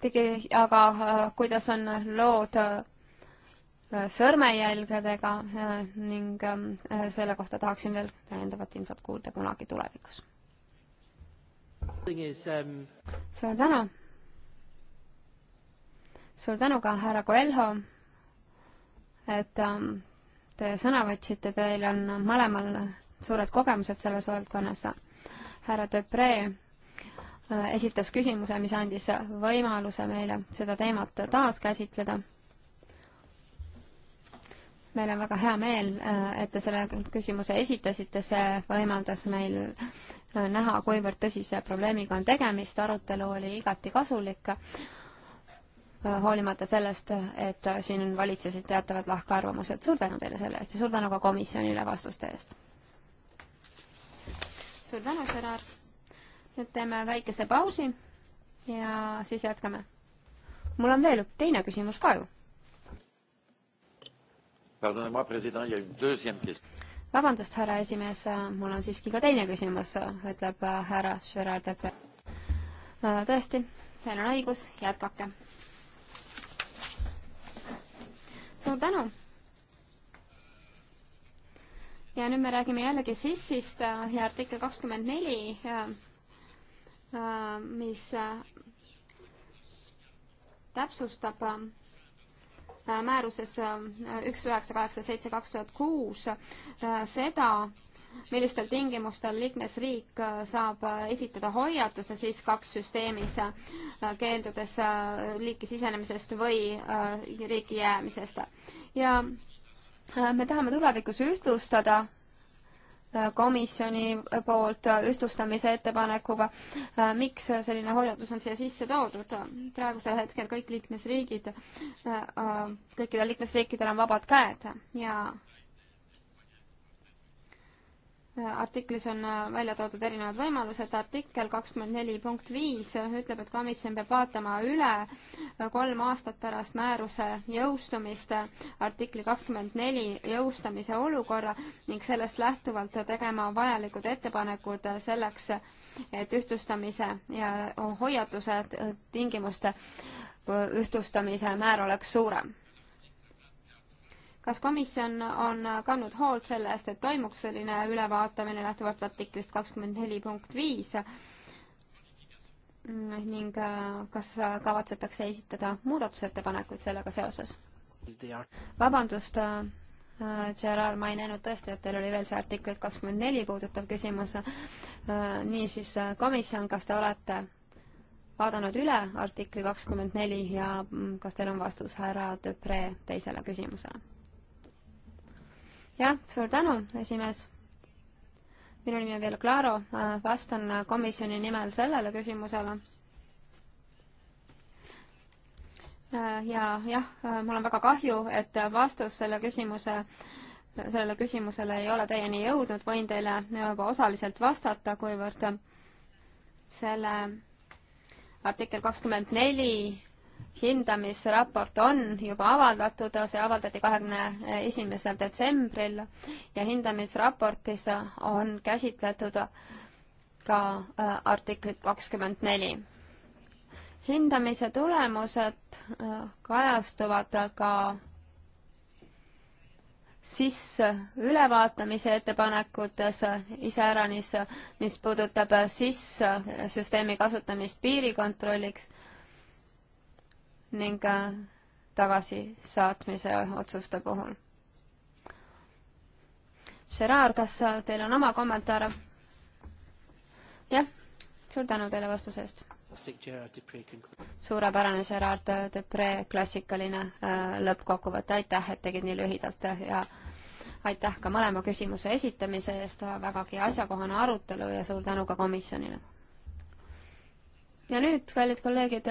digi, ähm, aga äh, kuidas on lood äh, sõrmejälgedega äh, ning ähm, selle kohta tahaksin veel täiendavat infot kuulda kunagi tulevikus. suur tänu! suur tänu ka härra Coelho, et ähm, te sõna võtsite, teil on mõlemal suured kogemused selles valdkonnas. härra Depree Äh, esitas küsimuse, mis andis võimaluse meile seda teemat taas käsitleda. meil on väga hea meel, äh, et te selle küsimuse esitasite, see võimaldas meil äh, näha, kuivõrd tõsise probleemiga on tegemist, arutelu oli igati kasulik, hoolimata sellest, et siin valitsesid teatavad lahkarvamused. suur tänu teile selle eest ja suur tänu ka komisjonile vastuste eest! suur tänu, Gerard! nüüd teeme väikese pausi ja siis jätkame. mul on veel teine küsimus ka ju. vabandust, härra esimees, mul on siiski ka teine küsimus, ütleb härra Gerard Depre. tõesti, teil on õigus, jätkake. suur tänu ja nüüd me räägime jällegi SIS-ist ja artikkel kakskümmend neli Äh, mis äh, täpsustab äh, määruses üks üheksa kaheksa seitse kaks tuhat kuus seda, millistel tingimustel liikmesriik saab esitada hoiatuse siis kaks süsteemis, keeldudes liiki sisenemisest või riiki jäämisest. ja me tahame tulevikus ühtlustada komisjoni poolt ühtlustamise ettepanekuga. miks selline hoiatus on siia sisse toodud? praegusel hetkel kõik liikmesriigid, kõikidel liikmesriikidel on vabad käed ja Äh, artiklis on äh, välja toodud erinevad võimalused, artikkel kakskümmend neli punkt viis äh, ütleb, et komisjon peab vaatama üle kolm aastat pärast määruse jõustumist artikli kakskümmend neli jõustamise olukorra ning sellest lähtuvalt tegema vajalikud ettepanekud selleks, et ühtlustamise ja hoiatuse tingimuste ühtlustamise määr oleks suurem kas komisjon on kandnud hoolt selle eest, et toimuks selline ülevaatamine lähtuvalt artiklist kakskümmend neli punkt viis ning äh, kas kavatsetakse esitada muudatusettepanekuid sellega seoses? vabandust, äh, Gerard, ma ei näinud tõesti, et teil oli veel see artiklit kakskümmend neli puudutav küsimus. Äh, niisiis, komisjon, kas te olete vaadanud üle artikli kakskümmend neli ja mm, kas teil on vastus härra Depre teisele küsimusele? jah, suur tänu, esimees. minu nimi on Velo Claro, vastan komisjoni nimel sellele küsimusele. ja jah, mul on väga kahju, et vastus selle küsimuse, sellele küsimusele ei ole teieni jõudnud, võin teile juba osaliselt vastata, kuivõrd selle artikkel kakskümmend neli hindamisraport on juba avaldatud, see avaldati kahekümne esimesel detsembril ja hindamisraportis on käsitletud ka äh, artiklit kakskümmend neli. hindamise tulemused äh, kajastuvad ka sisse ülevaatamise ettepanekutes iseäranis, mis puudutab sisse süsteemi kasutamist piirikontrolliks ning äh, tagasisaatmise otsuste puhul. Gerard, kas äh, teil on oma kommentaare? jah, suur tänu teile vastuse eest. suurepärane Gerard Depre klassikaline äh, lõppkokkuvõte, aitäh, et tegid nii lühidalt ja aitäh ka mõlema küsimuse esitamise eest, vägagi asjakohane arutelu ja suur tänu ka komisjonile. ja nüüd, kallid kolleegid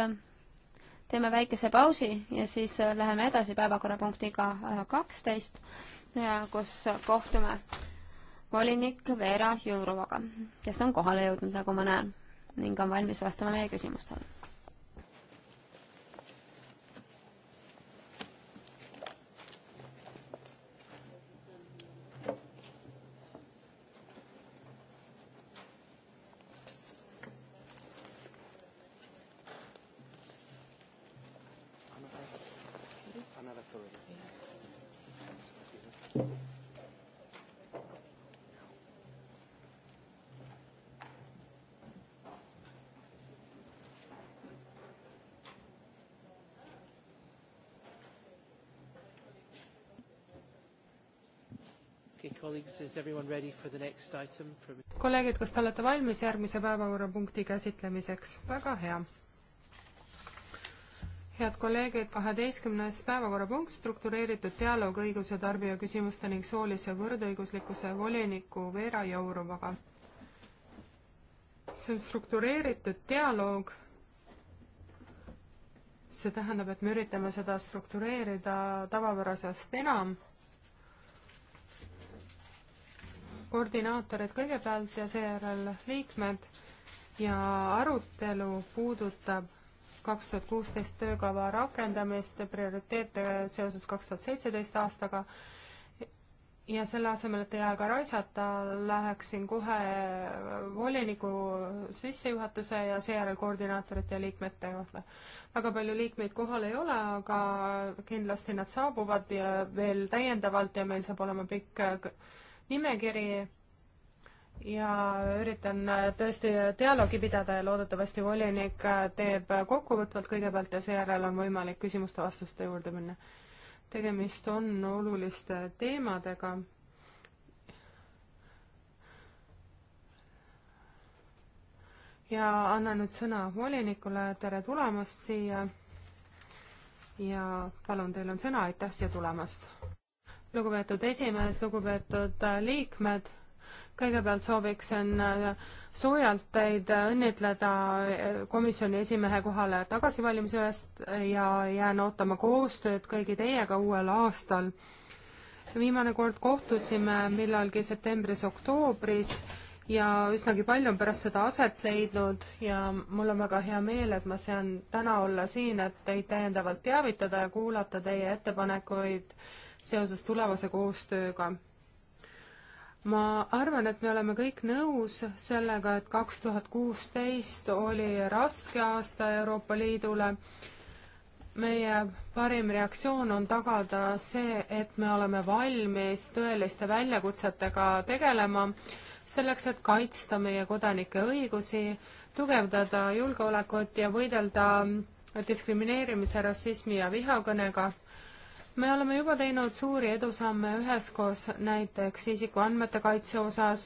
teeme väikese pausi ja siis äh, läheme edasi päevakorrapunktiga äh, kaksteist, kus kohtume volinik Veera Jourovaga, kes on kohale jõudnud, nagu ma näen, ning on valmis vastama meie küsimustele. kolleegid, kas te olete valmis järgmise päevakorrapunkti käsitlemiseks? väga hea. head kolleegid, kaheteistkümnes päevakorrapunkt, struktureeritud dialoog õiguse tarbija küsimuste ning soolise võrdõiguslikkuse voliniku Veera Jourovaga. see on struktureeritud dialoog see tähendab, et me üritame seda struktureerida tavapärasest enam koordinaatorid kõigepealt ja seejärel liikmed ja arutelu puudutab kaks tuhat kuusteist töökava rakendamist, prioriteete seoses kaks tuhat seitseteist aastaga ja selle asemel, et teie aega raisata, läheksin kohe voliniku sissejuhatuse ja seejärel koordinaatorite ja liikmete juurde. väga palju liikmeid kohal ei ole, aga kindlasti nad saabuvad ja veel täiendavalt ja meil saab olema pikk nimekiri ja üritan tõesti dialoogi pidada ja loodetavasti volinik teeb kokkuvõtvalt kõigepealt ja seejärel on võimalik küsimuste-vastuste juurde minna. tegemist on oluliste teemadega. ja annan nüüd sõna volinikule, tere tulemast siia ja palun, teil on sõna, aitäh siia tulemast! lugupeetud esimees, lugupeetud äh, liikmed, kõigepealt sooviksin äh, soojalt teid äh, õnnitleda komisjoni esimehe kohale tagasivalimise eest ja jään ootama koostööd kõigi teiega uuel aastal. viimane kord kohtusime millalgi septembris-oktoobris ja üsnagi palju on pärast seda aset leidnud ja mul on väga hea meel, et ma saan täna olla siin, et teid täiendavalt teavitada ja kuulata teie ettepanekuid äh, seoses tulevase koostööga. ma arvan, et me oleme kõik nõus sellega, et kaks tuhat kuusteist oli raske aasta Euroopa Liidule. meie parim reaktsioon on tagada see, et me oleme valmis tõeliste väljakutsetega tegelema, selleks et kaitsta meie kodanike õigusi, tugevdada julgeolekut ja võidelda diskrimineerimise, rassismi ja vihakõnega me oleme juba teinud suuri edusamme üheskoos näiteks isikuandmete kaitse osas,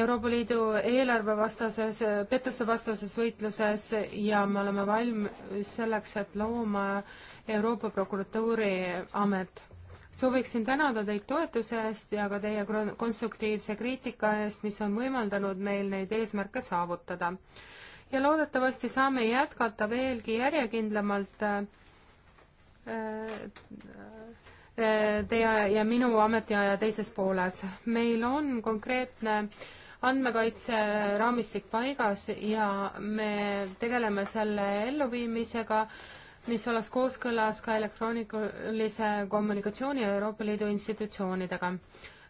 Euroopa Liidu eelarvevastases, pettustevastases võitluses ja me oleme valmis selleks, et looma Euroopa Prokuratuuri amet. sooviksin tänada teid toetuse eest ja ka teie konstruktiivse kriitika eest, mis on võimaldanud meil neid eesmärke saavutada. ja loodetavasti saame jätkata veelgi järjekindlamalt äh, Äh, äh, teie ja minu ametiaja teises pooles. meil on konkreetne andmekaitseraamistik paigas ja me tegeleme selle elluviimisega, mis oleks kooskõlas ka elektroonilise kommunikatsiooni ja Euroopa Liidu institutsioonidega.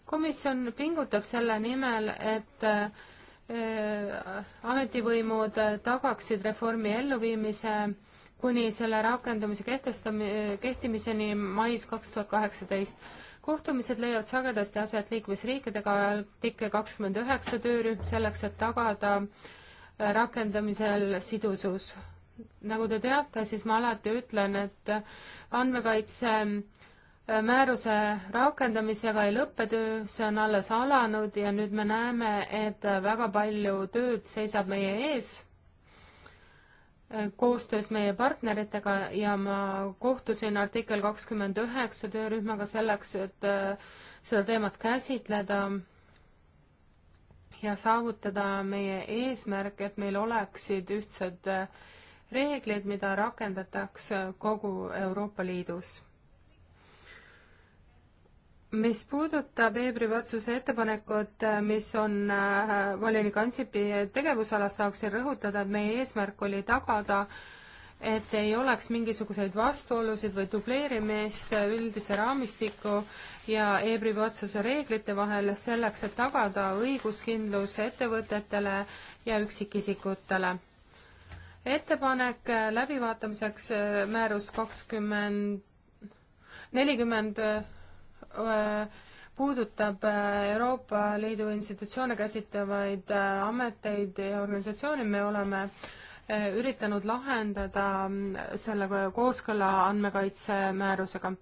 komisjon pingutab selle nimel, et äh, ametivõimud tagaksid reformi elluviimise äh, kuni selle rakendamise kehtestami-, kehtimiseni mais kaks tuhat kaheksateist. kohtumised leiavad sagedasti aset liikmesriikidega artikkel kakskümmend üheksa töörühm selleks, et tagada äh, rakendamisel sidusus. nagu te teate, siis ma alati ütlen, et andmekaitse äh, määruse rakendamisega ei lõppe töö, see on alles alanud ja nüüd me näeme, et väga palju tööd seisab meie ees Äh, koostöös meie partneritega ja ma kohtusin artikkel kakskümmend üheksa töörühmaga selleks, et äh, seda teemat käsitleda ja saavutada meie eesmärk, et meil oleksid ühtsed äh, reeglid, mida rakendatakse kogu Euroopa Liidus mis puudutab e-privaatsuse ettepanekut, äh, mis on äh, volinik Ansipi tegevusalas, tahaksin rõhutada, et meie eesmärk oli tagada, et ei oleks mingisuguseid vastuolusid või dubleerimist üldise raamistiku ja e-privaatsuse reeglite vahel, selleks et tagada õiguskindlus ettevõtetele ja üksikisikutele. ettepanek äh, läbivaatamiseks määrus kakskümmend, nelikümmend 40 Äh, puudutab äh, Euroopa Liidu institutsioone käsitlevaid äh, ameteid ja organisatsioone, me oleme üritanud lahendada mm, selle kooskõla andmekaitsemäärusega.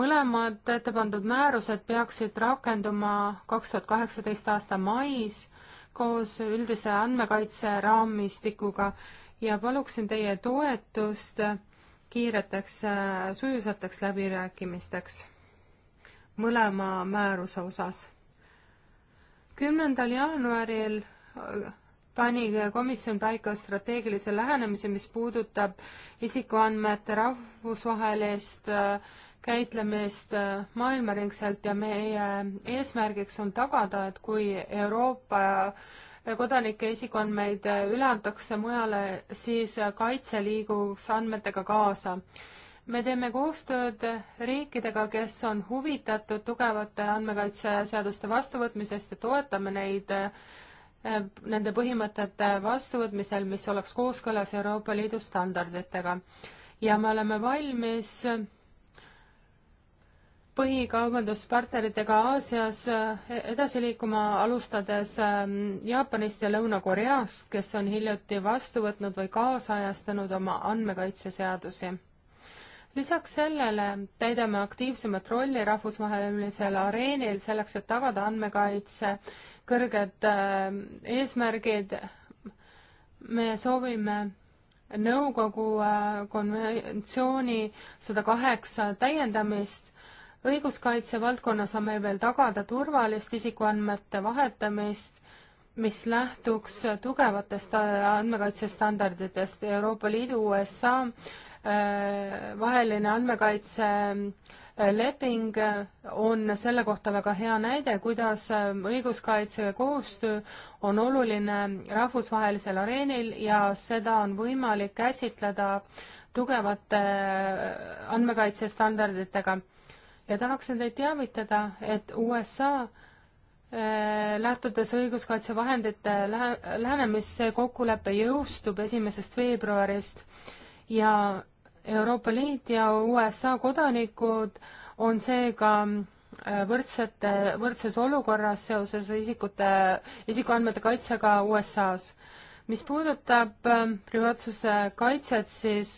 mõlemad ette pandud määrused peaksid rakenduma kaks tuhat kaheksateist aasta mais koos üldise andmekaitseraamistikuga ja paluksin teie toetust kiireteks sujusateks läbirääkimisteks mõlema määruse osas. kümnendal jaanuaril äh, pani komisjon paika strateegilise lähenemise, mis puudutab isikuandmete rahvusvahelist äh, käitlemist äh, maailmaringselt ja meie eesmärgiks on tagada, et kui Euroopa kodanike isikuandmeid üle antakse mujale, siis kaitse liiguks andmetega kaasa me teeme koostööd riikidega, kes on huvitatud tugevate andmekaitseseaduste vastuvõtmisest ja toetame neid eh, nende põhimõtete vastuvõtmisel, mis oleks kooskõlas Euroopa Liidu standarditega. ja me oleme valmis põhikaubanduspartneritega Aasias eh, edasi liikuma, alustades eh, Jaapanist ja Lõuna-Koreast, kes on hiljuti vastu võtnud või kaasajastanud oma andmekaitseseadusi lisaks sellele täidame aktiivsemat rolli rahvusvahelisel areenil selleks, et tagada andmekaitse kõrged äh, eesmärgid. me soovime nõukogu äh, konventsiooni sada kaheksa täiendamist. õiguskaitse valdkonnas on meil veel tagada turvalist isikuandmete vahetamist, mis lähtuks tugevatest äh, andmekaitsestandarditest Euroopa Liidu, USA vaheline andmekaitse äh, leping äh, on selle kohta väga hea näide, kuidas äh, õiguskaitse koostöö on oluline rahvusvahelisel areenil ja seda on võimalik käsitleda tugevate andmekaitsestandarditega. ja tahaksin teid teavitada, et USA lähtudes õiguskaitsevahendite lähenemisse kokkulepe jõustub esimesest veebruarist ja Euroopa Liit ja USA kodanikud on seega äh, võrdsete, võrdses olukorras seoses isikute, isikuandmete kaitsega USA-s. mis puudutab äh, privaatsuse kaitset, siis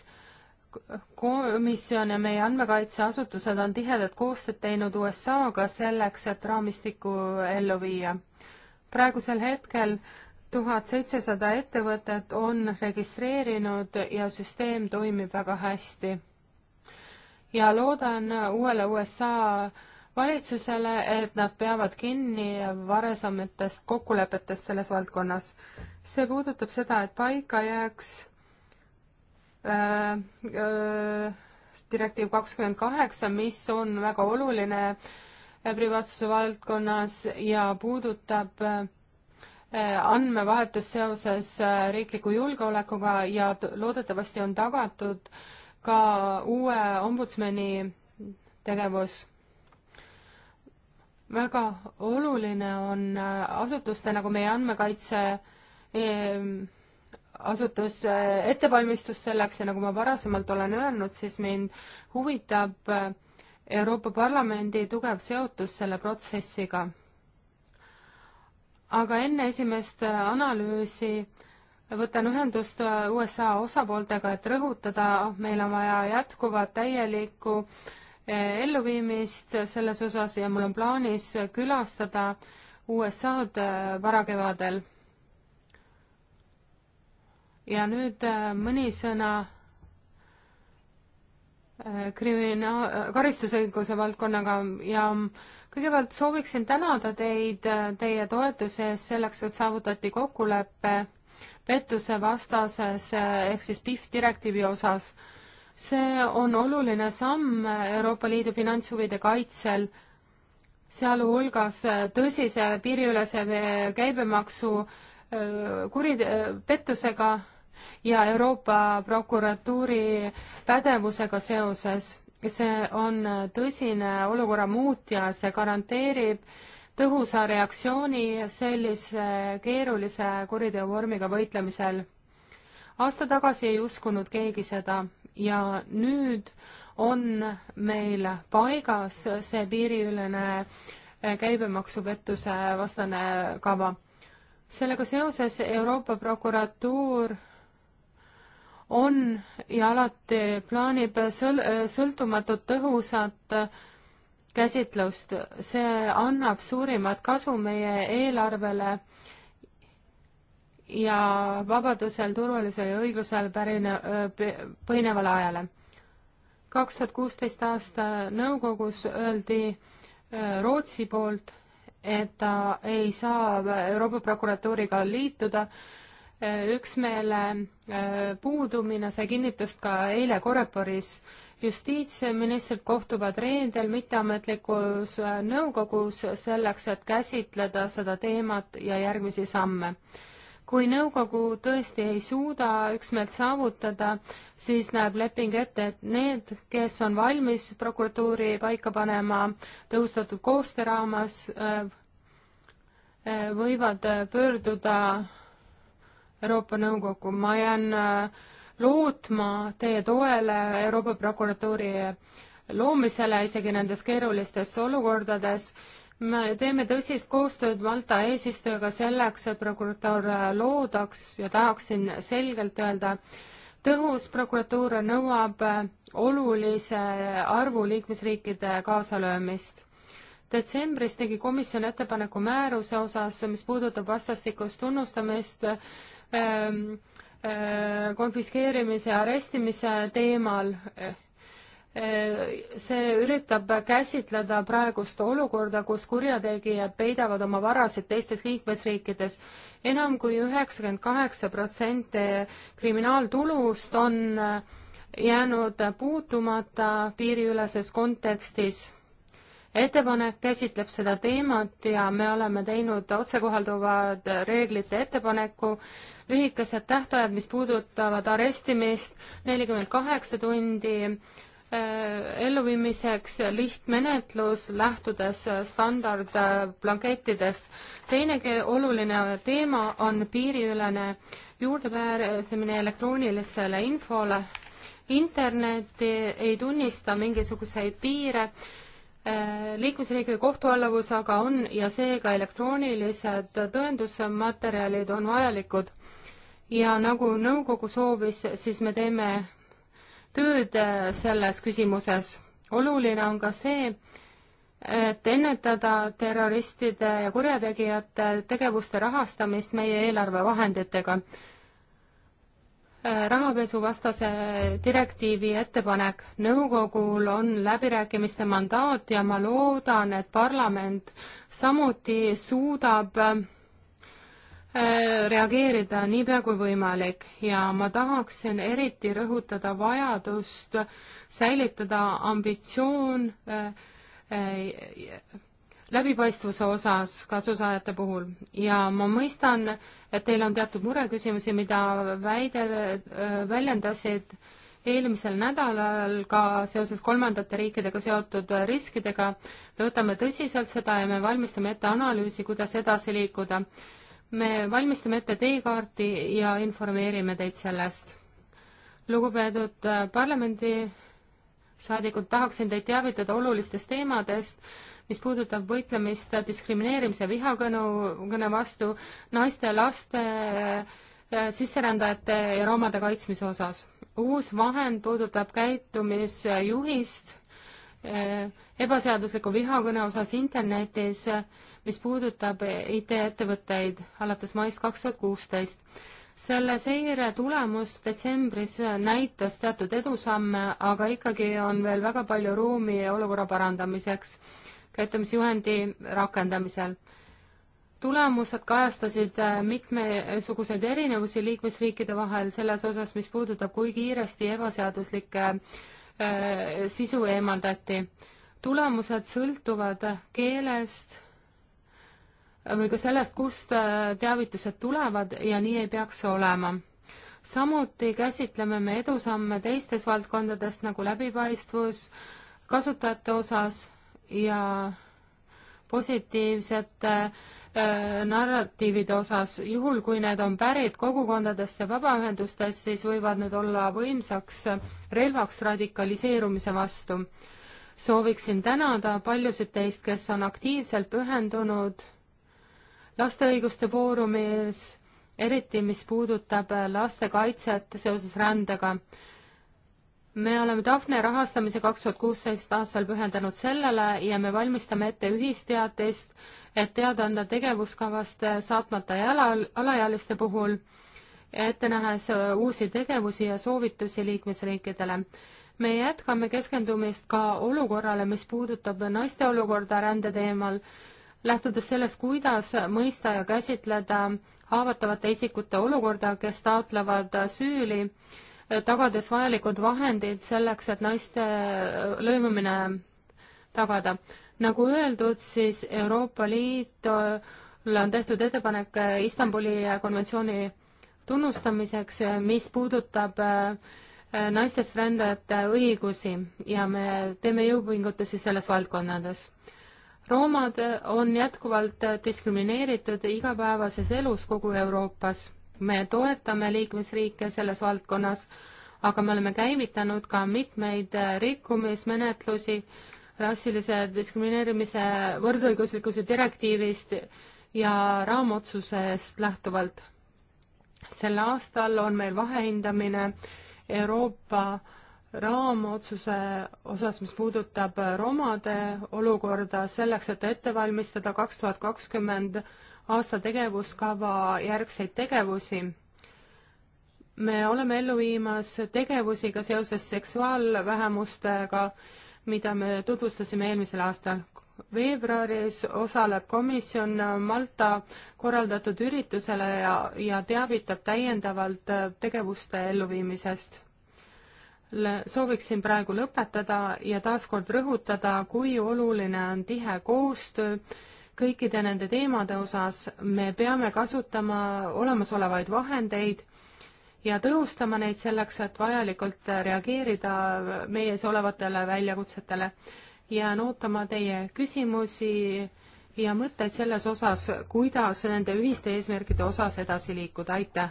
komisjon ja meie andmekaitseasutused on tihedat koostööd teinud USA-ga selleks, et raamistikku ellu viia. praegusel hetkel tuhat seitsesada ettevõtet on registreerinud ja süsteem toimib väga hästi. ja loodan uuele USA valitsusele, et nad peavad kinni varasematest kokkulepetest selles valdkonnas. see puudutab seda, et paika jääks äh, äh, direktiiv kakskümmend kaheksa, mis on väga oluline privaatsuse valdkonnas ja puudutab äh, Eh, andmevahetus seoses eh, riikliku julgeolekuga ja loodetavasti on tagatud ka uue ombudsmani tegevus. väga oluline on eh, asutuste nagu meie andmekaitse ehm, asutus ettevalmistus selleks ja nagu ma varasemalt olen öelnud, siis mind huvitab Euroopa Parlamendi tugev seotus selle protsessiga aga enne esimest äh, analüüsi võtan ühendust äh, USA osapooltega, et rõhutada, meil on vaja jätkuvat täielikku äh, elluviimist selles osas ja mul on plaanis külastada USA-d varakevadel. ja nüüd mõni sõna krimina-, karistusõiguse valdkonnaga ja mm, kõigepealt sooviksin tänada teid äh, teie toetuse eest selleks, et saavutati kokkulepe pettusevastases äh, ehk siis PIF direktiivi osas. see on oluline samm Euroopa Liidu finantshuvide kaitsel, sealhulgas äh, tõsise piiriülese käibemaksu kuri-, pettusega ja Euroopa prokuratuuri pädevusega seoses see on tõsine olukorra muutja, see garanteerib tõhusa reaktsiooni sellise keerulise kuriteovormiga võitlemisel. aasta tagasi ei uskunud keegi seda ja nüüd on meil paigas see piiriülene käibemaksupettuse vastane kava. sellega seoses Euroopa prokuratuur on ja alati plaanib sõl-, sõltumatut tõhusat käsitlust. see annab suurimat kasu meie eelarvele ja vabadusel, turvalisel ja õiglusel pärine, põhinevale ajale. kaks tuhat kuusteist aasta nõukogus öeldi äh, Rootsi poolt, et ta ei saa Euroopa prokuratuuriga liituda, Äh, üksmeele äh, puudumine sai kinnitust ka eile Koreporis. justiitsministrid kohtuvad reedel mitteametlikus äh, nõukogus selleks, et käsitleda seda teemat ja järgmisi samme. kui nõukogu tõesti ei suuda üksmeelt saavutada, siis näeb leping ette, et need, kes on valmis prokuratuuri paika panema tõhustatud koostöö raames, võivad pöörduda Euroopa Nõukokku, ma jään äh, lootma teie toele Euroopa prokuratuuri loomisele, isegi nendes keerulistes olukordades. me teeme tõsist koostööd Malta eesistujaga selleks, et prokuratuur äh, loodaks ja tahaksin selgelt öelda, tõhus prokuratuur nõuab äh, olulise arvu liikmesriikide kaasalöömist detsembris tegi komisjon ettepaneku määruse osas, mis puudutab vastastikust tunnustamist Ehm, ehm, konfiskeerimise ja arestimise teemal. Ehm, see üritab käsitleda praegust olukorda, kus kurjategijad peidavad oma varasid teistes liikmesriikides. enam kui üheksakümmend kaheksa protsenti kriminaaltulust on jäänud puutumata piiriüleses kontekstis ettepanek käsitleb seda teemat ja me oleme teinud otsekohalduvad reeglite ettepaneku, lühikesed tähtajad, mis puudutavad arestimist, nelikümmend kaheksa tundi, äh, elluviimiseks lihtmenetlus, lähtudes standardblankettidest. Äh, teine oluline teema on piiriülene juurdepääsemine elektroonilisele infole. internet ei tunnista mingisuguseid piire Äh, liikmesriigi kohtualluvus aga on ja seega elektroonilised tõendusmaterjalid on vajalikud. ja nagu nõukogu soovis, siis me teeme tööd äh, selles küsimuses. oluline on ka see, et ennetada terroristide ja kurjategijate tegevuste rahastamist meie eelarvevahenditega rahapesuvastase direktiivi ettepanek. nõukogul on läbirääkimiste mandaat ja ma loodan, et parlament samuti suudab äh, reageerida niipea kui võimalik ja ma tahaksin eriti rõhutada vajadust säilitada ambitsioon äh, äh, läbipaistvuse osas kasusaajate puhul ja ma mõistan, et teil on teatud mureküsimusi, mida väide, äh, väljendasid eelmisel nädalal ka seoses kolmandate riikidega seotud riskidega. me võtame tõsiselt seda ja me valmistame ette analüüsi, kuidas edasi liikuda. me valmistame ette teekaarti ja informeerime teid sellest. lugupeetud äh, parlamendisaadikud, tahaksin teid teavitada olulistest teemadest mis puudutab võitlemist diskrimineerimise vihakõnu, kõne vastu naiste, laste, äh, sisserändajate ja roomade kaitsmise osas. uus vahend puudutab käitumisjuhist äh, ebaseadusliku vihakõne osas internetis, mis puudutab IT-ettevõtteid alates maist kaks tuhat kuusteist selle seire tulemus detsembris näitas teatud edusamme, aga ikkagi on veel väga palju ruumi olukorra parandamiseks käitumisjuhendi rakendamisel. tulemused kajastasid äh, mitmesuguseid erinevusi liikmesriikide vahel selles osas, mis puudutab, kui kiiresti ebaseaduslikke äh, sisu eemaldati. tulemused sõltuvad keelest või ka sellest, kust äh, teavitused tulevad ja nii ei peaks olema samuti käsitleme me edusamme teistes valdkondades nagu läbipaistvus, kasutajate osas ja positiivsete äh, narratiivide osas, juhul kui need on pärit kogukondadest ja vabaühendustest, siis võivad need olla võimsaks relvaks radikaliseerumise vastu. sooviksin tänada paljusid teist, kes on aktiivselt pühendunud laste õiguste foorumi ees, eriti mis puudutab lastekaitset seoses rändega me oleme Daphne rahastamise kaks tuhat kuusteist aastal pühendanud sellele ja me valmistame ette ühisteatist, et teada anda tegevuskavast saatmata jalal, alaealiste puhul, ette nähes uusi tegevusi ja soovitusi liikmesriikidele. me jätkame keskendumist ka olukorrale, mis puudutab naiste olukorda rände teemal, lähtudes sellest, kuidas mõista ja käsitleda haavatavate isikute olukorda, kes taotlevad asüüli tagades vajalikud vahendid selleks, et naiste lõimumine tagada. nagu öeldud, siis Euroopa Liidule on tehtud ettepanek Istanbuli konventsiooni tunnustamiseks, mis puudutab äh, naistest rändajate õigusi ja me teeme jõupingutusi selles valdkonnades. roomad on jätkuvalt diskrimineeritud igapäevases elus kogu Euroopas me toetame liikmesriike selles valdkonnas, aga me oleme käivitanud ka mitmeid äh, rikkumismenetlusi rassilise diskrimineerimise võrdõiguslikkuse direktiivist ja raamotsusest lähtuvalt. sel aastal on meil vahehindamine Euroopa raamotsuse osas, mis puudutab romade olukorda, selleks et ette valmistada kaks tuhat kakskümmend aasta tegevuskava järgseid tegevusi. me oleme ellu viimas tegevusi ka seoses seksuaalvähemustega, mida me tutvustasime eelmisel aastal. veebruaris osaleb komisjon Malta korraldatud üritusele ja, ja teavitab täiendavalt tegevuste elluviimisest sooviksin praegu lõpetada ja taaskord rõhutada, kui oluline on tihe koostöö kõikide nende teemade osas me peame kasutama olemasolevaid vahendeid ja tõhustama neid selleks, et vajalikult reageerida meie ees olevatele väljakutsetele. jään ootama teie küsimusi ja mõtteid selles osas, kuidas nende ühiste eesmärkide osas edasi liikuda, aitäh!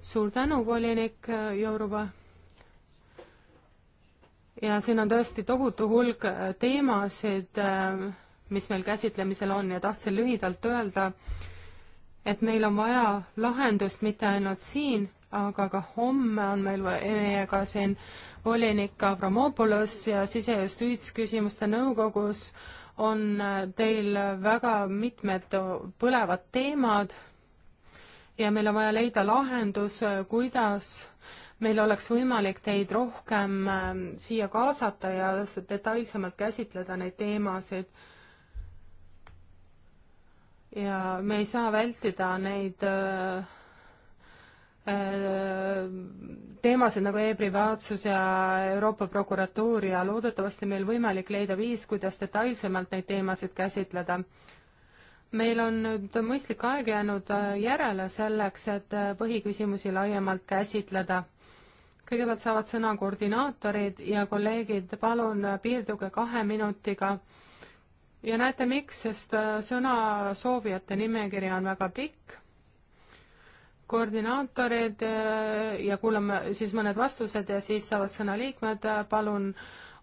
suur tänu, volinik Jouruba! ja siin on tõesti tohutu hulk teemasid äh, mis meil käsitlemisel on ja tahtsin lühidalt öelda, et meil on vaja lahendust mitte ainult siin, aga ka homme on meil meiega siin volinik Avramopolos ja sisejustiitsküsimuste nõukogus on äh, teil väga mitmed põlevad teemad ja meil on vaja leida lahendus, äh, kuidas meil oleks võimalik teid rohkem äh, siia kaasata ja detailsemalt käsitleda neid teemasid ja me ei saa vältida neid äh, äh, teemasid nagu e-privaatsus ja Euroopa prokuratuur ja loodetavasti meil võimalik leida viis, kuidas detailsemalt neid teemasid käsitleda. meil on nüüd mõistlik aeg jäänud äh, järele selleks, et põhiküsimusi laiemalt käsitleda. kõigepealt saavad sõna koordinaatorid ja kolleegid, palun piirduge kahe minutiga ja näete, miks, sest äh, sõna soovijate nimekiri on väga pikk, koordinaatorid äh, ja kuulame siis mõned vastused ja siis saavad sõna liikmed, palun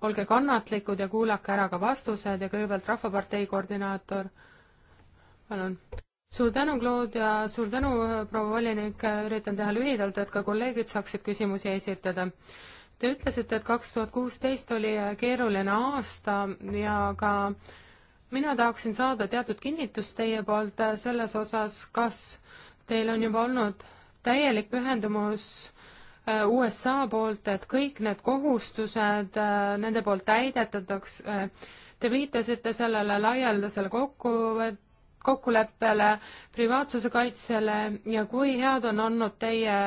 olge kannatlikud ja kuulake ära ka vastused ja kõigepealt Rahvapartei koordinaator, palun. suur tänu, Claude, ja suur tänu, äh, proua volinik, üritan teha lühidalt, et ka kolleegid saaksid küsimusi esitada Te ütlesite, et kaks tuhat kuusteist oli keeruline aasta ja ka mina tahaksin saada teatud kinnitust teie poolt äh, selles osas, kas teil on juba olnud täielik pühendumus äh, USA poolt, et kõik need kohustused äh, nende poolt täidetatakse. Te viitasite sellele laialdasele kokku, kokkuleppele, privaatsuse kaitsele ja kui head on olnud teie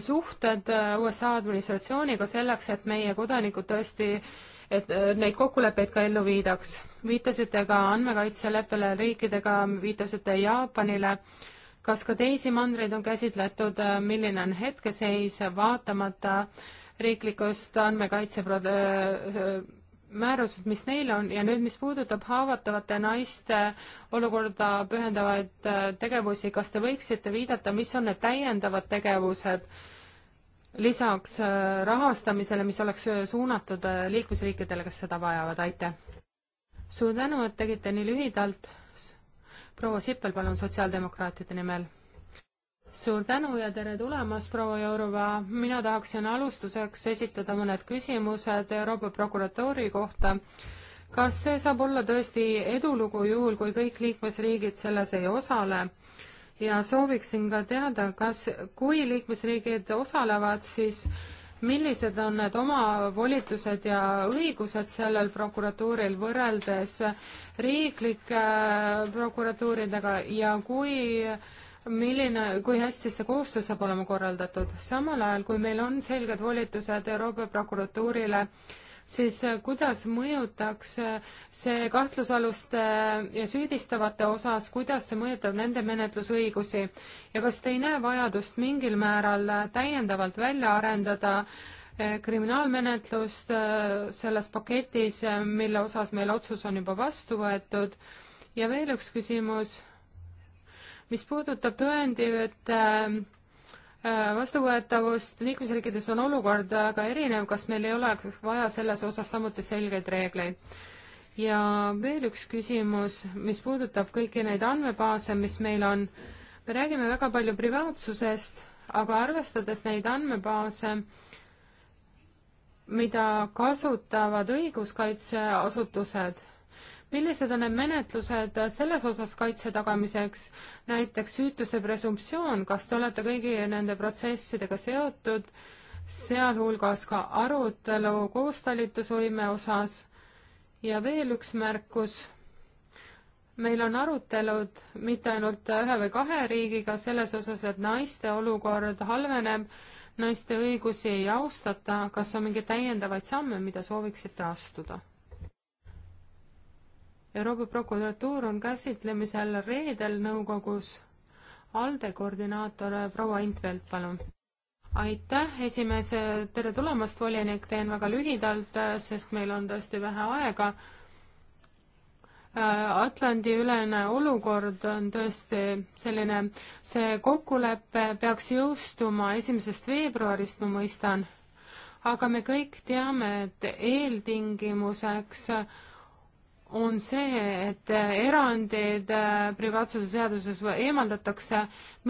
suhted USA administratsiooniga selleks, et meie kodanikud tõesti äh, et äh, neid kokkuleppeid ka ellu viidaks. viitasite ka andmekaitseleppele riikidega, viitasite Jaapanile. kas ka teisi mandreid on käsitletud, äh, milline on hetkeseis, vaatamata riiklikust andmekaitse äh, määrused, mis neil on ja nüüd, mis puudutab haavatavate naiste olukorda pühendavaid tegevusi, kas te võiksite viidata, mis on need täiendavad tegevused, lisaks äh, rahastamisele, mis oleks äh, suunatud äh, liikmesriikidele, kes seda vajavad, aitäh! suur tänu, et tegite nii lühidalt, proua Sippel, palun, sotsiaaldemokraatide nimel. suur tänu ja tere tulemast, proua Jourova, mina tahaksin alustuseks esitada mõned küsimused Euroopa prokuratuuri kohta. kas see saab olla tõesti edulugu juhul, kui kõik liikmesriigid selles ei osale? ja sooviksin ka teada, kas, kui liikmesriigid osalevad, siis millised on need oma volitused ja õigused sellel prokuratuuril võrreldes riiklike äh, prokuratuuridega ja kui milline, kui hästi see koostöö saab olema korraldatud, samal ajal kui meil on selged volitused Euroopa prokuratuurile äh, siis äh, kuidas mõjutaks äh, see kahtlusaluste äh, ja süüdistavate osas, kuidas see mõjutab nende menetlusõigusi ja kas te ei näe vajadust mingil määral täiendavalt välja arendada kriminaalmenetlust selles paketis, mille osas meil otsus on juba vastu võetud. ja veel üks küsimus, mis puudutab tõendite äh, Äh, vastuvõetavust liikmesriikides on olukord väga erinev, kas meil ei oleks vaja selles osas samuti selgeid reegleid? ja veel üks küsimus, mis puudutab kõiki neid andmebaase, mis meil on. me räägime väga palju privaatsusest, aga arvestades neid andmebaase, mida kasutavad õiguskaitseasutused millised on need menetlused selles osas kaitse tagamiseks, näiteks süütuse presumptsioon, kas te olete kõigi nende protsessidega seotud, sealhulgas ka arutelu koostalitusvõime osas ja veel üks märkus, meil on arutelud mitte ainult ühe või kahe riigiga selles osas, et naiste olukord halveneb, naiste õigusi ei austata, kas on mingeid täiendavaid samme, mida sooviksite astuda? Euroopa prokuratuur on käsitlemisel reedel nõukogus. ALDE koordinaator proua Intvelt, palun. aitäh, esimees, tere tulemast, volinik, teen väga lühidalt, sest meil on tõesti vähe aega. Atlandi-ülene olukord on tõesti selline, see kokkulepe peaks jõustuma esimesest veebruarist, ma mõistan, aga me kõik teame, et eeltingimuseks äh, on see, et erandid äh, privaatsuse seaduses eemaldatakse,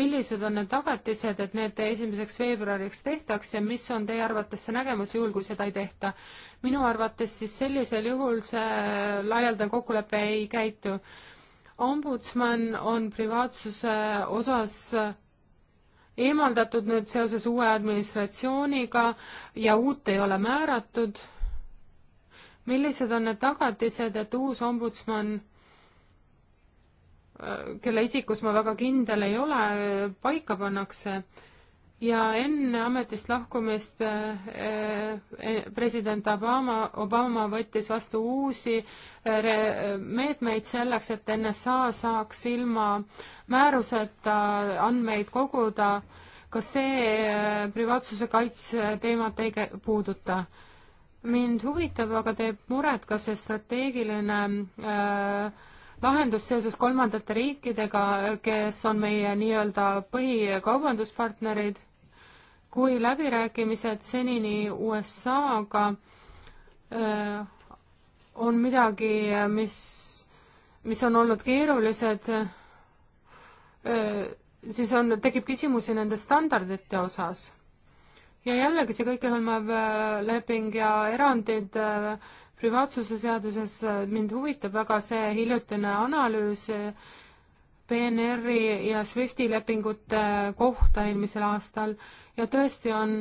millised on need tagatised, et need esimeseks veebruariks tehtaks ja mis on teie arvates see nägemus, juhul kui seda ei tehta? minu arvates siis sellisel juhul see laialdane kokkulepe ei käitu. ombudsman on privaatsuse osas eemaldatud nüüd seoses uue administratsiooniga ja uut ei ole määratud millised on need tagatised, et uus ombudsman, äh, kelle isikus ma väga kindel ei ole, paika pannakse ja enne ametist lahkumist äh, äh, president Obama, Obama võttis vastu uusi meetmeid selleks, et NSA saaks ilma määruseta andmeid koguda. kas see privaatsuse kaitse teemat ei puuduta? mind huvitab, aga teeb muret, kas see strateegiline äh, lahendus seoses kolmandate riikidega, kes on meie nii-öelda põhikaubanduspartnerid, kui läbirääkimised senini USA-ga äh, on midagi, mis, mis on olnud keerulised äh,, siis on, tekib küsimusi nende standardite osas ja jällegi see kõikehõlmav äh, leping ja erandid äh, privaatsuse seaduses, mind huvitab väga see hiljutine analüüs äh, PNR-i ja SWIFT-i lepingute kohta eelmisel aastal ja tõesti on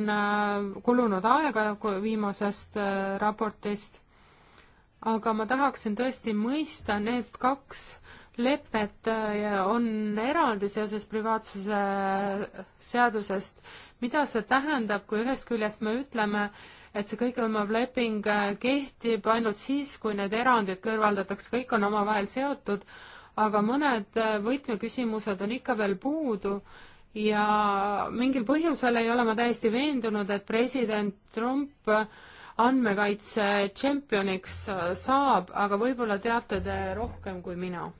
kulunud aega viimasest raportist, aga ma tahaksin tõesti mõista need kaks lepet äh, on eraldi seoses privaatsuse seadusest. mida see tähendab, kui ühest küljest me ütleme, et see kõikehõlmav leping äh, kehtib ainult siis, kui need erandid kõrvaldatakse, kõik on omavahel seotud, aga mõned äh, võtmeküsimused on ikka veel puudu ja mingil põhjusel ei ole ma täiesti veendunud, et president Trump andmekaitse tšempioniks saab, aga võib-olla teate te rohkem kui mina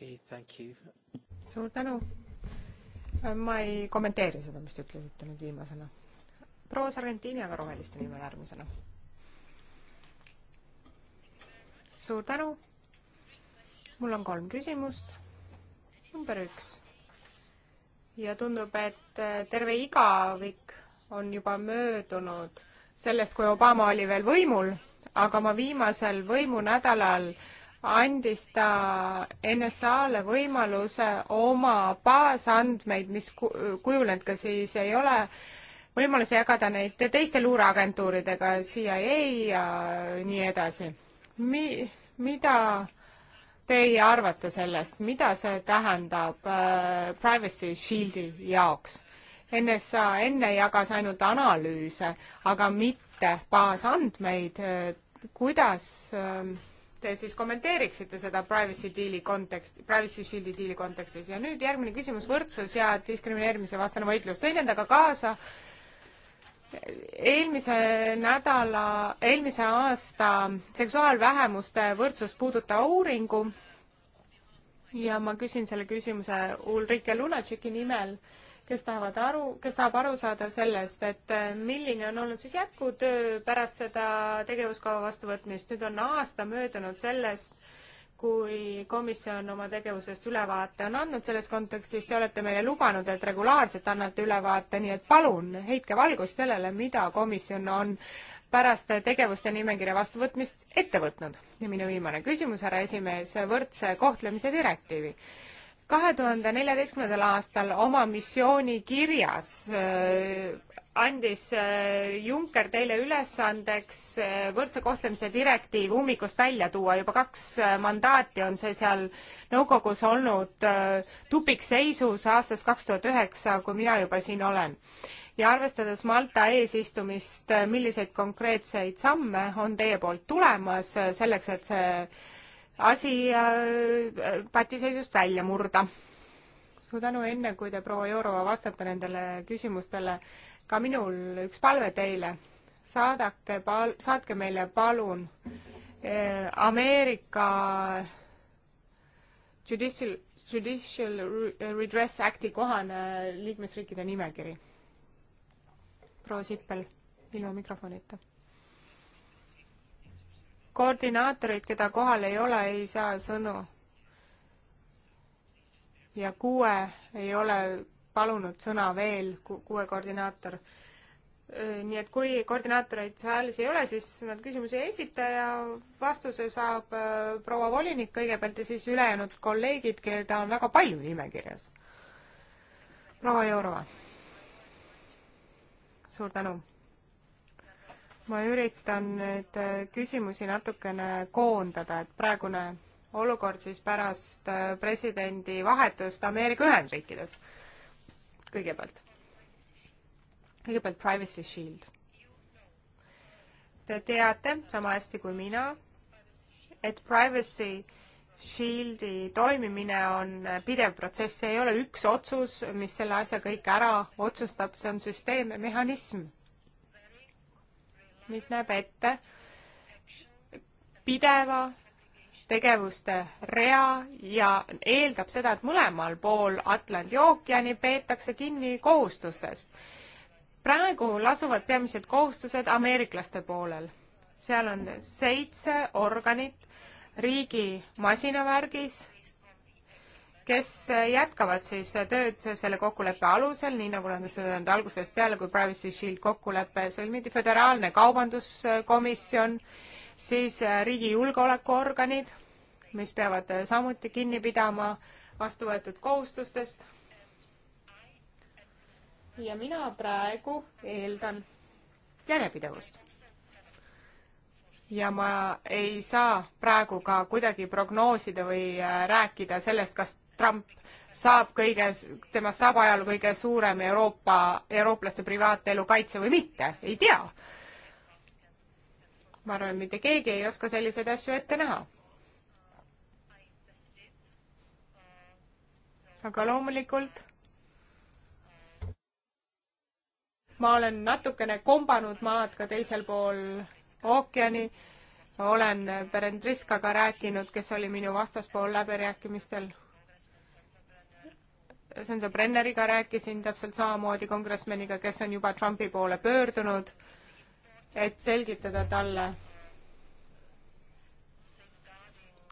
okay,. suur tänu. Äh, ma ei kommenteeri seda, mis te ütlesite nüüd viimasena. proua Sargentini, aga roheliste nimel järgmisena. suur tänu. mul on kolm küsimust. number üks. ja tundub, et äh, terve igavik on juba möödunud sellest, kui Obama oli veel võimul, aga ma viimasel võimunädalal äh, andis ta NSA-le võimaluse oma baasandmeid, mis kujunenud ka siis ei ole, võimaluse jagada neid teiste luureagentuuridega, CIA ja nii edasi. Mi-, mida teie arvate sellest, mida see tähendab äh, Privacy Shieldi jaoks? NSA enne jagas ainult analüüse, aga mitte baasandmeid, kuidas äh, te siis kommenteeriksite seda privacy deal'i konteksti, privacy shield'i deal'i kontekstis ja nüüd järgmine küsimus, võrdsus ja diskrimineerimise vastane võitlus, tõin endaga kaasa eelmise nädala, eelmise aasta seksuaalvähemuste võrdsust puudutava uuringu ja ma küsin selle küsimuse Ulrike Lunatšeki nimel kes tahavad aru, kes tahab aru saada sellest, et äh, milline on olnud siis jätkutöö pärast seda tegevuskava vastuvõtmist. nüüd on aasta möödunud sellest, kui komisjon oma tegevusest ülevaate on andnud selles kontekstis, te olete meile lubanud, et regulaarselt annate ülevaate, nii et palun heitke valgust sellele, mida komisjon on pärast tegevuste nimekirja vastuvõtmist ette võtnud. ja minu viimane küsimus, härra esimees, võrdse kohtlemise direktiivi kahe tuhande neljateistkümnendal aastal oma missioonikirjas äh, andis äh, Juncker teile ülesandeks äh, võrdse kohtlemise direktiiv ummikust välja tuua, juba kaks mandaati on see seal nõukogus olnud tupikseisus aastast kaks tuhat üheksa, kui mina juba siin olen. ja arvestades Malta eesistumist, milliseid konkreetseid samme on teie poolt tulemas selleks, et see asi äh, patiseisust välja murda. suur tänu, enne kui te, proua Jourova, vastate nendele küsimustele, ka minul üks palve teile. saadake pal-, saatke meile palun äh, Ameerika Judicial, Judicial Redress Acti kohane liikmesriikide nimekiri. proua Sippel, ilma mikrofonita koordinaatorid, keda kohal ei ole, ei saa sõnu. ja kuue ei ole palunud sõna veel, kuue koordinaator. nii et kui koordinaatoreid saalis ei ole, siis nad küsimusi ei esita ja vastuse saab proua volinik kõigepealt ja siis ülejäänud kolleegid, keda on väga palju nimekirjas. proua Jourova. suur tänu ma üritan nüüd äh, küsimusi natukene koondada, et praegune olukord siis pärast äh, presidendi vahetust Ameerika Ühendriikides kõigepealt. kõigepealt Privacy Shield. Te teate sama hästi kui mina, et Privacy Shieldi toimimine on äh, pidev protsess, see ei ole üks otsus, mis selle asja kõik ära otsustab, see on süsteem ja mehhanism mis näeb ette pideva tegevuste rea ja eeldab seda, et mõlemal pool Atlandi ookeani peetakse kinni kohustustest. praegu lasuvad peamised kohustused ameeriklaste poolel. seal on seitse organit riigi masinavärgis kes jätkavad siis tööd selle kokkuleppe alusel, nii nagu nad on seda teinud algusest peale, kui Privacy Shield kokkulepe sõlmiti, Föderaalne Kaubanduskomisjon, siis riigi julgeolekuorganid, mis peavad samuti kinni pidama vastu võetud kohustustest. ja mina praegu eeldan järjepidevust ja ma ei saa praegu ka kuidagi prognoosida või rääkida sellest, kas Trump saab kõige, temast saab ajaloo kõige suurem Euroopa, eurooplaste privaatelu kaitse või mitte, ei tea. ma arvan, mitte keegi ei oska selliseid asju ette näha. aga loomulikult ma olen natukene kombanud maad ka teisel pool ookeani, olen Berend Riskaga rääkinud, kes oli minu vastaspool läbirääkimistel Sense Brenneriga rääkisin täpselt samamoodi kongresmeniga, kes on juba Trumpi poole pöördunud, et selgitada talle,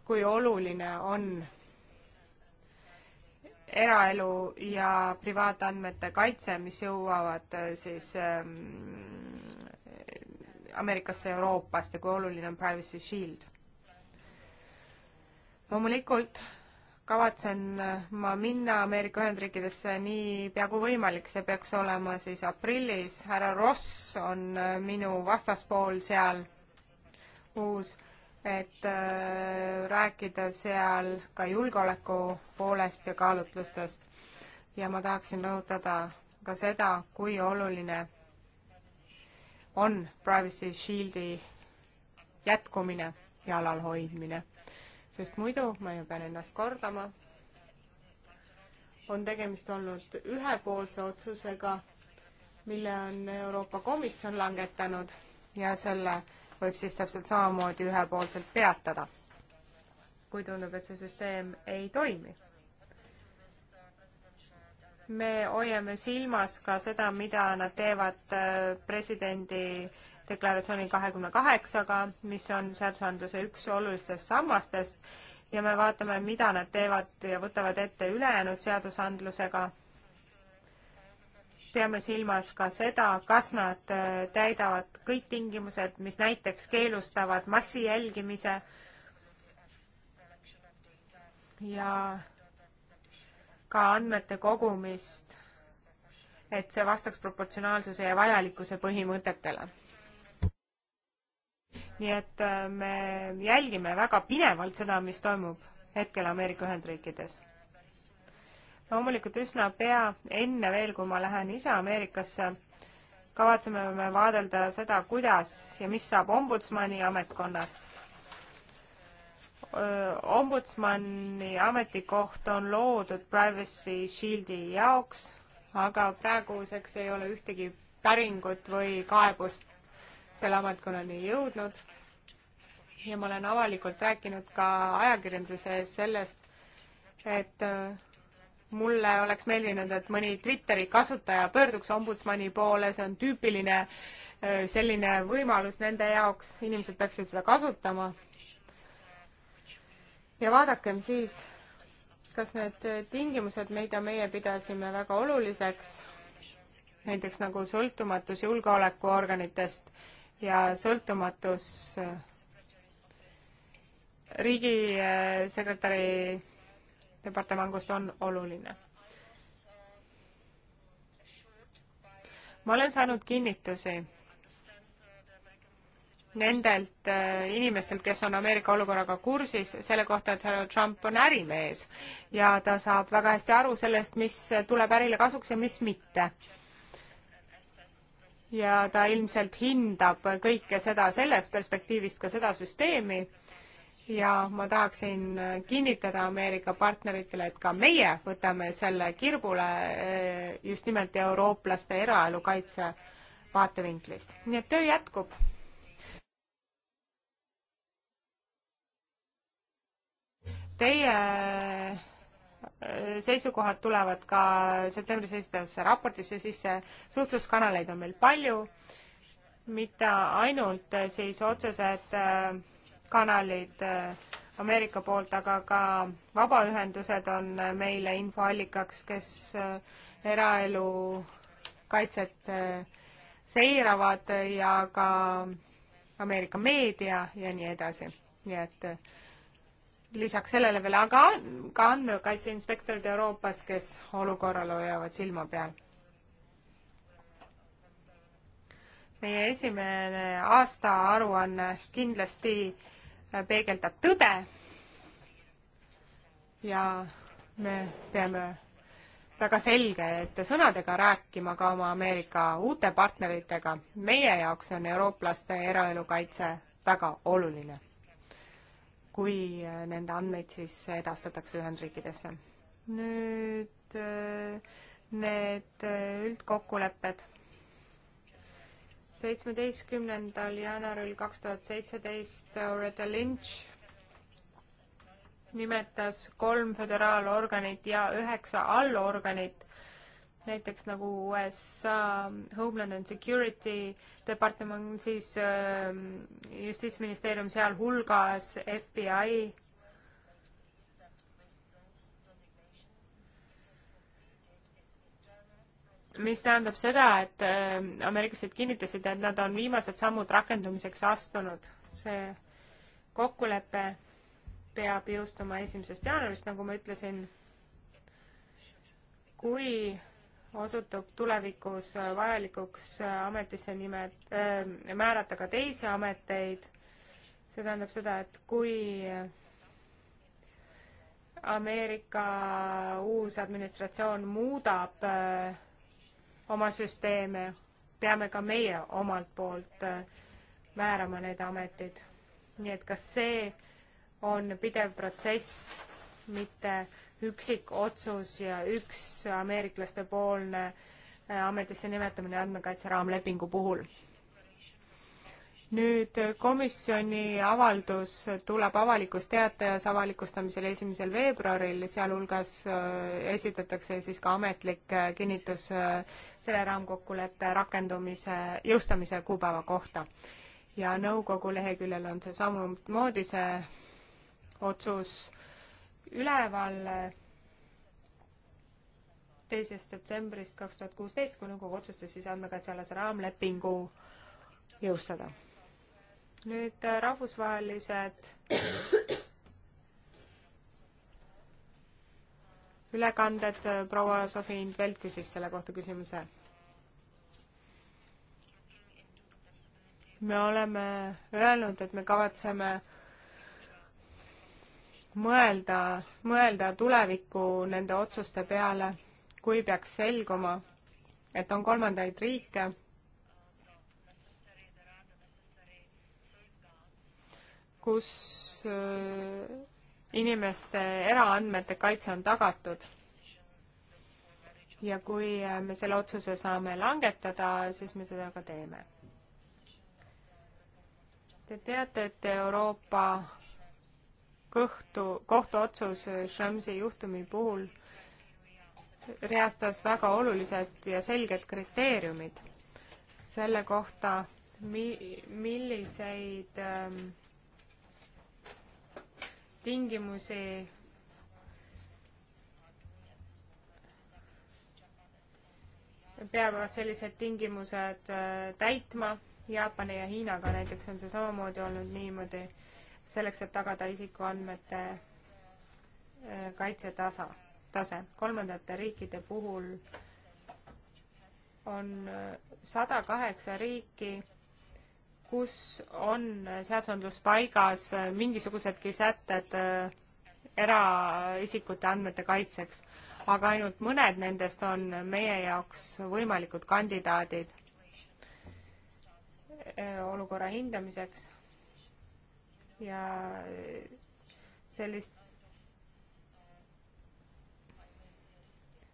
kui oluline on eraelu ja privaatandmete kaitse, mis jõuavad äh, siis ähm, Ameerikasse, Euroopast ja kui oluline on Privacy Shield. loomulikult kavatsen ma minna Ameerika Ühendriikidesse niipea kui võimalik, see peaks olema siis aprillis, härra Ross on äh, minu vastaspool seal uus, et äh, rääkida seal ka julgeoleku poolest ja kaalutlustest. ja ma tahaksin rõhutada ka seda, kui oluline on Privacy Shieldi jätkumine ja alalhoidmine sest muidu, ma ju pean ennast kordama, on tegemist olnud ühepoolse otsusega, mille on Euroopa Komisjon langetanud ja selle võib siis täpselt samamoodi ühepoolselt peatada, kui tundub, et see süsteem ei toimi. me hoiame silmas ka seda, mida nad teevad äh, presidendi deklaratsiooni kahekümne kaheksaga, mis on seadusandluse üks olulistest sammastest ja me vaatame, mida nad teevad ja võtavad ette ülejäänud seadusandlusega. peame silmas ka seda, kas nad äh, täidavad kõik tingimused, mis näiteks keelustavad massijälgimise ja ka andmete kogumist, et see vastaks proportsionaalsuse ja vajalikkuse põhimõtetele nii et äh, me jälgime väga pinevalt seda, mis toimub hetkel Ameerika Ühendriikides. loomulikult üsna pea, enne veel, kui ma lähen ise Ameerikasse, kavatseme me vaadelda seda, kuidas ja mis saab ombudsmani ametkonnast. Ombudsmani ametikoht on loodud Privacy Shieldi jaoks, aga praeguseks ei ole ühtegi päringut või kaebust selle ametkonnani jõudnud ja ma olen avalikult rääkinud ka ajakirjanduse ees sellest, et äh, mulle oleks meeldinud, et mõni Twitteri kasutaja pöörduks ombudsmani poole, see on tüüpiline äh, selline võimalus nende jaoks, inimesed peaksid seda kasutama. ja vaadakem siis, kas need tingimused, mida meie pidasime väga oluliseks, näiteks nagu sõltumatus julgeolekuorganitest ja sõltumatus äh, riigisekretäri departamangust on oluline. ma olen saanud kinnitusi nendelt äh, inimestelt, kes on Ameerika olukorraga kursis, selle kohta, et härra Trump on ärimees ja ta saab väga hästi aru sellest, mis tuleb ärile kasuks ja mis mitte ja ta ilmselt hindab kõike seda sellest perspektiivist, ka seda süsteemi. ja ma tahaksin kinnitada Ameerika partneritele, et ka meie võtame selle kirgule eh, just nimelt eurooplaste eraelu kaitse vaatevinklist. nii et töö jätkub. Teie seisukohad tulevad ka septembris esitavasse raportisse sisse, suhtluskanaleid on meil palju, mitte ainult siis otsesed äh, kanalid äh, Ameerika poolt, aga ka vabaühendused on meile infoallikaks, kes äh, eraelu kaitset seiravad ja ka Ameerika meedia ja nii edasi. nii et lisaks sellele veel aga ka andmekaitseinspektorid Euroopas, kes olukorral hoiavad silma peal. meie esimene aastaaruanne kindlasti peegeldab tõde ja me peame väga selgete sõnadega rääkima ka oma Ameerika uute partneritega. meie jaoks on eurooplaste eraelu kaitse väga oluline kui äh, nende andmeid siis edastatakse Ühendriikidesse. nüüd äh, need äh, üldkokkulepped. seitsmeteistkümnendal jaanuaril kaks tuhat seitseteist Loretta Lynch nimetas kolm föderaalorganit ja üheksa allorganit näiteks nagu USA Homeland and Security department, siis äh, justiitsministeerium sealhulgas, FBI. mis tähendab seda, et äh, ameeriklased kinnitasid, et nad on viimased sammud rakendumiseks astunud. see kokkulepe peab jõustuma esimesest jaanuarist, nagu ma ütlesin. kui osutub tulevikus äh, vajalikuks äh, ametisse nimed äh,, määrata ka teisi ameteid. see tähendab seda, et kui Ameerika uus administratsioon muudab äh, oma süsteeme, peame ka meie omalt poolt äh, määrama need ametid. nii et kas see on pidev protsess, mitte äh, üksikotsus ja üks ameeriklaste poolne äh, ametisse nimetamine andmekaitse raamlepingu puhul. nüüd äh, komisjoni avaldus tuleb avalikus teatajas avalikustamisel esimesel veebruaril, sealhulgas äh, esitatakse siis ka ametlik kinnitus selle raamkokkuleppe rakendumise, jõustamise kuupäeva kohta. ja nõukogu leheküljel on see samamoodi, see otsus äh, üleval teisest detsembrist kaks tuhat kuusteist, kui nõukogu otsustas siis andmekaitsealase raamlepingu jõustada. nüüd äh, rahvusvahelised ülekanded, äh, proua Sofi Indvelt küsis selle kohta küsimuse. me oleme öelnud, et me kavatseme mõelda, mõelda tuleviku nende otsuste peale, kui peaks selguma, et on kolmandaid riike, kus äh, inimeste eraandmete kaitse on tagatud. ja kui äh, me selle otsuse saame langetada, siis me seda ka teeme. Te teate, et Euroopa kõhtu, kohtuotsus Shamsi juhtumi puhul reastas väga olulised ja selged kriteeriumid selle kohta, mi-, milliseid ähm, tingimusi peavad sellised tingimused äh, täitma, Jaapani ja Hiinaga näiteks on see samamoodi olnud niimoodi selleks, et tagada isikuandmete äh, kaitsetasa, tase. kolmandate riikide puhul on äh, sada kaheksa riiki, kus on seadusandlus paigas äh, mingisugusedki sätted eraisikute andmete kaitseks, aga ainult mõned nendest on meie jaoks võimalikud kandidaadid olukorra hindamiseks ja eh, sellist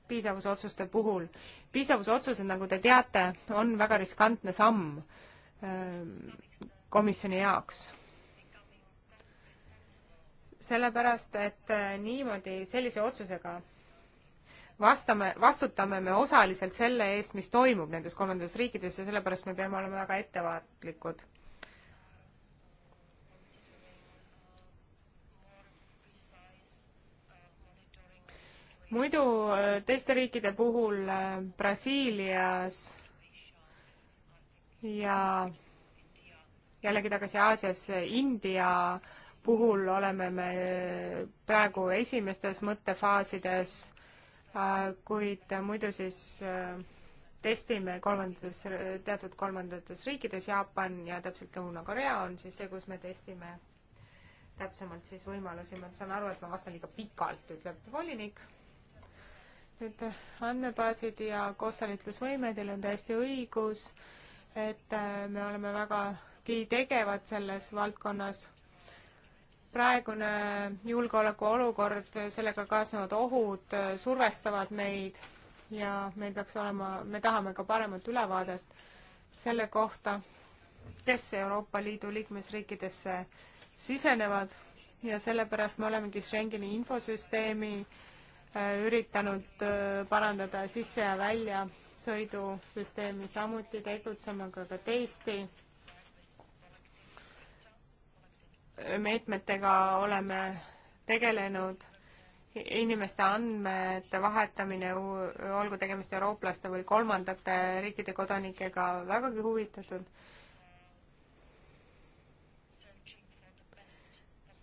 piisavusotsuste puhul. piisavusotsused, nagu te teate, on väga riskantne samm eh, komisjoni jaoks. sellepärast, et eh, niimoodi sellise otsusega vastame, vastutame me osaliselt selle eest, mis toimub nendes kolmandates riikides ja sellepärast me peame olema väga ettevaatlikud muidu äh, teiste riikide puhul äh, Brasiilias ja jällegi tagasi Aasiasse, äh, India puhul oleme me praegu esimestes mõttefaasides, kuid muidu siis testime kolmandates, teatud kolmandates riikides, Jaapan ja täpselt Lõuna-Korea on siis see, kus me testime täpsemalt siis võimalusi, ma saan aru, et ma vastan liiga pikalt, ütleb volinik nüüd andmebaasid ja koostalitlusvõime, teil on täiesti õigus, et äh, me oleme vägagi tegevad selles valdkonnas. praegune julgeolekuolukord, sellega kaasnevad ohud äh, survestavad meid ja meil peaks olema, me tahame ka paremat ülevaadet selle kohta, kes Euroopa Liidu liikmesriikidesse sisenevad ja sellepärast me olemegi Schengeni infosüsteemi äh, Äh, üritanud äh, parandada sisse- ja väljasõidusüsteemi, samuti tegutseme ka ka teiste äh, meetmetega oleme tegelenud, inimeste andmete vahetamine, olgu tegemist eurooplaste või kolmandate riikide kodanikega, vägagi huvitatud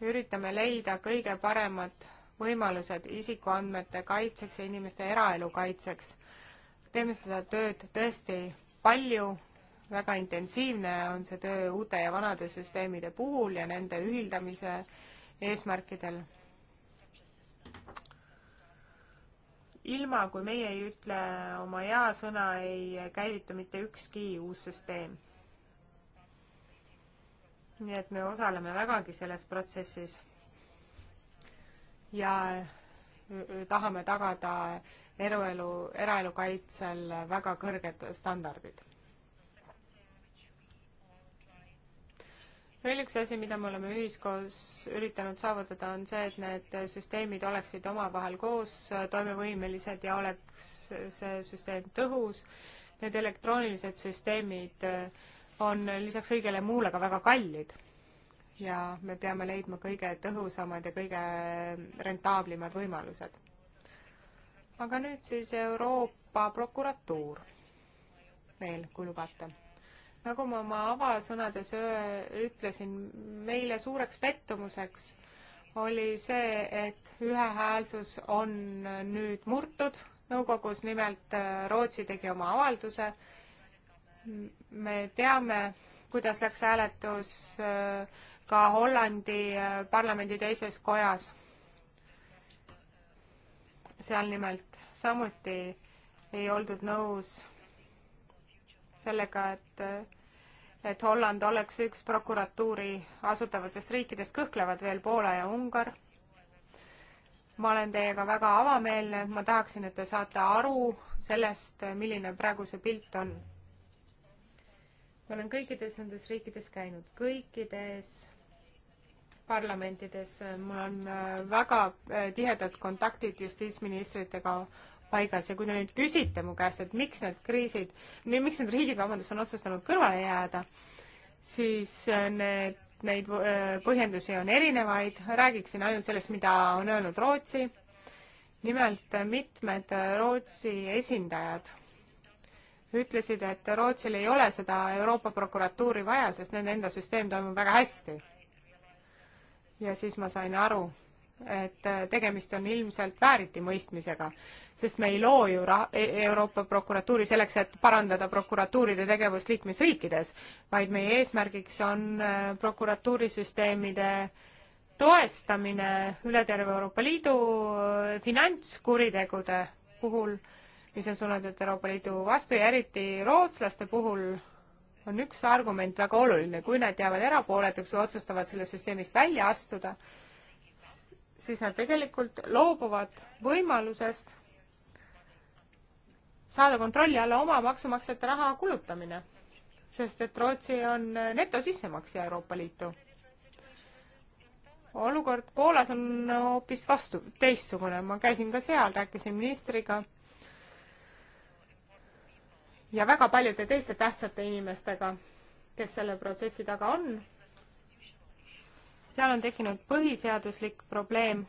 üritame leida kõige paremat võimalused isikuandmete kaitseks ja inimeste eraelu kaitseks. teeme seda tööd tõesti palju, väga intensiivne on see töö uute ja vanade süsteemide puhul ja nende ühildamise eesmärkidel. ilma, kui meie ei ütle oma jaa-sõna, ei käivitu mitte ükski uus süsteem. nii et me osaleme vägagi selles protsessis ja äh, tahame tagada eruelu, eraelu kaitsel väga kõrged standardid. veel üks asi, mida me oleme ühiskoos üritanud saavutada, on see, et need süsteemid oleksid omavahel koos toimevõimelised ja oleks see süsteem tõhus. Need elektroonilised süsteemid äh, on lisaks kõigele muule ka väga kallid ja me peame leidma kõige tõhusamad ja kõige rentaablimad võimalused. aga nüüd siis Euroopa prokuratuur veel, kui lubate. nagu ma oma avasõnades ütlesin, meile suureks pettumuseks oli see, et ühehäälsus on nüüd murtud nõukogus, nimelt Rootsi tegi oma avalduse. me teame, kuidas läks hääletus äh, ka Hollandi äh, parlamendi teises kojas. seal nimelt samuti ei oldud nõus sellega, et äh, et Holland oleks üks prokuratuuri asutavatest riikidest, kõhklevad veel Poola ja Ungar. ma olen teiega väga avameelne, ma tahaksin, et te saate aru sellest, milline praegu see pilt on. ma olen kõikides nendes riikides käinud, kõikides parlamentides. mul on äh, väga äh, tihedad kontaktid justiitsministritega paigas ja kui te nüüd küsite mu käest, et miks need kriisid, miks need riigid, vabandust, on otsustanud kõrvale jääda, siis äh, need, neid põhjendusi on erinevaid, räägiksin ainult sellest, mida on öelnud Rootsi. nimelt mitmed Rootsi esindajad ütlesid, et Rootsil ei ole seda Euroopa prokuratuuri vaja, sest nende enda süsteem toimub väga hästi ja siis ma sain aru, et äh, tegemist on ilmselt vääritimõistmisega, sest me ei loo ju ra-, e-, Euroopa prokuratuuri selleks, et parandada prokuratuuride tegevust liikmesriikides, vaid meie eesmärgiks on äh, prokuratuurisüsteemide toestamine üle terve Euroopa Liidu äh, finantskuritegude puhul, mis on suunatud Euroopa Liidu vastu ja eriti rootslaste puhul on üks argument väga oluline, kui nad jäävad erapooletuks või otsustavad sellest süsteemist välja astuda, siis nad tegelikult loobuvad võimalusest saada kontrolli alla oma maksumaksjate raha kulutamine, sest et Rootsi on netosissemaksja Euroopa Liitu. olukord Poolas on hoopis vastu, teistsugune, ma käisin ka seal, rääkisin ministriga ja väga paljude teiste tähtsate inimestega, kes selle protsessi taga on. seal on tekkinud põhiseaduslik probleem.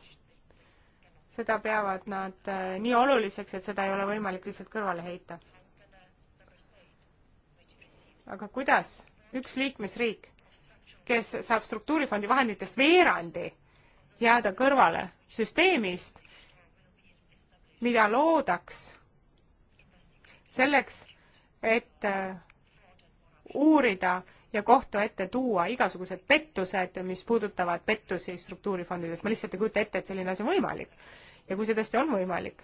seda peavad nad äh, nii oluliseks, et seda ei ole võimalik lihtsalt kõrvale heita. aga kuidas üks liikmesriik, kes saab struktuurifondi vahenditest veerandi, jääda kõrvale süsteemist, mida loodaks selleks, ette äh, uurida ja kohtu ette tuua igasugused pettused, mis puudutavad pettusi struktuurifondides. ma lihtsalt ei kujuta ette, et selline asi on võimalik. ja kui see tõesti on võimalik,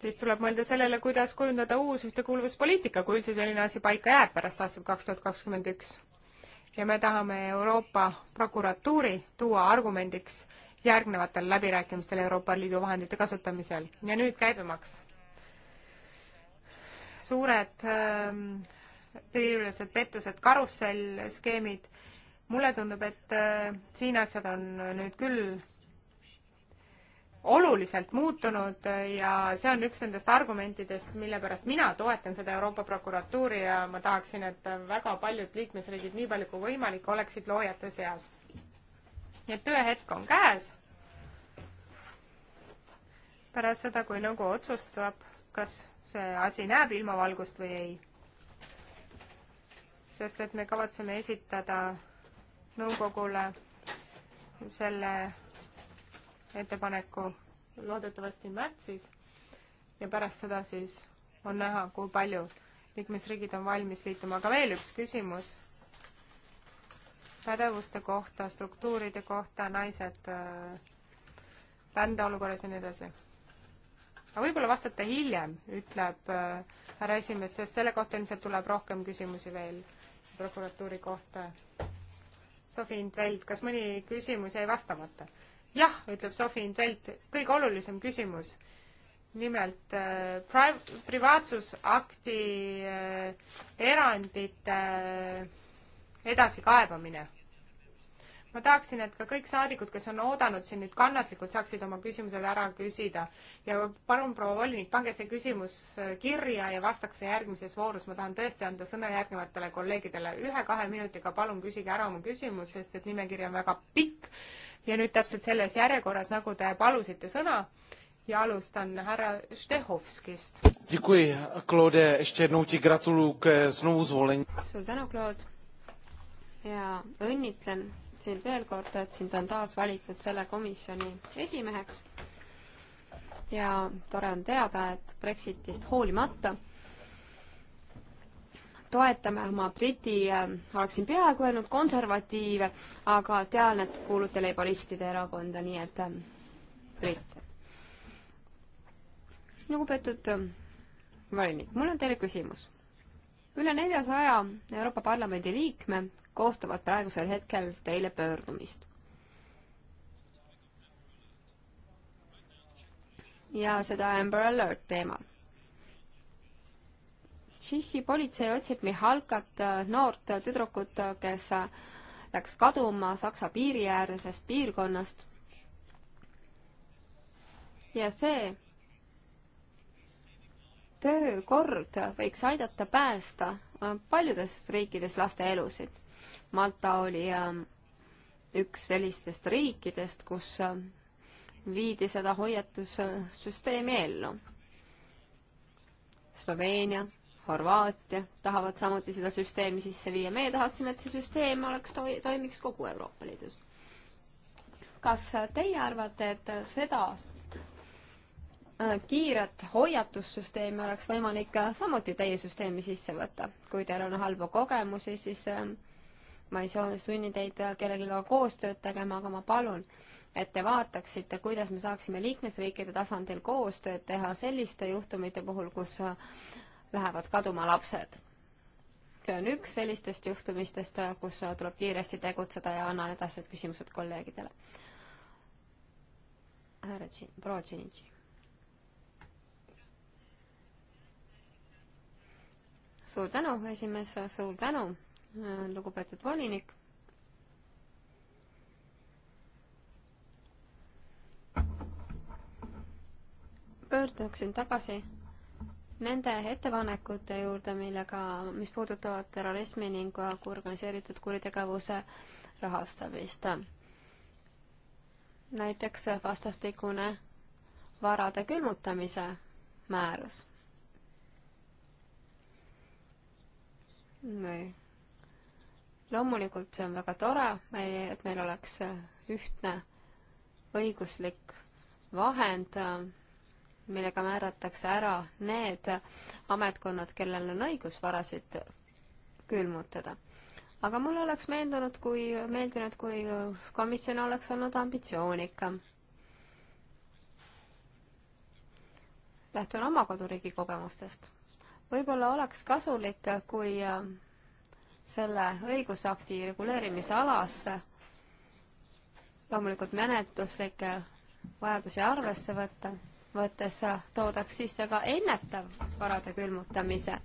siis tuleb mõelda sellele, kuidas kujundada uus ühtekuuluvuspoliitika, kui üldse selline asi paika jääb pärast aastat kaks tuhat kakskümmend üks. ja me tahame Euroopa prokuratuuri tuua argumendiks järgnevatel läbirääkimistel Euroopa Liidu vahendite kasutamisel. ja nüüd käibemaks. suured piiriülesed ähm, äh, pettused, karussellskeemid, mulle tundub, et äh, siin asjad on nüüd küll oluliselt muutunud äh, ja see on üks nendest argumentidest, mille pärast mina toetan seda Euroopa prokuratuuri ja ma tahaksin, et väga paljud liikmesriigid, nii palju kui võimalik, oleksid loojate seas nii et tõehetk on käes. pärast seda, kui nõukogu otsustab, kas see asi näeb ilmavalgust või ei. sest et me kavatseme esitada nõukogule selle ettepaneku loodetavasti märtsis ja pärast seda siis on näha, kui palju liikmesriigid on valmis liituma. aga veel üks küsimus pädevuste kohta, struktuuride kohta, naised äh, rändeolukorras ja nii edasi. aga võib-olla vastate hiljem, ütleb äh, härra esimees, sest selle kohta ilmselt tuleb rohkem küsimusi veel prokuratuuri kohta. Sofi Intveld, kas mõni küsimus jäi vastamata? jah, ütleb Sofi Intveld, kõige olulisem küsimus nimelt äh, privaatsusakti äh, erandite äh, edasikaebamine. ma tahaksin, et ka kõik saadikud, kes on oodanud siin nüüd kannatlikult, saaksid oma küsimused ära küsida ja palun, proua volinik, pange see küsimus äh, kirja ja vastake see järgmises voorus. ma tahan tõesti anda sõna järgnevatele kolleegidele ühe-kahe minutiga, palun küsige ära oma küsimus, sest et nimekiri on väga pikk ja nüüd täpselt selles järjekorras, nagu te palusite sõna ja alustan härra Štehovskist. suur tänu, Claude ja õnnitlen sind veel kord, et sind on taas valitud selle komisjoni esimeheks. ja tore on teada, et Brexitist hoolimata toetame oma Briti äh,, oleksin peaaegu öelnud konservatiive, aga tean, et kuulute leiboristide erakonda, nii et äh, Brit. lugupeetud äh, volinik, mul on teile küsimus. üle neljasaja Euroopa Parlamendi liikme koostavad praegusel hetkel teile pöördumist. ja seda Amber Alert teemal. Tšihhi politsei otsib Mihalkat, noort tüdrukut, kes läks kaduma Saksa piiriäärsest piirkonnast. ja see töökord võiks aidata päästa paljudest riikidest laste elusid. Malta oli ähm, üks sellistest riikidest, kus ähm, viidi seda hoiatussüsteemi ellu. Sloveenia, Horvaatia tahavad samuti seda süsteemi sisse viia, meie tahaksime, et see süsteem oleks to-, toimiks kogu Euroopa Liidus. kas teie arvate, et seda äh, kiiret hoiatussüsteemi oleks võimalik äh, samuti teie süsteemi sisse võtta? kui teil on halbu kogemusi, siis äh, ma ei soovi sunni teid kellegiga koostööd tegema, aga ma palun, et te vaataksite, kuidas me saaksime liikmesriikide tasandil koostööd teha selliste juhtumite puhul, kus äh, lähevad kaduma lapsed. see on üks sellistest juhtumistest, äh, kus äh, tuleb kiiresti tegutseda ja annan edasised küsimused kolleegidele. härra Tšin-, proua Tšinitši. suur tänu, esimees, suur tänu Äh, lugupeetud volinik. pöörduksin tagasi nende ettepanekute juurde, millega, mis puudutavad terrorismi ning organiseeritud kuritegevuse rahastamist. näiteks vastastikune varade külmutamise määrus. või loomulikult see on väga tore, et meil oleks ühtne õiguslik vahend, millega määratakse ära need ametkonnad, kellel on õigus varasid külmutada. aga mulle oleks meenunud, kui, meeldinud, kui komisjon oleks olnud ambitsioonikam. lähtun oma koduriigi kogemustest. võib-olla oleks kasulik, kui selle õigusakti reguleerimise alasse loomulikult menetluslikke vajadusi arvesse võtta, võttes toodaks sisse ka ennetav varade külmutamise äh,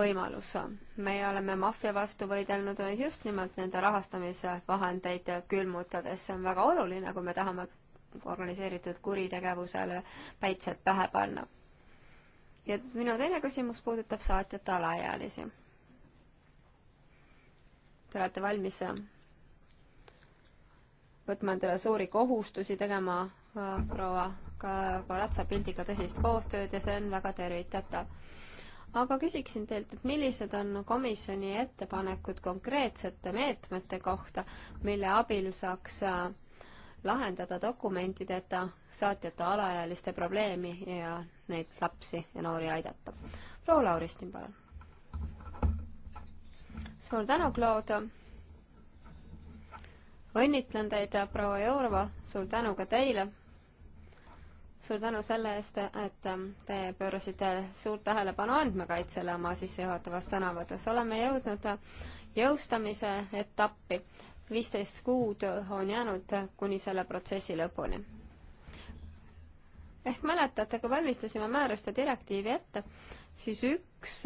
võimalus. meie oleme maffia vastu võidelnud just nimelt nende rahastamise vahendeid külmutades, see on väga oluline, kui me tahame organiseeritud kuritegevusele päitsed pähe panna ja minu teine küsimus puudutab saatjate alaealisi. Te olete valmis äh, võtma endale suuri kohustusi, tegema äh, proua Karatsa pildiga tõsist koostööd ja see on väga tervitatav. aga küsiksin teilt, et millised on komisjoni ettepanekud konkreetsete meetmete kohta, mille abil saaks äh, lahendada dokumentideta saatjate alaealiste probleemi ja neid lapsi ja noori aidata. proua Lauristin, palun. suur tänu, Claude. õnnitlen teid, proua Jourova, suur tänu ka teile. suur tänu selle eest, et te pöörasite suurt tähelepanu andmekaitsele oma sissejuhatavas sõnavõtus. oleme jõudnud jõustamise etappi viisteist kuud on jäänud kuni selle protsessi lõpuni. ehk mäletate, kui valmistasime määruste direktiivi ette, siis üks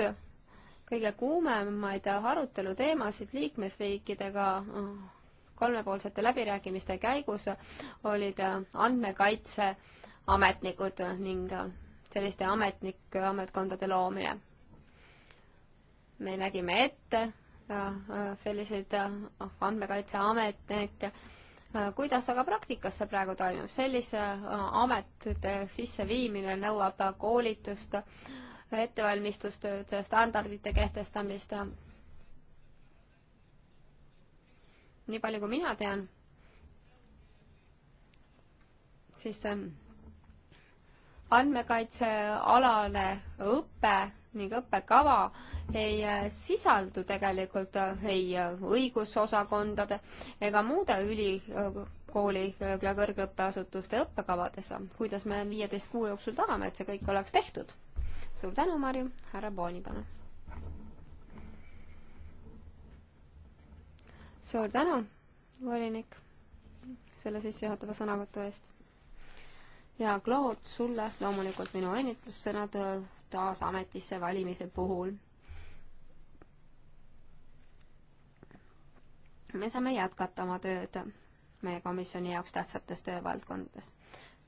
kõige kuumemaid aruteluteemasid liikmesriikidega mm, kolmepoolsete läbirääkimiste käigus olid andmekaitseametnikud ning selliste ametnike, ametkondade loomine. me nägime ette Äh, selliseid äh, andmekaitseametneid. Äh, kuidas aga praktikas see praegu toimub? sellise ametite sisseviimine nõuab koolitust, ettevalmistustööd, standardite kehtestamist. nii palju, kui mina tean, siis andmekaitsealane õpe ning õppekava ei äh, sisaldu tegelikult äh, ei äh, õigusosakondade ega muude ülikooli ja kõrgõppeasutuste õppekavades. kuidas me viieteist kuu jooksul tagame, et see kõik oleks tehtud? suur tänu, Marju, härra Booni, palun. suur tänu, volinik, selle sissejuhatava sõnavõtu eest ja Claude, sulle loomulikult minu õnnitlussõnad taas ametisse valimise puhul. me saame jätkata oma tööd meie komisjoni jaoks tähtsates töövaldkondades.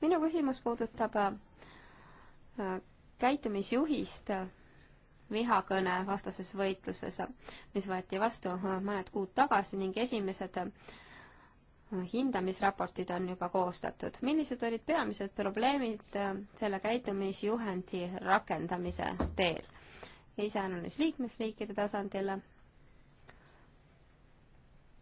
minu küsimus puudutab äh, käitumisjuhist äh, vihakõne vastases võitluses, mis võeti vastu äh, mõned kuud tagasi ning esimesed hindamisraportid on juba koostatud. millised olid peamised probleemid äh, selle käitumisjuhendi rakendamise teel? iseäranis liikmesriikide tasandil.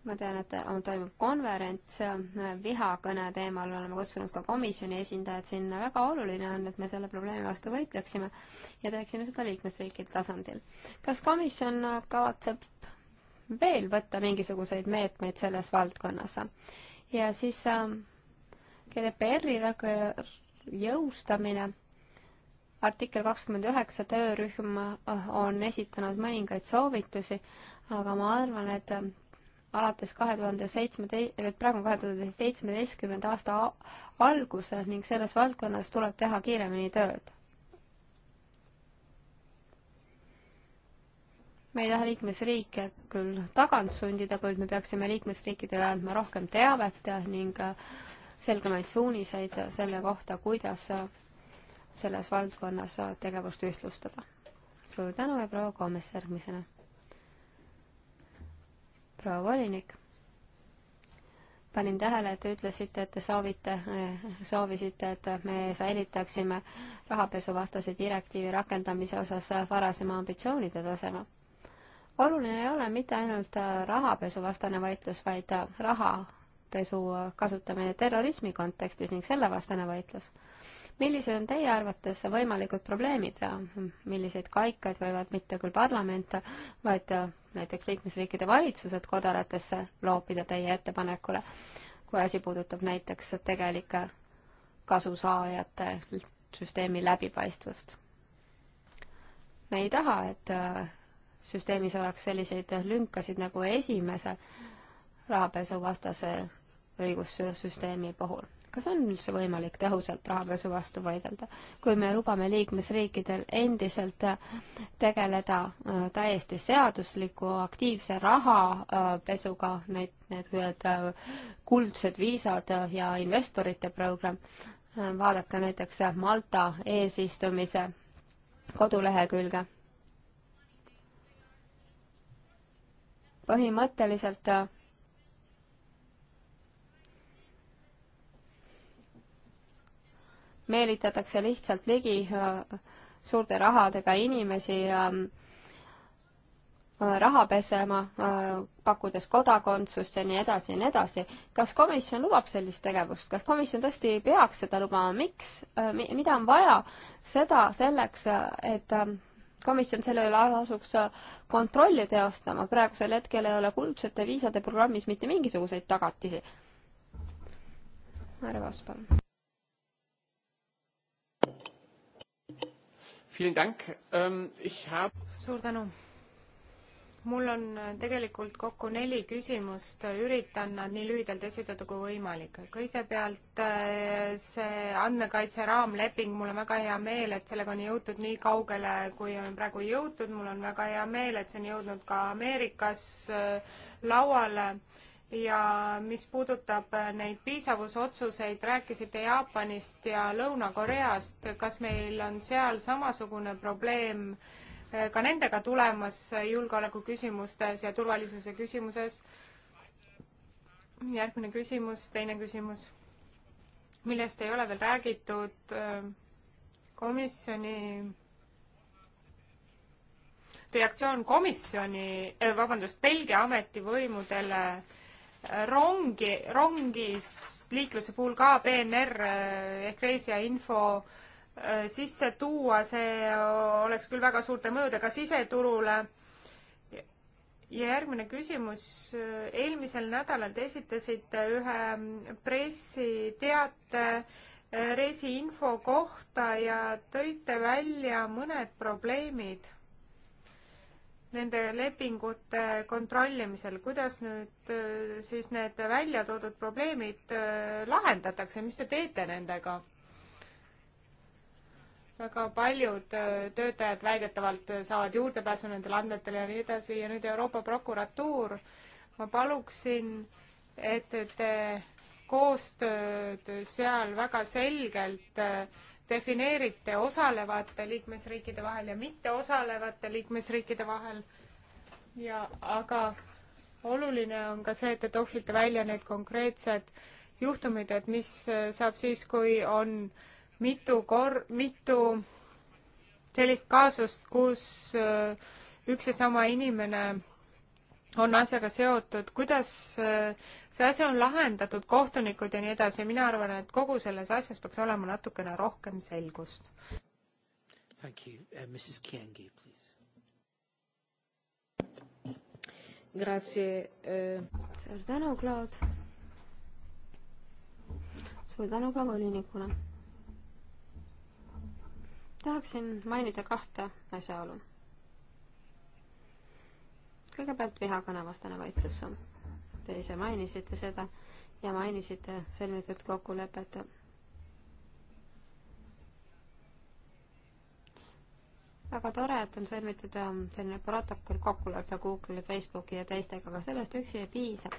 ma tean, et on, toimub konverents äh, vihakõne teemal, oleme kutsunud ka komisjoni esindajad sinna, väga oluline on, et me selle probleemi vastu võitleksime ja teeksime seda liikmesriikide tasandil. kas komisjon äh, kavatseb veel võtta mingisuguseid meetmeid selles valdkonnas. ja siis ähm, GDPR-i jõustamine, artikkel kakskümmend üheksa töörühm äh, on esitanud mõningaid soovitusi, aga ma arvan, et ähm, alates kahe tuhande seitsmete-, praegu on kahe tuhande seitsmeteistkümnenda aasta algus ning selles valdkonnas tuleb teha kiiremini tööd me ei taha liikmesriike küll tagant sundida, kuid me peaksime liikmesriikidele andma rohkem teavet ning äh, selgemaid suuniseid selle kohta, kuidas äh, selles valdkonnas äh, tegevust ühtlustada. suur tänu ja proua Koomes järgmisena. proua volinik, panin tähele, et te ütlesite, et te soovite, soovisite, et me säilitaksime rahapesuvastase direktiivi rakendamise osas varasema ambitsioonide taseme oluline ei ole mitte ainult äh, rahapesuvastane võitlus, vaid äh, rahapesu äh, kasutamine terrorismi kontekstis ning sellevastane võitlus. millised on teie arvates võimalikud probleemid ja milliseid kaikaid võivad mitte küll parlament, vaid näiteks liikmesriikide valitsused kodaratesse loopida teie ettepanekule, kui asi puudutab näiteks tegelike kasusaajate süsteemi läbipaistvust? me ei taha, et süsteemis oleks selliseid lünkasid nagu esimese rahapesuvastase õigussüsteemi puhul. kas on üldse võimalik tõhusalt rahapesu vastu võidelda, kui me lubame liikmesriikidel endiselt tegeleda äh, täiesti seadusliku aktiivse rahapesuga, need, need kuldsed viisad ja investorite programm, äh, vaadake näiteks Malta eesistumise kodulehekülge põhimõtteliselt äh, meelitatakse lihtsalt ligi äh, suurte rahadega inimesi äh, raha pesema, pakkudes kodakondsust ja nii edasi ja nii edasi. kas komisjon lubab sellist tegevust, kas komisjon tõesti peaks seda lubama, miks, mida on vaja seda selleks, et komisjon selle üle asuks äh, kontrolli teostama, praegusel hetkel ei ole kuldsete viisade programmis mitte mingisuguseid tagatisi. härra Vasp, palun. Ähm, suur tänu mul on äh, tegelikult kokku neli küsimust, üritan nad nii lühidalt esitada kui võimalik. kõigepealt äh, see andmekaitse raamleping, mul on väga hea meel, et sellega on jõutud nii kaugele, kui on praegu jõutud, mul on väga hea meel, et see on jõudnud ka Ameerikas äh, lauale ja mis puudutab neid piisavusotsuseid, rääkisite Jaapanist ja Lõuna-Koreast, kas meil on seal samasugune probleem äh, ka nendega tulemas julgeolekuküsimustes ja turvalisuse küsimuses. järgmine küsimus, teine küsimus, millest ei ole veel räägitud komisjoni reaktsioon komisjoni, eh, vabandust, Belgia ametivõimudele rongi, rongis liikluse puhul ka PNR eh, ehk reisija info äh, Äh, sisse tuua, see oleks küll väga suurte mõjudega siseturule. ja järgmine küsimus. Äh, eelmisel nädalal te esitasite ühe pressiteate äh, reisiinfo kohta ja tõite välja mõned probleemid nende lepingute kontrollimisel, kuidas nüüd siis need välja toodud probleemid lahendatakse, mis te teete nendega? väga paljud äh, töötajad väidetavalt saavad juurdepääsu nendele andmetele ja nii edasi ja nüüd Euroopa prokuratuur, ma paluksin, et te koostööd seal väga selgelt äh, defineerite osalevate liikmesriikide vahel ja mitteosalevate liikmesriikide vahel ja aga oluline on ka see, et te tooksite välja need konkreetsed juhtumid, et mis äh, saab siis, kui on äh, mitu kor-, mitu sellist kaasust, kus äh, üks ja sama inimene on asjaga seotud, kuidas äh, see asi on lahendatud, kohtunikud ja nii edasi, mina arvan, et kogu selles asjas peaks olema natukene rohkem selgust. Thank you uh,, Mrs Kiengi, please. Grazie uh.... suur tänu, Claude. suur tänu ka volinikule tahaksin mainida kahte asjaolu. kõigepealt vihakõnevastane võitlus. Te ise mainisite seda ja mainisite sõlmitud kokkulepet väga tore, et on sõlmitud ähm, selline protokoll kokkulepe Google'i, Facebooki ja teistega, aga sellest üksi ei piisa.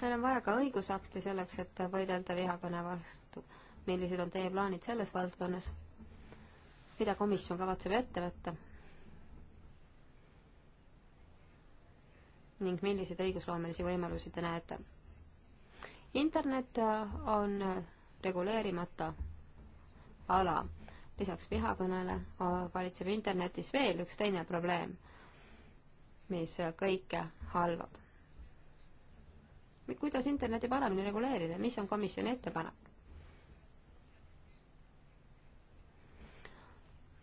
meil on vaja ka õigusakti selleks, et võidelda vihakõne vastu. millised on teie plaanid selles valdkonnas? mida komisjon kavatseb ette võtta ning milliseid õigusloomelisi võimalusi te näete? internet on reguleerimata ala. lisaks vihakõnele valitseb internetis veel üks teine probleem, mis kõike halvab. kuidas interneti paremini reguleerida, mis on komisjoni ettepanek?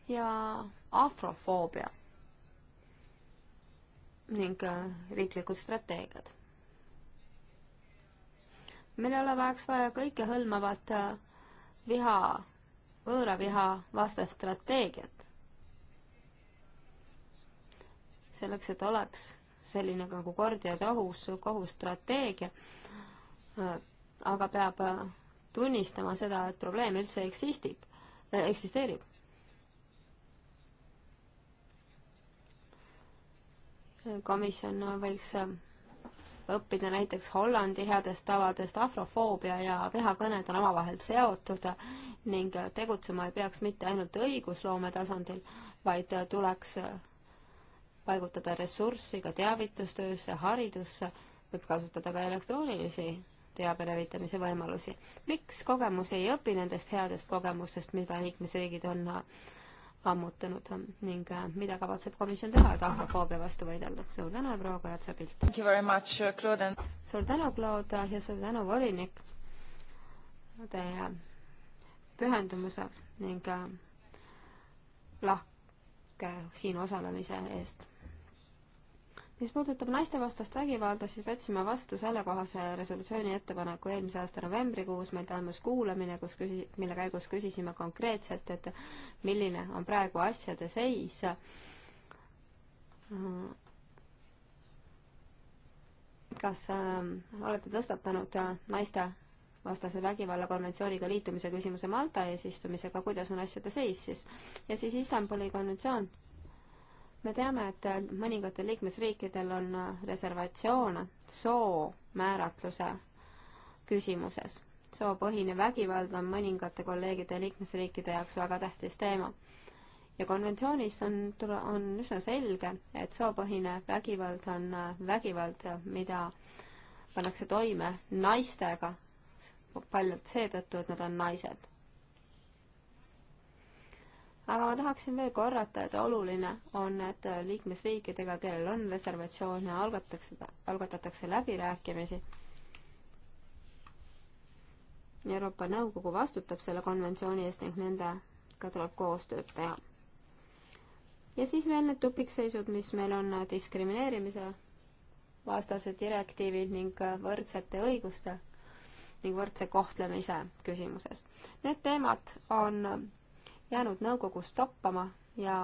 ja afrofoobia ning äh, riiklikud strateegiad. meil oleks vaja kõikehõlmavat äh, viha, võõraviha vastast strateegiat. selleks, et oleks selline nagu kord ja tohus, kohus strateegia, äh, aga peab tunnistama seda, et probleem üldse eksistib, eksisteerib komisjon võiks äh, õppida näiteks Hollandi headest tavadest, afrofoobia ja vihakõned on omavahel seotud ning tegutsema ei peaks mitte ainult õigusloome tasandil, vaid tuleks paigutada ressurssi ka teavitustöösse, haridusse, võib kasutada ka elektroonilisi teabe levitamise võimalusi. miks kogemusi ei õpi nendest headest kogemustest, mida liikmesriigid on ammutanud ning äh, mida kavatseb komisjon teha, et afrofoobia vastu võidelda. suur tänu ja proua Koratsa-Pilt! Uh, suur tänu, Claude, äh, ja suur tänu, volinik, teie pühendumuse ning äh, lahke siin osalemise eest mis puudutab naistevastast vägivalda, siis võtsime vastu sellekohase resolutsiooni ettepaneku eelmise aasta novembrikuus, meil toimus kuulamine, kus küsi-, mille käigus küsisime konkreetselt, et milline on praegu asjade seis. kas äh, olete tõstatanud äh, naiste vastase vägivalla konventsiooniga liitumise küsimuse Malta eesistumisega, kuidas on asjade seis siis? ja siis Istanbuli konventsioon me teame, et mõningatel liikmesriikidel on reservatsioone soo määratluse küsimuses. soopõhine vägivald on mõningate kolleegide liikmesriikide jaoks väga tähtis teema. ja konventsioonis on, on üsna selge, et soopõhine vägivald on vägivald, mida pannakse toime naistega paljalt seetõttu, et nad on naised aga ma tahaksin veel korrata, et oluline on, et liikmesriikidega, kellel on reservatsioone, algatakse, algatatakse läbirääkimisi. Euroopa Nõukogu vastutab selle konventsiooni eest ning nendega tuleb koostööd teha. ja siis veel need tupikseisud, mis meil on diskrimineerimise vastase direktiivi ning võrdsete õiguste ning võrdse kohtlemise küsimuses. Need teemad on jäänud nõukogus toppama ja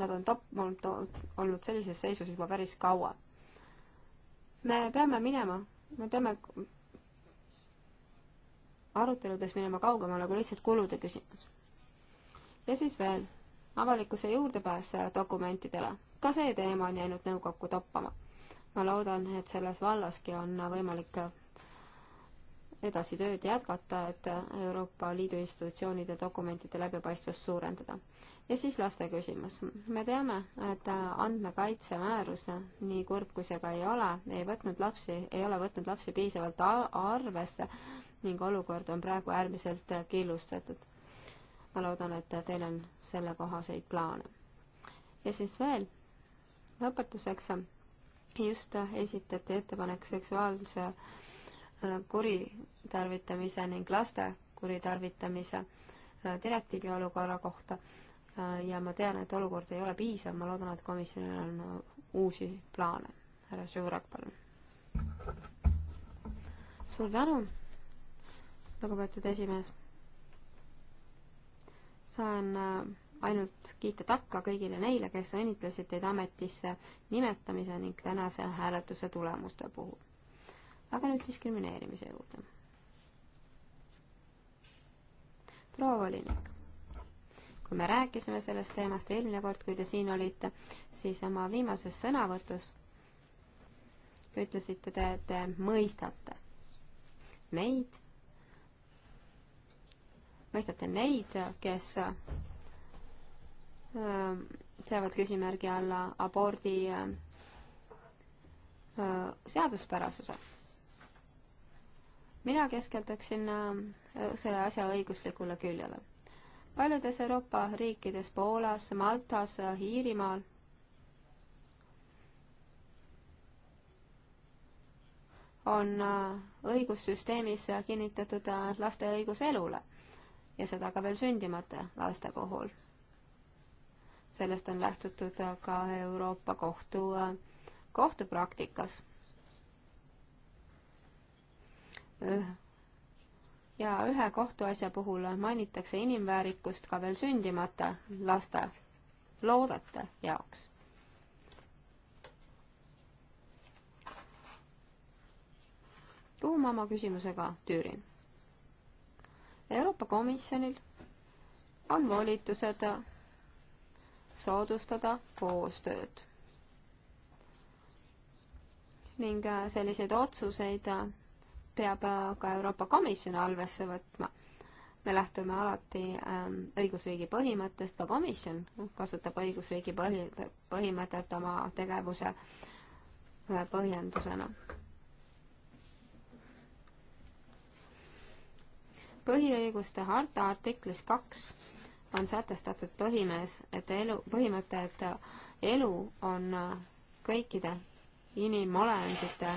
nad on toppanud, olnud sellises seisus juba päris kaua. me peame minema, me peame aruteludes minema kaugemale kui lihtsalt kulude küsimus. ja siis veel avalikkuse juurdepääs dokumentidele. ka see teema on jäänud nõukokku toppama. ma loodan, et selles vallaski on võimalik edasi tööd jätkata, et Euroopa Liidu institutsioonide dokumentide läbipaistvust suurendada. ja siis laste küsimus. me teame, et andmekaitsemäärus, nii kurb kui see ka ei ole, ei võtnud lapsi, ei ole võtnud lapsi piisavalt arvesse ning olukord on praegu äärmiselt killustatud. ma loodan, et teil on sellekohaseid plaane. ja siis veel lõpetuseks just esitati ettepanek seksuaalse kuritarvitamise ning laste kuritarvitamise äh, direktiivi olukorra kohta äh, ja ma tean, et olukord ei ole piisav, ma loodan, et komisjonil on äh, uusi plaane. härra Žurak, palun. suur tänu, lugupeetud esimees. saan ainult kiita takka kõigile neile, kes õnnitlesid teid ametisse nimetamise ning tänase hääletuse tulemuste puhul aga nüüd diskrimineerimise juurde. proua volinik, kui me rääkisime sellest teemast eelmine kord, kui te siin olite, siis oma viimases sõnavõtus ütlesite te, et te mõistate neid, mõistate neid, kes seavad küsimärgi alla abordi seaduspärasuse mina keskenduksin äh, selle asja õiguslikule küljele. paljudes Euroopa riikides, Poolas, Maltas, Iirimaal on äh, õigussüsteemis kinnitatud äh, laste õigus elule ja seda ka veel sündimata laste puhul. sellest on lähtutud ka Euroopa Kohtu kohtupraktikas. Äh. ja ühe kohtuasja puhul mainitakse inimväärikust ka veel sündimata laste, loodete jaoks. tuuma oma küsimusega Tüürin. Euroopa Komisjonil on volitused soodustada koostööd ning selliseid otsuseid peab äh, ka Euroopa Komisjon arvesse võtma. me lähtume alati ähm, õigusriigi põhimõttest, ka komisjon kasutab õigusriigi põhi, põhimõtet oma tegevuse äh, põhjendusena. põhiõiguste harta artiklis kaks on sätestatud põhimees, et elu, põhimõte, et äh, elu on kõikide inimolendite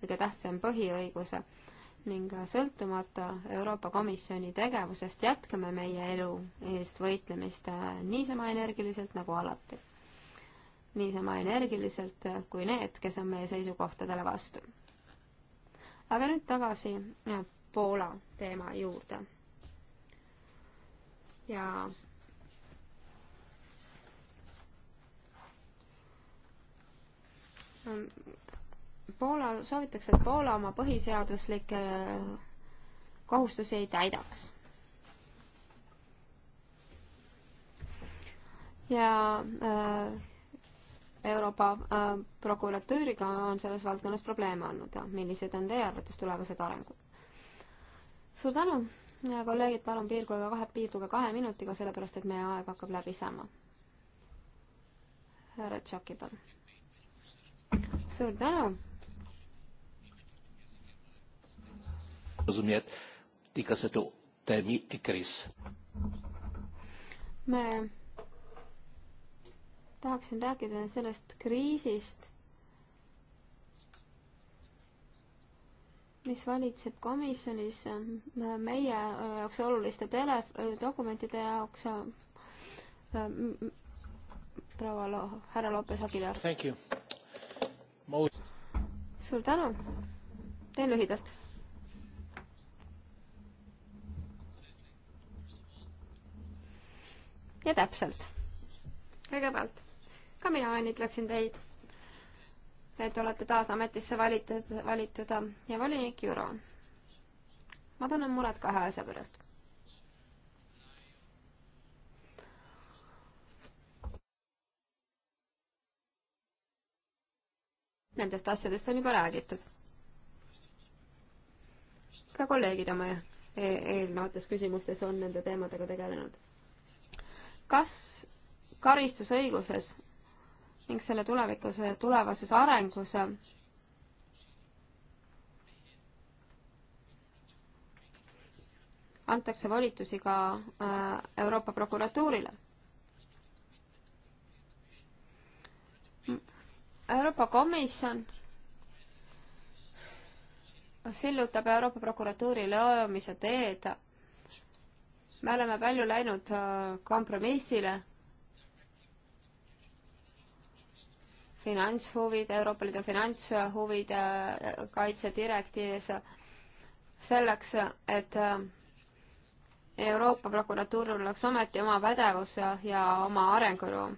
kõige tähtsam põhiõigus ning sõltumata Euroopa Komisjoni tegevusest jätkame meie elu eest võitlemist niisama energiliselt nagu alati. niisama energiliselt kui need, kes on meie seisukohtadele vastu. aga nüüd tagasi Poola teema juurde. ja Poola, soovitakse, et Poola oma põhiseaduslikke kohustusi ei täidaks. ja äh, Euroopa äh, prokuratuuriga on selles valdkonnas probleeme olnud ja millised on teie arvates tulevased arengud? suur tänu, kolleegid, palun piirduge kahe, piirduge kahe minutiga, sellepärast et meie aeg hakkab läbi saama. härra Tšoki, palun. suur tänu rozumět. Týká se to témy ECRIS. me tahaksin rääkida sellest kriisist, mis valitseb komisjonis meie jaoks oluliste tele-, äh, dokumentide jaoks äh, proua Lo-, härra Lopes Aguilar. suur tänu, teen lühidalt ja täpselt. kõigepealt, ka mina õnnitleksin teid, et olete taas ametisse valitud, valitud äh, ja volinik Juro. ma tunnen muret kahe asja pärast nendest asjadest on juba räägitud. ka kolleegid oma e-, e-, eelnõutes küsimustes on nende teemadega tegelenud kas karistusõiguses ning selle tulevikus, tulevases arengus antakse volitusi ka äh, Euroopa prokuratuurile. Euroopa Komisjon sillutab Euroopa prokuratuuri loomise teed me oleme palju läinud äh, kompromissile. finantshuvid, Euroopa Liidu finantshuvide äh, kaitsedirektiivis äh, selleks, et Euroopa prokuratuuril oleks ometi oma pädevus ja, ja oma arenguruum.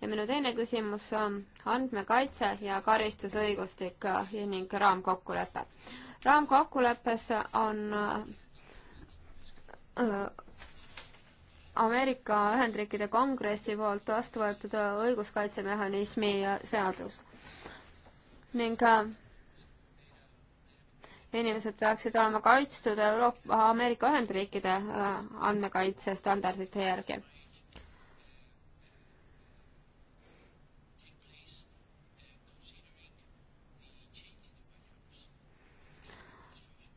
ja minu teine küsimus on andmekaitse ja karistusõigustik ning raamkokkulepe. raamkokkuleppes on Äh, Ameerika Ühendriikide Kongressi poolt vastu võetud äh, õiguskaitsemehhanismi äh, seadus. ning inimesed peaksid olema kaitstud Euroopa, Ameerika Ühendriikide andmekaitsestandardite järgi.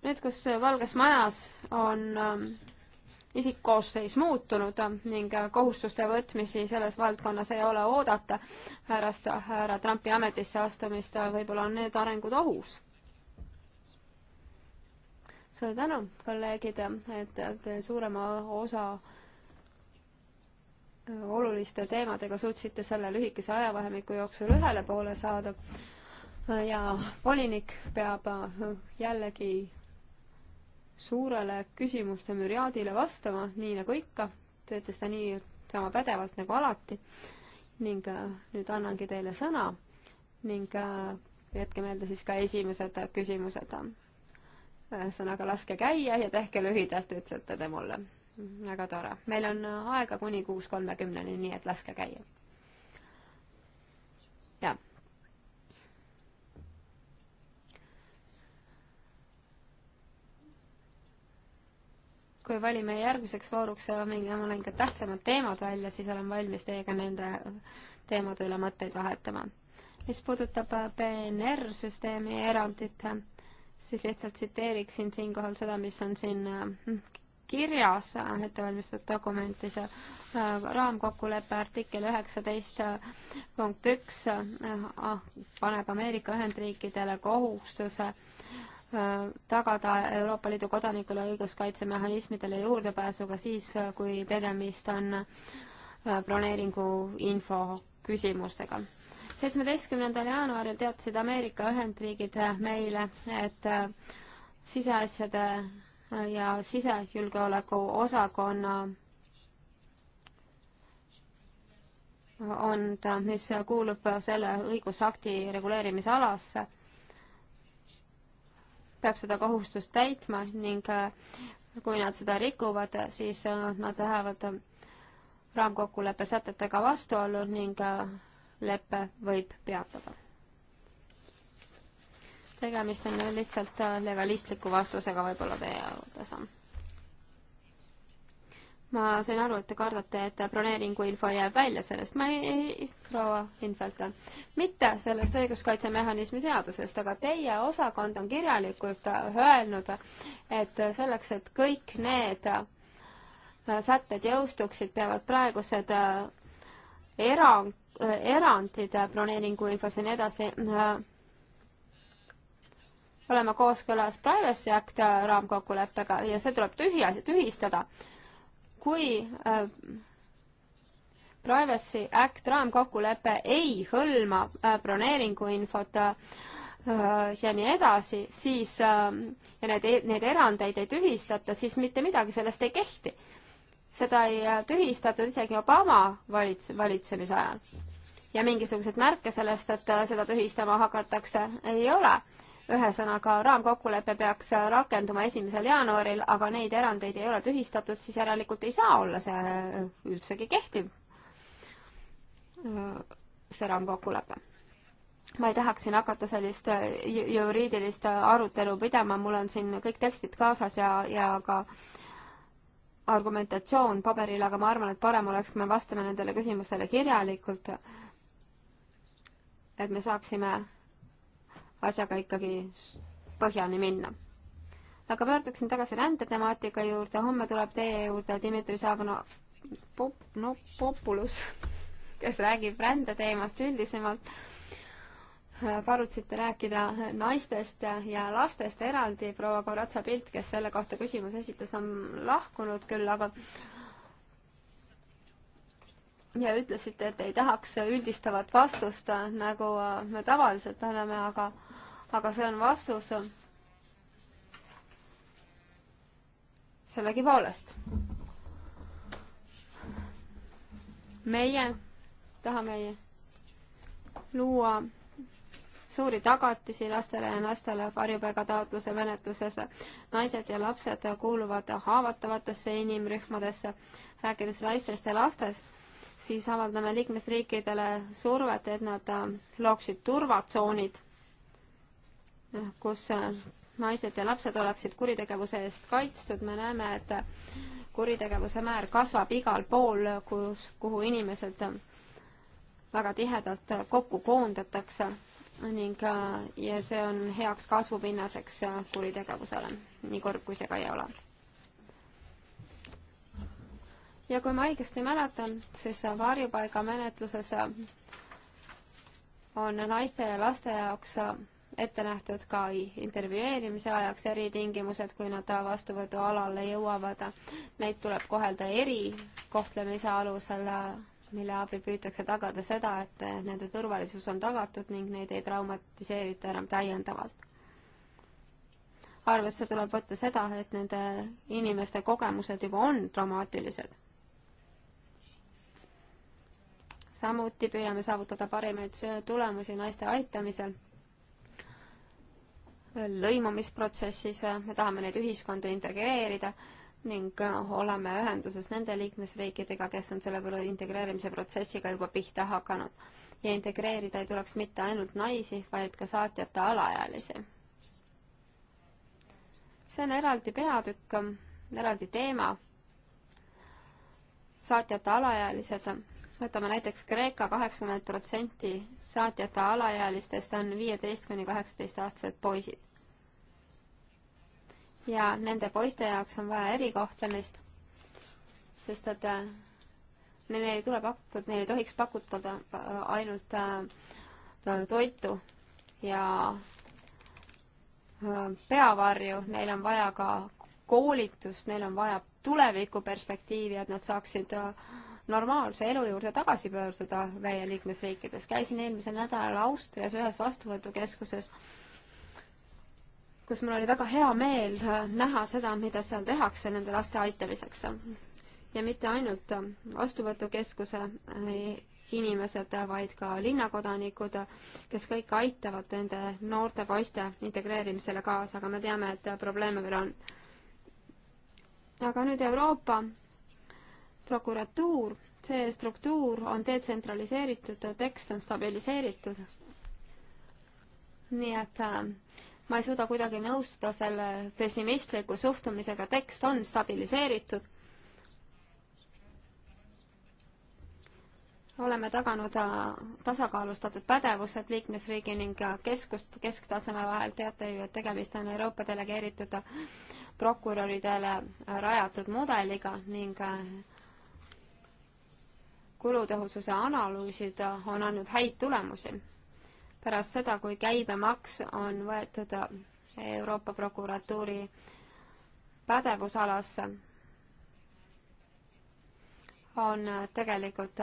nüüd, kus Valges Majas on ähm, isikkoosseis muutunud ning kohustuste võtmisi selles valdkonnas ei ole oodata pärast härra Trumpi ametisse astumist, võib-olla on need arengud ohus. suur tänu, kolleegid, et te suurema osa oluliste teemadega suutsite selle lühikese ajavahemiku jooksul ühele poole saada ja volinik peab jällegi suurele küsimuste müriaadile vastama, nii nagu ikka. teete seda nii sama pädevalt nagu alati. ning äh, nüüd annangi teile sõna ning äh, jätke meelde siis ka esimesed küsimused. ühesõnaga, äh, laske käia ja tehke lühidalt, ütlete te mulle. väga tore. meil on aega kuni kuus kolmekümneni, nii et laske käia kui valime järgmiseks vooruks äh, mingi, ma olen ka tähtsamad teemad välja, siis olen valmis teiega nende teemade üle mõtteid vahetama. mis puudutab äh, PNR-süsteemi erandit, äh, siis lihtsalt tsiteeriksin siinkohal seda, mis on siin kirjas ettevalmistatud dokumendis raamkokkuleppe artikkel üheksateist punkt üks paneb Ameerika Ühendriikidele kohustuse Äh, tagada Euroopa Liidu kodanikele õiguskaitsemehhanismidele juurdepääsu ka siis, kui tegemist on äh, broneeringu info küsimustega. seitsmeteistkümnendal jaanuaril teatasid Ameerika Ühendriigid meile, et äh, siseasjade ja sisejulgeoleku osakonna on ta, mis kuulub selle õigusakti reguleerimisalasse peab seda kohustust täitma ning äh, kui nad seda rikuvad, siis äh, nad lähevad äh, raamkokkuleppe sätetega vastuollu ning leppe võib peatada. tegemist on lihtsalt legalistliku vastusega võib-olla teie arvates ma sain aru, et te kardate, et broneeringu info jääb välja sellest, ma ei, ei, proua Infeld, mitte sellest õiguskaitsemehhanismi seadusest, aga teie osakond on kirjalikult öelnud, et selleks, et kõik need sätted jõustuksid, peavad praegused äh, erand, äh, erandid äh, broneeringu infos ja nii edasi olema kooskõlas Privacy Act raamkokkuleppega ja see tuleb tühja, tühistada kui äh, Privacy Act raamkokkulepe ei hõlma äh, broneeringuinfot äh, ja nii edasi, siis ja need, e-, neid erandeid ei tühistata, siis mitte midagi sellest ei kehti. seda ei tühistatud isegi Obama valits-, valitsemise ajal. ja mingisuguseid märke sellest, et seda tühistama hakatakse, ei ole ühesõnaga, raamkokkulepe peaks rakenduma esimesel jaanuaril, aga neid erandeid ei ole tühistatud, siis järelikult ei saa olla see äh, üldsegi kehtiv, äh, see raamkokkulepe. ma ei tahaks siin hakata sellist äh, juriidilist arutelu pidama, mul on siin kõik tekstid kaasas ja, ja ka argumentatsioon paberil, aga ma arvan, et parem oleks, kui me vastame nendele küsimustele kirjalikult, et me saaksime asjaga ikkagi põhjani minna. aga pöörduksin tagasi rändetemaatika juurde, homme tuleb teie juurde Dmitri Savnov pop, no, Populus, kes räägib rändeteemast üldisemalt. palutsite rääkida naistest ja, ja lastest eraldi, proua Koratsa Pilt, kes selle kohta küsimuse esitas, on lahkunud küll, aga ja ütlesite, et ei tahaks üldistavat vastust, nagu me tavaliselt anname, aga aga see on vastus sellegipoolest. meie tahame luua suuri tagatisi lastele ja naistele varjupaigataotluse menetluses. naised ja lapsed kuuluvad haavatavatesse inimrühmadesse. rääkides naistest ja lastest, siis avaldame liikmesriikidele survet, et nad looksid turvatsoonid kus äh, naised ja lapsed oleksid kuritegevuse eest kaitstud, me näeme, et kuritegevuse määr kasvab igal pool, kus, kuhu inimesed väga tihedalt kokku koondatakse ning äh, ja see on heaks kasvupinnaseks äh, kuritegevusele, nii kurb kui see ka ei ole. ja kui ma õigesti mäletan, siis varjupaigamenetluses on naiste ja laste jaoks ette nähtud ka intervjueerimise ajaks eritingimused, kui nad vastuvõtualale jõuavad. Neid tuleb kohelda erikohtlemise alusel, mille abil püütakse tagada seda, et nende turvalisus on tagatud ning neid ei traumatiseerita enam täiendavalt. arvesse tuleb võtta seda, et nende inimeste kogemused juba on traumaatilised. samuti püüame saavutada parimaid tulemusi naiste aitamisel lõimumisprotsessis, äh, me tahame neid ühiskonda integreerida ning äh, oleme ühenduses nende liikmesriikidega, kes on selle integreerimise protsessiga juba pihta hakanud. ja integreerida ei tuleks mitte ainult naisi, vaid ka saatjate alaealisi. see on eraldi peatükk, eraldi teema, saatjate alaealised võtame näiteks Kreeka, kaheksakümmend protsenti saatjate alaealistest on viieteist kuni kaheksateistaastased poisid. ja nende poiste jaoks on vaja erikohtlemist, sest et äh, neile ei tule pakutud, neile ei tohiks pakutada äh, ainult äh, toitu ja peavarju, neil on vaja ka koolitust, neil on vaja tulevikuperspektiivi, et nad saaksid äh, normaalse elu juurde tagasi pöörduda meie liikmesriikides. käisin eelmisel nädalal Austrias ühes vastuvõtukeskuses, kus mul oli väga hea meel näha seda, mida seal tehakse nende laste aitamiseks. ja mitte ainult vastuvõtukeskuse inimesed, vaid ka linnakodanikud, kes kõik aitavad nende noorte poiste integreerimisele kaasa, aga me teame, et probleeme veel on. aga nüüd Euroopa prokuratuur, see struktuur on detsentraliseeritud, tekst on stabiliseeritud. nii et äh, ma ei suuda kuidagi nõustuda selle pessimistliku suhtumisega, tekst on stabiliseeritud. oleme taganud äh, tasakaalustatud pädevused liikmesriigi ning äh, keskust, kesktaseme vahel, teate ju, et tegemist on Euroopa delegeeritud äh, prokuröridele rajatud mudeliga ning kulutõhususe analüüsid on andnud häid tulemusi. pärast seda, kui käibemaks on võetud Euroopa prokuratuuri pädevusalasse, on tegelikult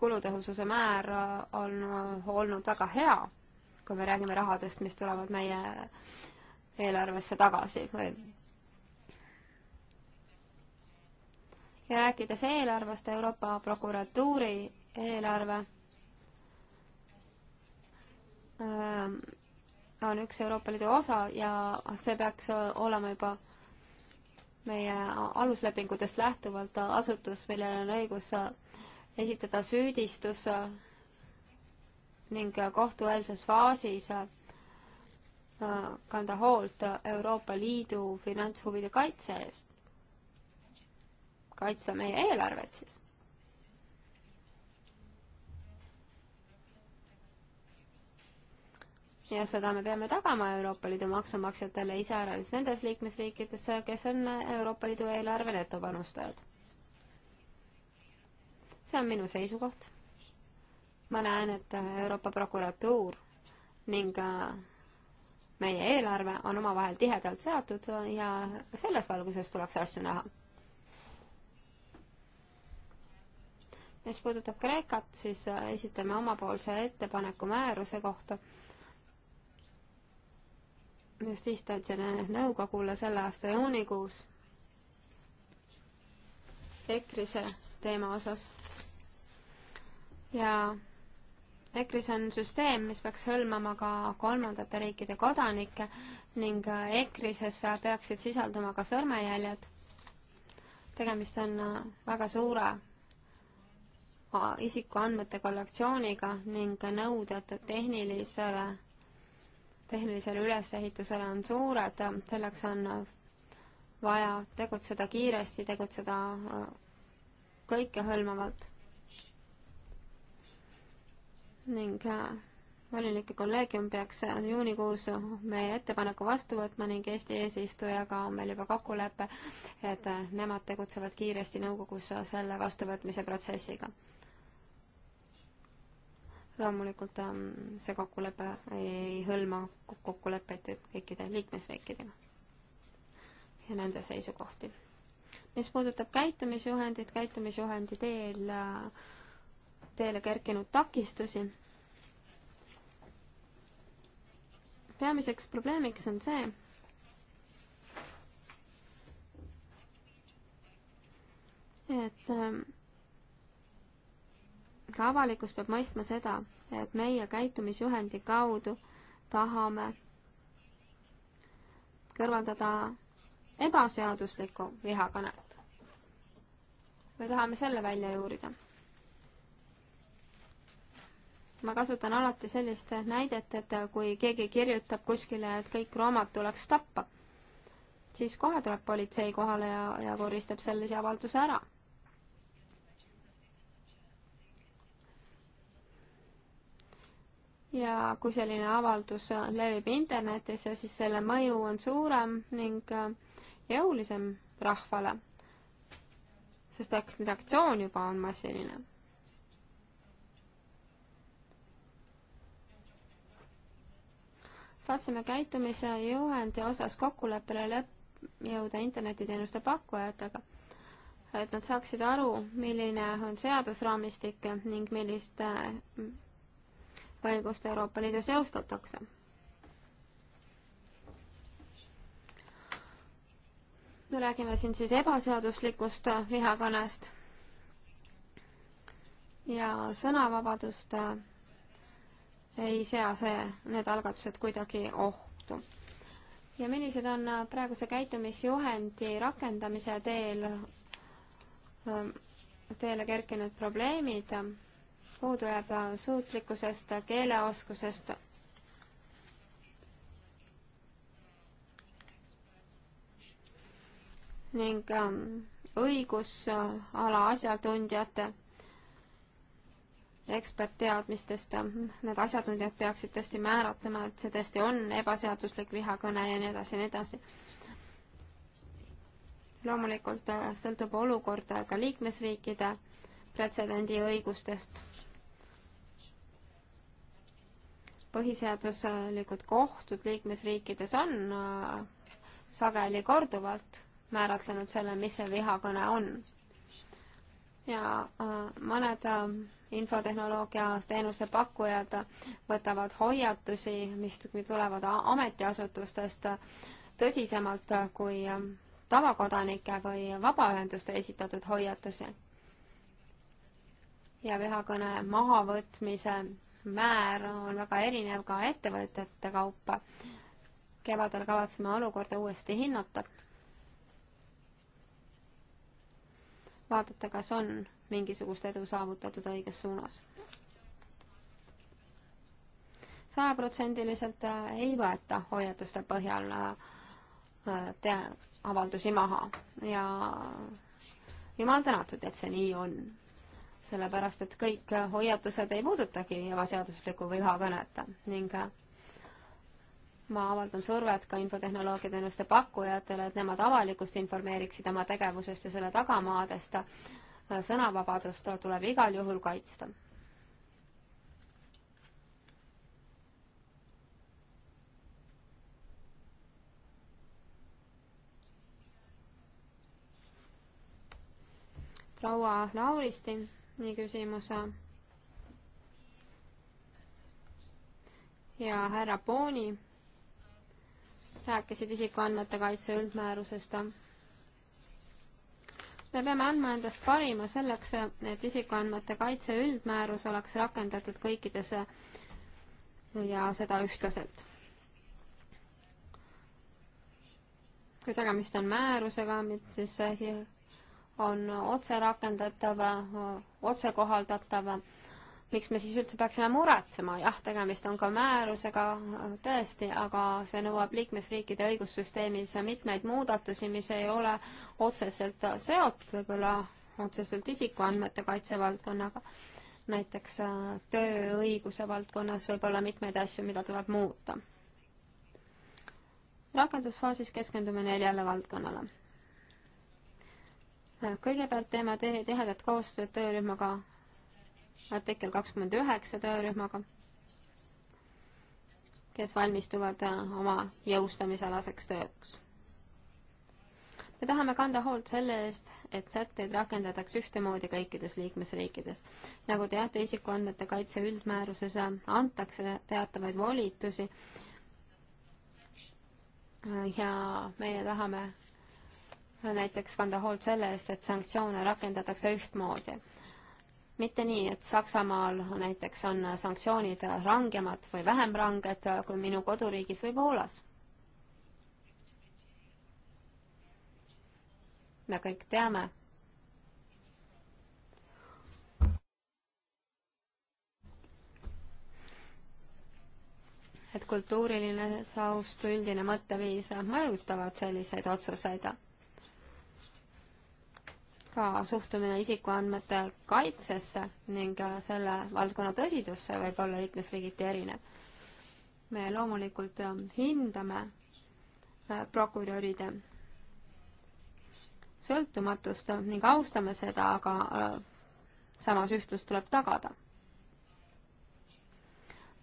kulutõhususe määr on olnud väga hea, kui me räägime rahadest, mis tulevad meie eelarvesse tagasi või ja rääkides eelarvest, Euroopa prokuratuuri eelarve ähm, on üks Euroopa Liidu osa ja see peaks olema juba meie aluslepingutest lähtuvalt asutus, millel on õigus esitada süüdistus ning kohtueelses faasis äh, kanda hoolt Euroopa Liidu finantshuvide kaitse eest kaitsta meie eelarvet siis. ja seda me peame tagama Euroopa Liidu maksumaksjatele iseäranis nendes liikmesriikides, kes on Euroopa Liidu eelarve netopanustajad. see on minu seisukoht. ma näen, et Euroopa prokuratuur ning äh, meie eelarve on omavahel tihedalt seotud ja selles valguses tuleks asju näha mis puudutab Kreekat, siis äh, esitame omapoolse ettepaneku määruse kohta justiitstantsiooni nõukogule selle aasta juunikuus EKRISe teema osas. ja EKRIS on süsteem, mis peaks hõlmama ka kolmandate riikide kodanikke ning äh, EKRISes peaksid sisalduma ka sõrmejäljed. tegemist on äh, väga suure isikuandmete kollektsiooniga ning nõuded tehnilisele, tehnilisele ülesehitusele on suured, selleks on vaja tegutseda kiiresti, tegutseda kõikehõlmavalt. ning volinike kolleegium peaks juunikuus meie ettepaneku vastu võtma ning Eesti eesistujaga on meil juba kokkulepe, et nemad tegutsevad kiiresti nõukogus selle vastuvõtmise protsessiga loomulikult ähm, see kokkulepe ei hõlma kokkuleppeid kõikide liikmesriikidega ja nende seisukohti. mis puudutab käitumisjuhendit, käitumisjuhendi teel, äh, teele kerkinud takistusi, peamiseks probleemiks on see, et ähm, ka avalikkus peab mõistma seda, et meie käitumisjuhendi kaudu tahame kõrvaldada ebaseaduslikku vihakõnet. me tahame selle välja juurida. ma kasutan alati sellist näidet, et kui keegi kirjutab kuskile, et kõik roomad tuleks tappa, siis kohe tuleb politsei kohale ja, ja koristab sellise avalduse ära ja kui selline avaldus levib internetis, siis selle mõju on suurem ning äh, jõulisem rahvale, sest reaktsioon juba on massiline. tahtsime käitumise juhendi osas kokkuleppele lõpp, jõuda internetiteenuste pakkujatega et nad saaksid aru, milline on seadusraamistik ning millist äh, õigust Euroopa Liidus jaustatakse. me räägime siin siis ebaseaduslikust vihakõnest ja sõnavabadust ei sea see, need algatused kuidagi ohtu. ja millised on praeguse käitumisjuhendi rakendamise teel teele kerkinud probleemid? puudu jääb suutlikkusest, keeleoskusest. ning ähm, õigusala asjatundjate ekspertteadmistest, ähm, need asjatundjad peaksid tõesti määratlema, et see tõesti on ebaseaduslik vihakõne ja nii edasi ja nii edasi. loomulikult äh, sõltub olukord äh, ka liikmesriikide pretsedendi õigustest põhiseaduslikud kohtud liikmesriikides on äh, sageli korduvalt määratlenud selle, mis see vihakõne on. ja äh, mõned äh, infotehnoloogia teenuse pakkujad võtavad hoiatusi, mis tulevad ametiasutustest tõsisemalt kui tavakodanike või vabaühenduste esitatud hoiatusi ja vihakõne mahavõtmise määr on väga erinev ka ettevõtete kaupa. kevadel kavatseme olukorda uuesti hinnata. vaadata, kas on mingisugust edu saavutatud õiges suunas. sajaprotsendiliselt äh, ei võeta hoiatuste põhjal äh, te-, avaldusi maha ja jumal tänatud, et see nii on sellepärast et kõik hoiatused ei puudutagi ebaseaduslikku vihakõnet ning äh, ma avaldan survet ka infotehnoloogiateenuste pakkujatele, et nemad avalikkust informeeriksid oma tegevusest ja selle tagamaadest. Äh, sõnavabadust tuleb igal juhul kaitsta. proua Lauristin nii küsimus. ja härra Pooni rääkisid isikuandmete kaitse üldmäärusest. me peame andma endast parima selleks, et isikuandmete kaitse üldmäärus oleks rakendatud kõikides ja seda ühtlaselt kui tegemist on määrusega, siis on otse rakendatav, otse kohaldatav, miks me siis üldse peaksime muretsema, jah, tegemist on ka määrusega tõesti, aga see nõuab liikmesriikide õigussüsteemis mitmeid muudatusi, mis ei ole otseselt seotud võib-olla otseselt isikuandmete kaitse valdkonnaga, näiteks äh, tööõiguse valdkonnas võib-olla mitmeid asju, mida tuleb muuta. rakendusfaasis keskendume neljale valdkonnale kõigepealt teeme tihedat koostööd töörühmaga, artikkel kakskümmend üheksa töörühmaga, kes valmistuvad äh, oma jõustamisalaseks tööks. me tahame kanda hoolt selle eest, et sätteid rakendatakse ühtemoodi kõikides liikmesriikides. nagu teate, isikuandmete kaitse üldmääruses äh, antakse teatavaid volitusi äh, ja meie tahame näiteks kanda hoolt selle eest, et sanktsioone rakendatakse ühtmoodi. mitte nii, et Saksamaal näiteks on sanktsioonid rangemad või vähem ranged kui minu koduriigis või Poolas. me kõik teame. et kultuuriline taust, üldine mõtteviis mõjutavad selliseid otsuseid ka suhtumine isikuandmete kaitsesse ning selle valdkonna tõsidusse võib olla liikmesriigiti erinev. me loomulikult ähm, hindame äh, prokuröride sõltumatust ning austame seda, aga äh, samas ühtlus tuleb tagada.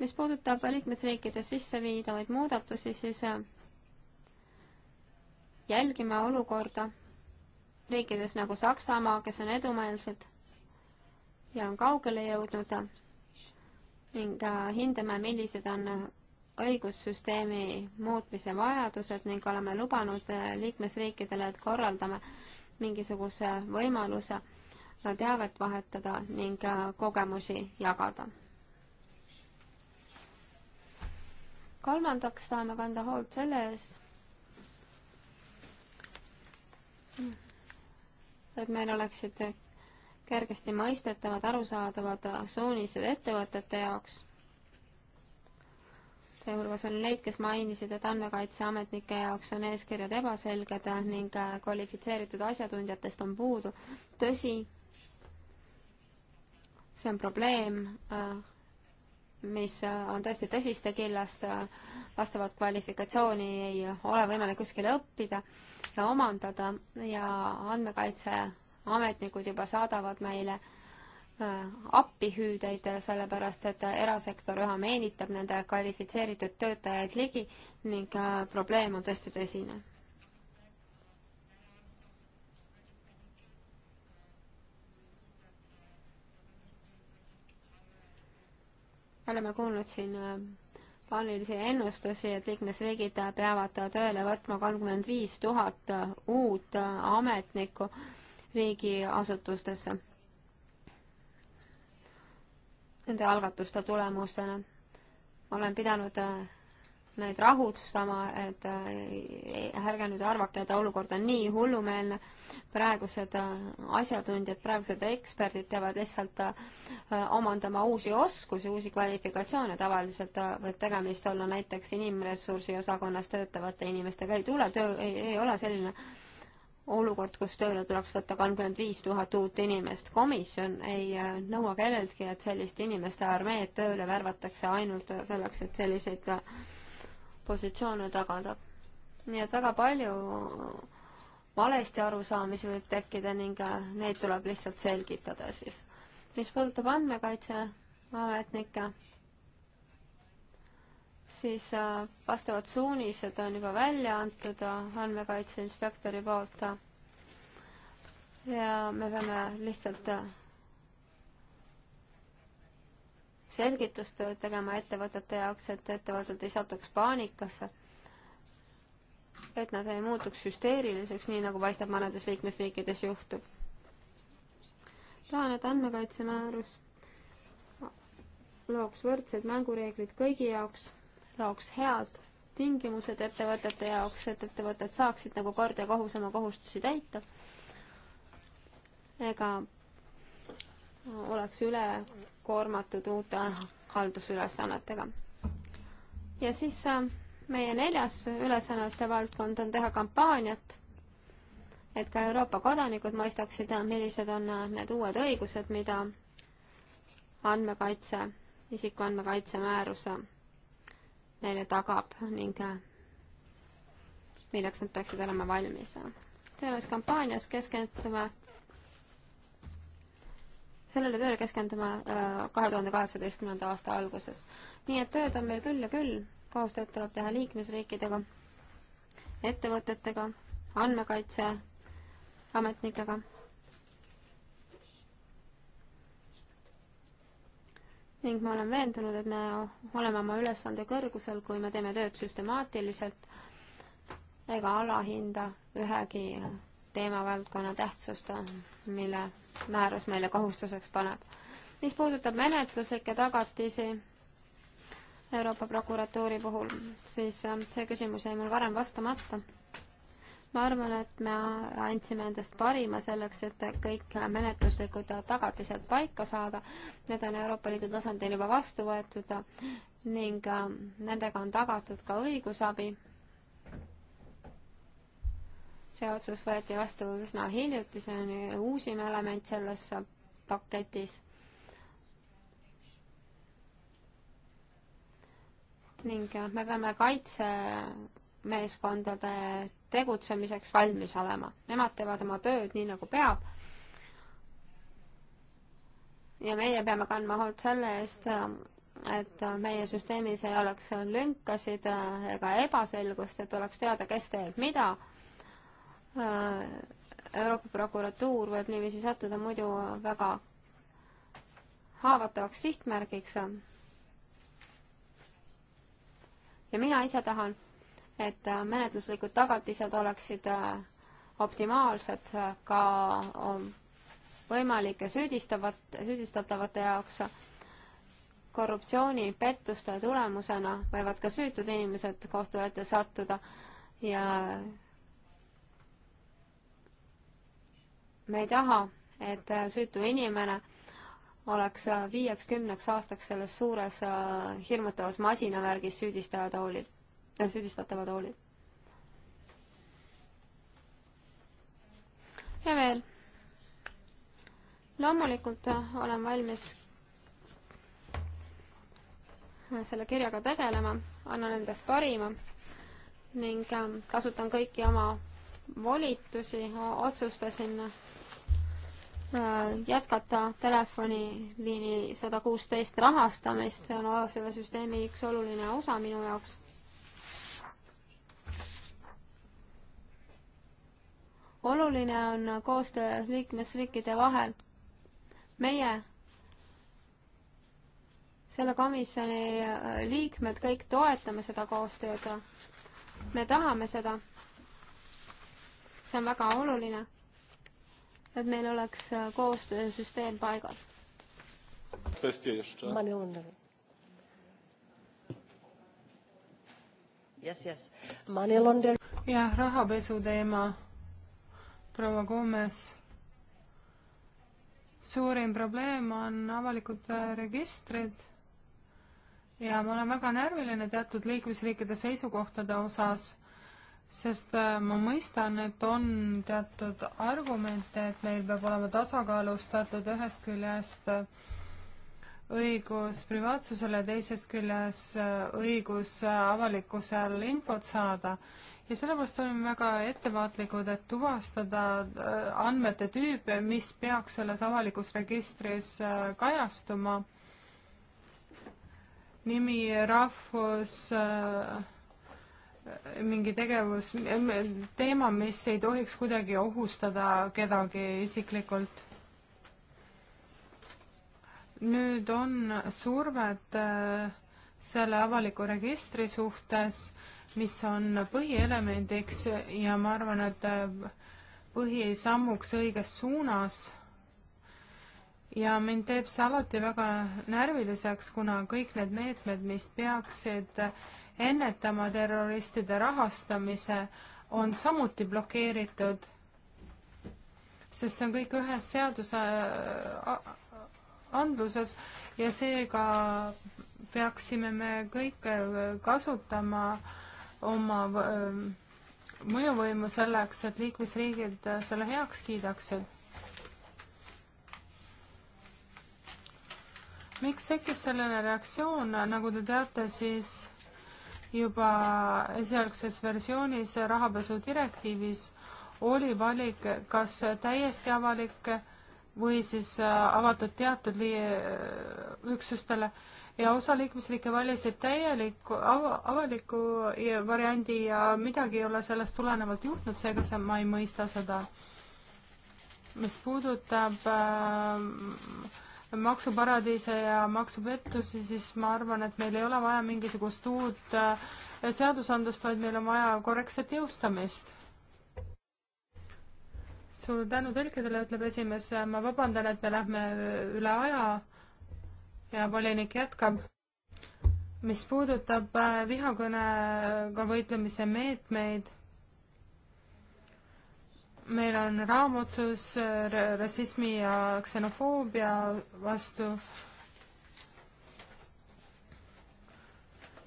mis puudutab liikmesriikides sisse viidavaid muudatusi, siis äh, jälgime olukorda riikides nagu Saksamaa, kes on edumeelsed ja on kaugele jõudnud ning äh, hindame, millised on õigussüsteemi muutmise vajadused ning oleme lubanud äh, liikmesriikidele, et korraldame mingisuguse võimaluse äh, teavet vahetada ning kogemusi jagada. kolmandaks tahame kanda hoolt selle eest, et meil oleksid kergesti mõistetavad, arusaadavad suunised ettevõtete jaoks. Teie hulgas on neid, kes mainisid, et andmekaitseametnike jaoks on eeskirjad ebaselged ning kvalifitseeritud asjatundjatest on puudu. tõsi, see on probleem äh, mis äh, on tõesti tõsiste killast, äh, vastavat kvalifikatsiooni ei ole võimalik kuskile õppida ja omandada ja andmekaitseametnikud juba saadavad meile äh, appihüüdeid, sellepärast et erasektor üha meelitab nende kvalifitseeritud töötajaid ligi ning probleem on tõesti tõsine oleme kuulnud siin äh, plaanilisi ennustusi, et liikmesriigid peavad tööle võtma kolmkümmend viis tuhat äh, uut äh, ametnikku riigiasutustesse. Nende algatuste tulemusena olen pidanud neid rahustama, et äh, ärge nüüd arvake, et olukord on nii hullumeelne. praegused äh, asjatundjad, praegused eksperdid peavad lihtsalt äh, omandama uusi oskusi, uusi kvalifikatsioone, tavaliselt võib tegemist olla näiteks inimressursi osakonnas töötavate inimestega, ei tule töö, ei ole selline olukord, kus tööle tuleks võtta kolmkümmend viis tuhat uut inimest. komisjon ei nõua kelleltki, et sellist inimeste armeed tööle värvatakse ainult selleks, et selliseid positsioone tagada. nii et väga palju valesti arusaamisi võib tekkida ning äh, neid tuleb lihtsalt selgitada siis. mis puudutab andmekaitseametnikke, siis äh, vastavad suunised on juba välja antud äh, andmekaitse inspektori poolt ja me peame lihtsalt selgitustööd tegema ettevõtete jaoks, et ettevõtted ei satuks paanikasse, et nad ei muutuks hüsteeriliseks, nii nagu paistab mõnedes liikmesriikides juhtub. tahan, et andmekaitsemäärus looks võrdsed mängureeglid kõigi jaoks, looks head tingimused ettevõtete jaoks, et ettevõtted saaksid nagu kord ja kohus oma kohustusi täita. ega oleks üle koormatud uute haldusülesannetega. ja siis äh, meie neljas ülesannete valdkond on teha kampaaniat, et ka Euroopa kodanikud mõistaksid, äh, millised on äh, need uued õigused, mida andmekaitse, isikuandmekaitse määrus neile tagab ning milleks nad peaksid olema valmis. selles kampaanias keskendume sellele tööle keskendume äh, kahe tuhande kaheksateistkümnenda aasta alguses. nii et tööd on meil küll ja küll, koostööd tuleb teha liikmesriikidega, ettevõtetega, andmekaitseametnikega. ning ma olen veendunud, et me oleme oma ülesande kõrgusel, kui me teeme tööd süstemaatiliselt ega alahinda ühegi teemavaldkonna tähtsust, mille määrus meile kohustuseks paneb. mis puudutab menetluslikke tagatisi Euroopa prokuratuuri puhul, siis ähm, see küsimus jäi mul varem vastamata. ma arvan, et me andsime endast parima selleks, et kõik menetluslikud tagatised paika saada. Need on Euroopa Liidu tasandil juba vastu võetud ning ähm, nendega on tagatud ka õigusabi see otsus võeti vastu üsna hiljuti, see on uusim element selles paketis. ning me peame kaitsemeeskondade tegutsemiseks valmis olema, nemad teevad oma tööd nii nagu peab. ja meie peame kandma hoolt selle eest, et meie süsteemis ei oleks lünkasid ega ebaselgust, et oleks teada, kes teeb mida Äh, Euroopa prokuratuur võib niiviisi sattuda muidu väga haavatavaks sihtmärgiks. ja mina ise tahan, et menetluslikud tagatised oleksid äh, optimaalsed ka äh, võimalike süüdistavat, süüdistatavate jaoks. korruptsioonipettuste tulemusena võivad ka süütud inimesed kohtu ette sattuda ja me ei taha, et äh, süütu inimene oleks äh, viieks-kümneks aastaks selles suures äh, hirmutavas masinavärgis süüdistaja toolil, süüdistatava toolil. ja veel. loomulikult olen valmis selle kirjaga tegelema, annan endast parima ning kasutan kõiki oma volitusi, otsustasin äh, jätkata telefoniliini sada kuusteist rahastamist, see on selle süsteemi üks oluline osa minu jaoks. oluline on koostöö liikmesriikide vahel. meie, selle komisjoni äh, liikmed kõik toetame seda koostööd. me tahame seda see on väga oluline, et meil oleks äh, koostöösüsteem paigas. jah, rahapesu teema, proua Gomes suurim probleem on avalikud äh, registrid ja ma olen väga närviline teatud liikmesriikide seisukohtade osas sest äh, ma mõistan, et on teatud argumente, et meil peab olema tasakaalustatud ühest küljest äh, õigus privaatsusele, teisest küljest äh, õigus avalikkusel infot saada ja sellepärast oleme väga ettevaatlikud, et tuvastada andmete tüüpe, mis peaks selles avalikus registris kajastuma. nimi, rahvus äh,, mingi tegevus, teema, mis ei tohiks kuidagi ohustada kedagi isiklikult. nüüd on survet äh, selle avaliku registri suhtes, mis on põhielemendiks ja ma arvan, et äh, põhisammuks õiges suunas ja mind teeb see alati väga närviliseks, kuna kõik need meetmed, mis peaksid äh, ennetama terroristide rahastamise, on samuti blokeeritud, sest see on kõik ühes seaduse andluses ja seega peaksime me kõik kasutama oma mõjuvõimu selleks, et liikmesriigid selle heaks kiidaksid. miks tekkis selline reaktsioon, nagu te teate, siis juba esialgses versioonis rahapesu direktiivis oli valik kas täiesti avalik või siis äh, avatud teatud äh, üksustele ja osa liikmesriike valisid täieliku av avaliku variandi ja midagi ei ole sellest tulenevalt juhtunud, seega see, ma ei mõista seda. mis puudutab äh, maksuparadiise ja maksupettusi, siis ma arvan, et meil ei ole vaja mingisugust uut äh, seadusandlust, vaid meil on vaja korrektset jõustamist. suur tänu tõlkidele, ütleb esimees, ma vabandan, et me lähme üle aja ja volinik jätkab. mis puudutab äh, vihakõnega võitlemise meetmeid meil on raamotsus rassismi ja ksenofoobia vastu,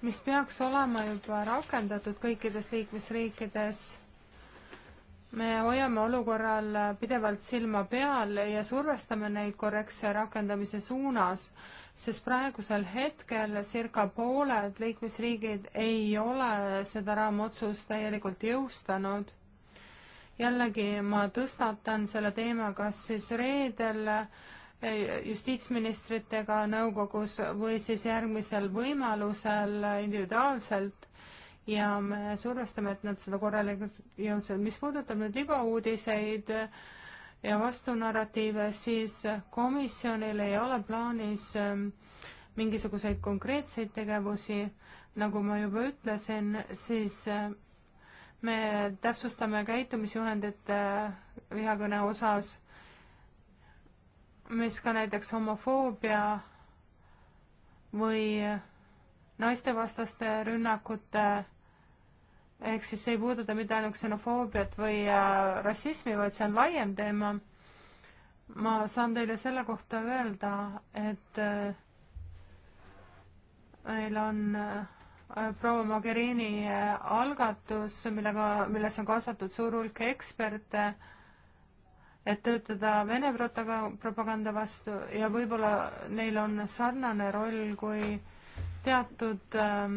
mis peaks olema juba rakendatud kõikides liikmesriikides me hoiame olukorral pidevalt silma peal ja survestame neid korrektse rakendamise suunas, sest praegusel hetkel circa pooled liikmesriigid ei ole seda raamotsust täielikult jõustanud jällegi ma tõstatan selle teema kas siis reedel eh, justiitsministritega nõukogus või siis järgmisel võimalusel individuaalselt ja me survestame, et nad seda korralikult jõudsid. mis puudutab nüüd libauudiseid ja vastunarratiive, siis komisjonil ei ole plaanis eh, mingisuguseid konkreetseid tegevusi, nagu ma juba ütlesin, siis eh, me täpsustame käitumisjuhendite äh, vihakõne osas, mis ka näiteks homofoobia või naistevastaste rünnakute ehk siis ei puuduta mitte ainult ksenofoobiat või äh, rassismi, vaid see on laiem teema. ma saan teile selle kohta öelda, et äh, meil on äh, Äh, proua Mogherini äh, algatus, millega, millesse on kaasatud suur hulk eksperte, et töötada Vene propaganda vastu ja võib-olla neil on sarnane roll kui teatud ähm,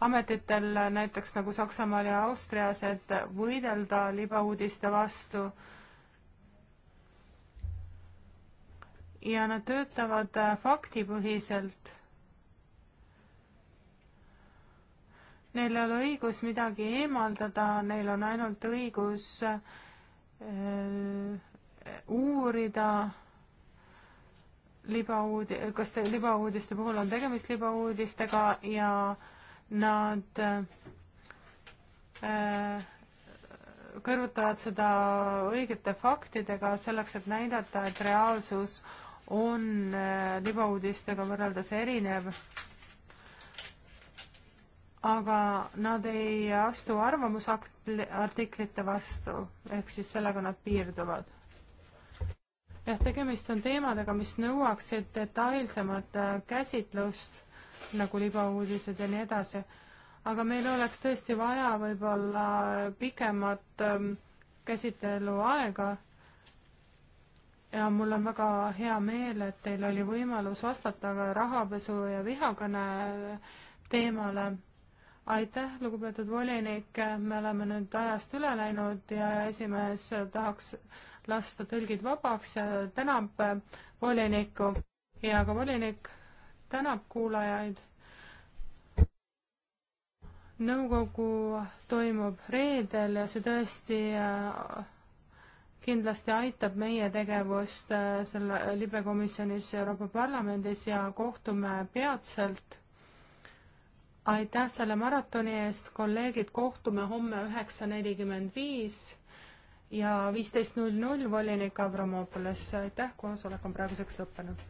ametitel, näiteks nagu Saksamaal ja Austrias, et võidelda libauudiste vastu. ja nad töötavad äh, faktipõhiselt Neil ei ole õigus midagi eemaldada, neil on ainult õigus äh, uurida libauudi-, kas te libauudiste puhul on tegemist libauudistega ja nad äh, kõrvutavad seda õigete faktidega selleks, et näidata, et reaalsus on äh, libauudistega võrreldes erinev äh, aga nad ei astu arvamusartiklite vastu, ehk siis sellega nad piirduvad. jah, tegemist on teemadega, mis nõuaksid detailsemat äh, käsitlust, nagu libauudised ja nii edasi, aga meil oleks tõesti vaja võib-olla pikemat ähm, käsitelu aega ja mul on väga hea meel, et teil oli võimalus vastata ka rahapesu ja vihakõne teemale aitäh, lugupeetud volinik, me oleme nüüd ajast üle läinud ja esimees tahaks lasta tõlgid vabaks ja tänab volinikku ja ka volinik tänab kuulajaid. nõukogu toimub reedel ja see tõesti äh, kindlasti aitab meie tegevust äh, selle libekomisjonis Euroopa Parlamendis ja kohtume peatselt aitäh selle maratoni eest, kolleegid, kohtume homme üheksa nelikümmend viis ja viisteist null null volinik Avramopolisse, aitäh, koosolek on praeguseks lõppenud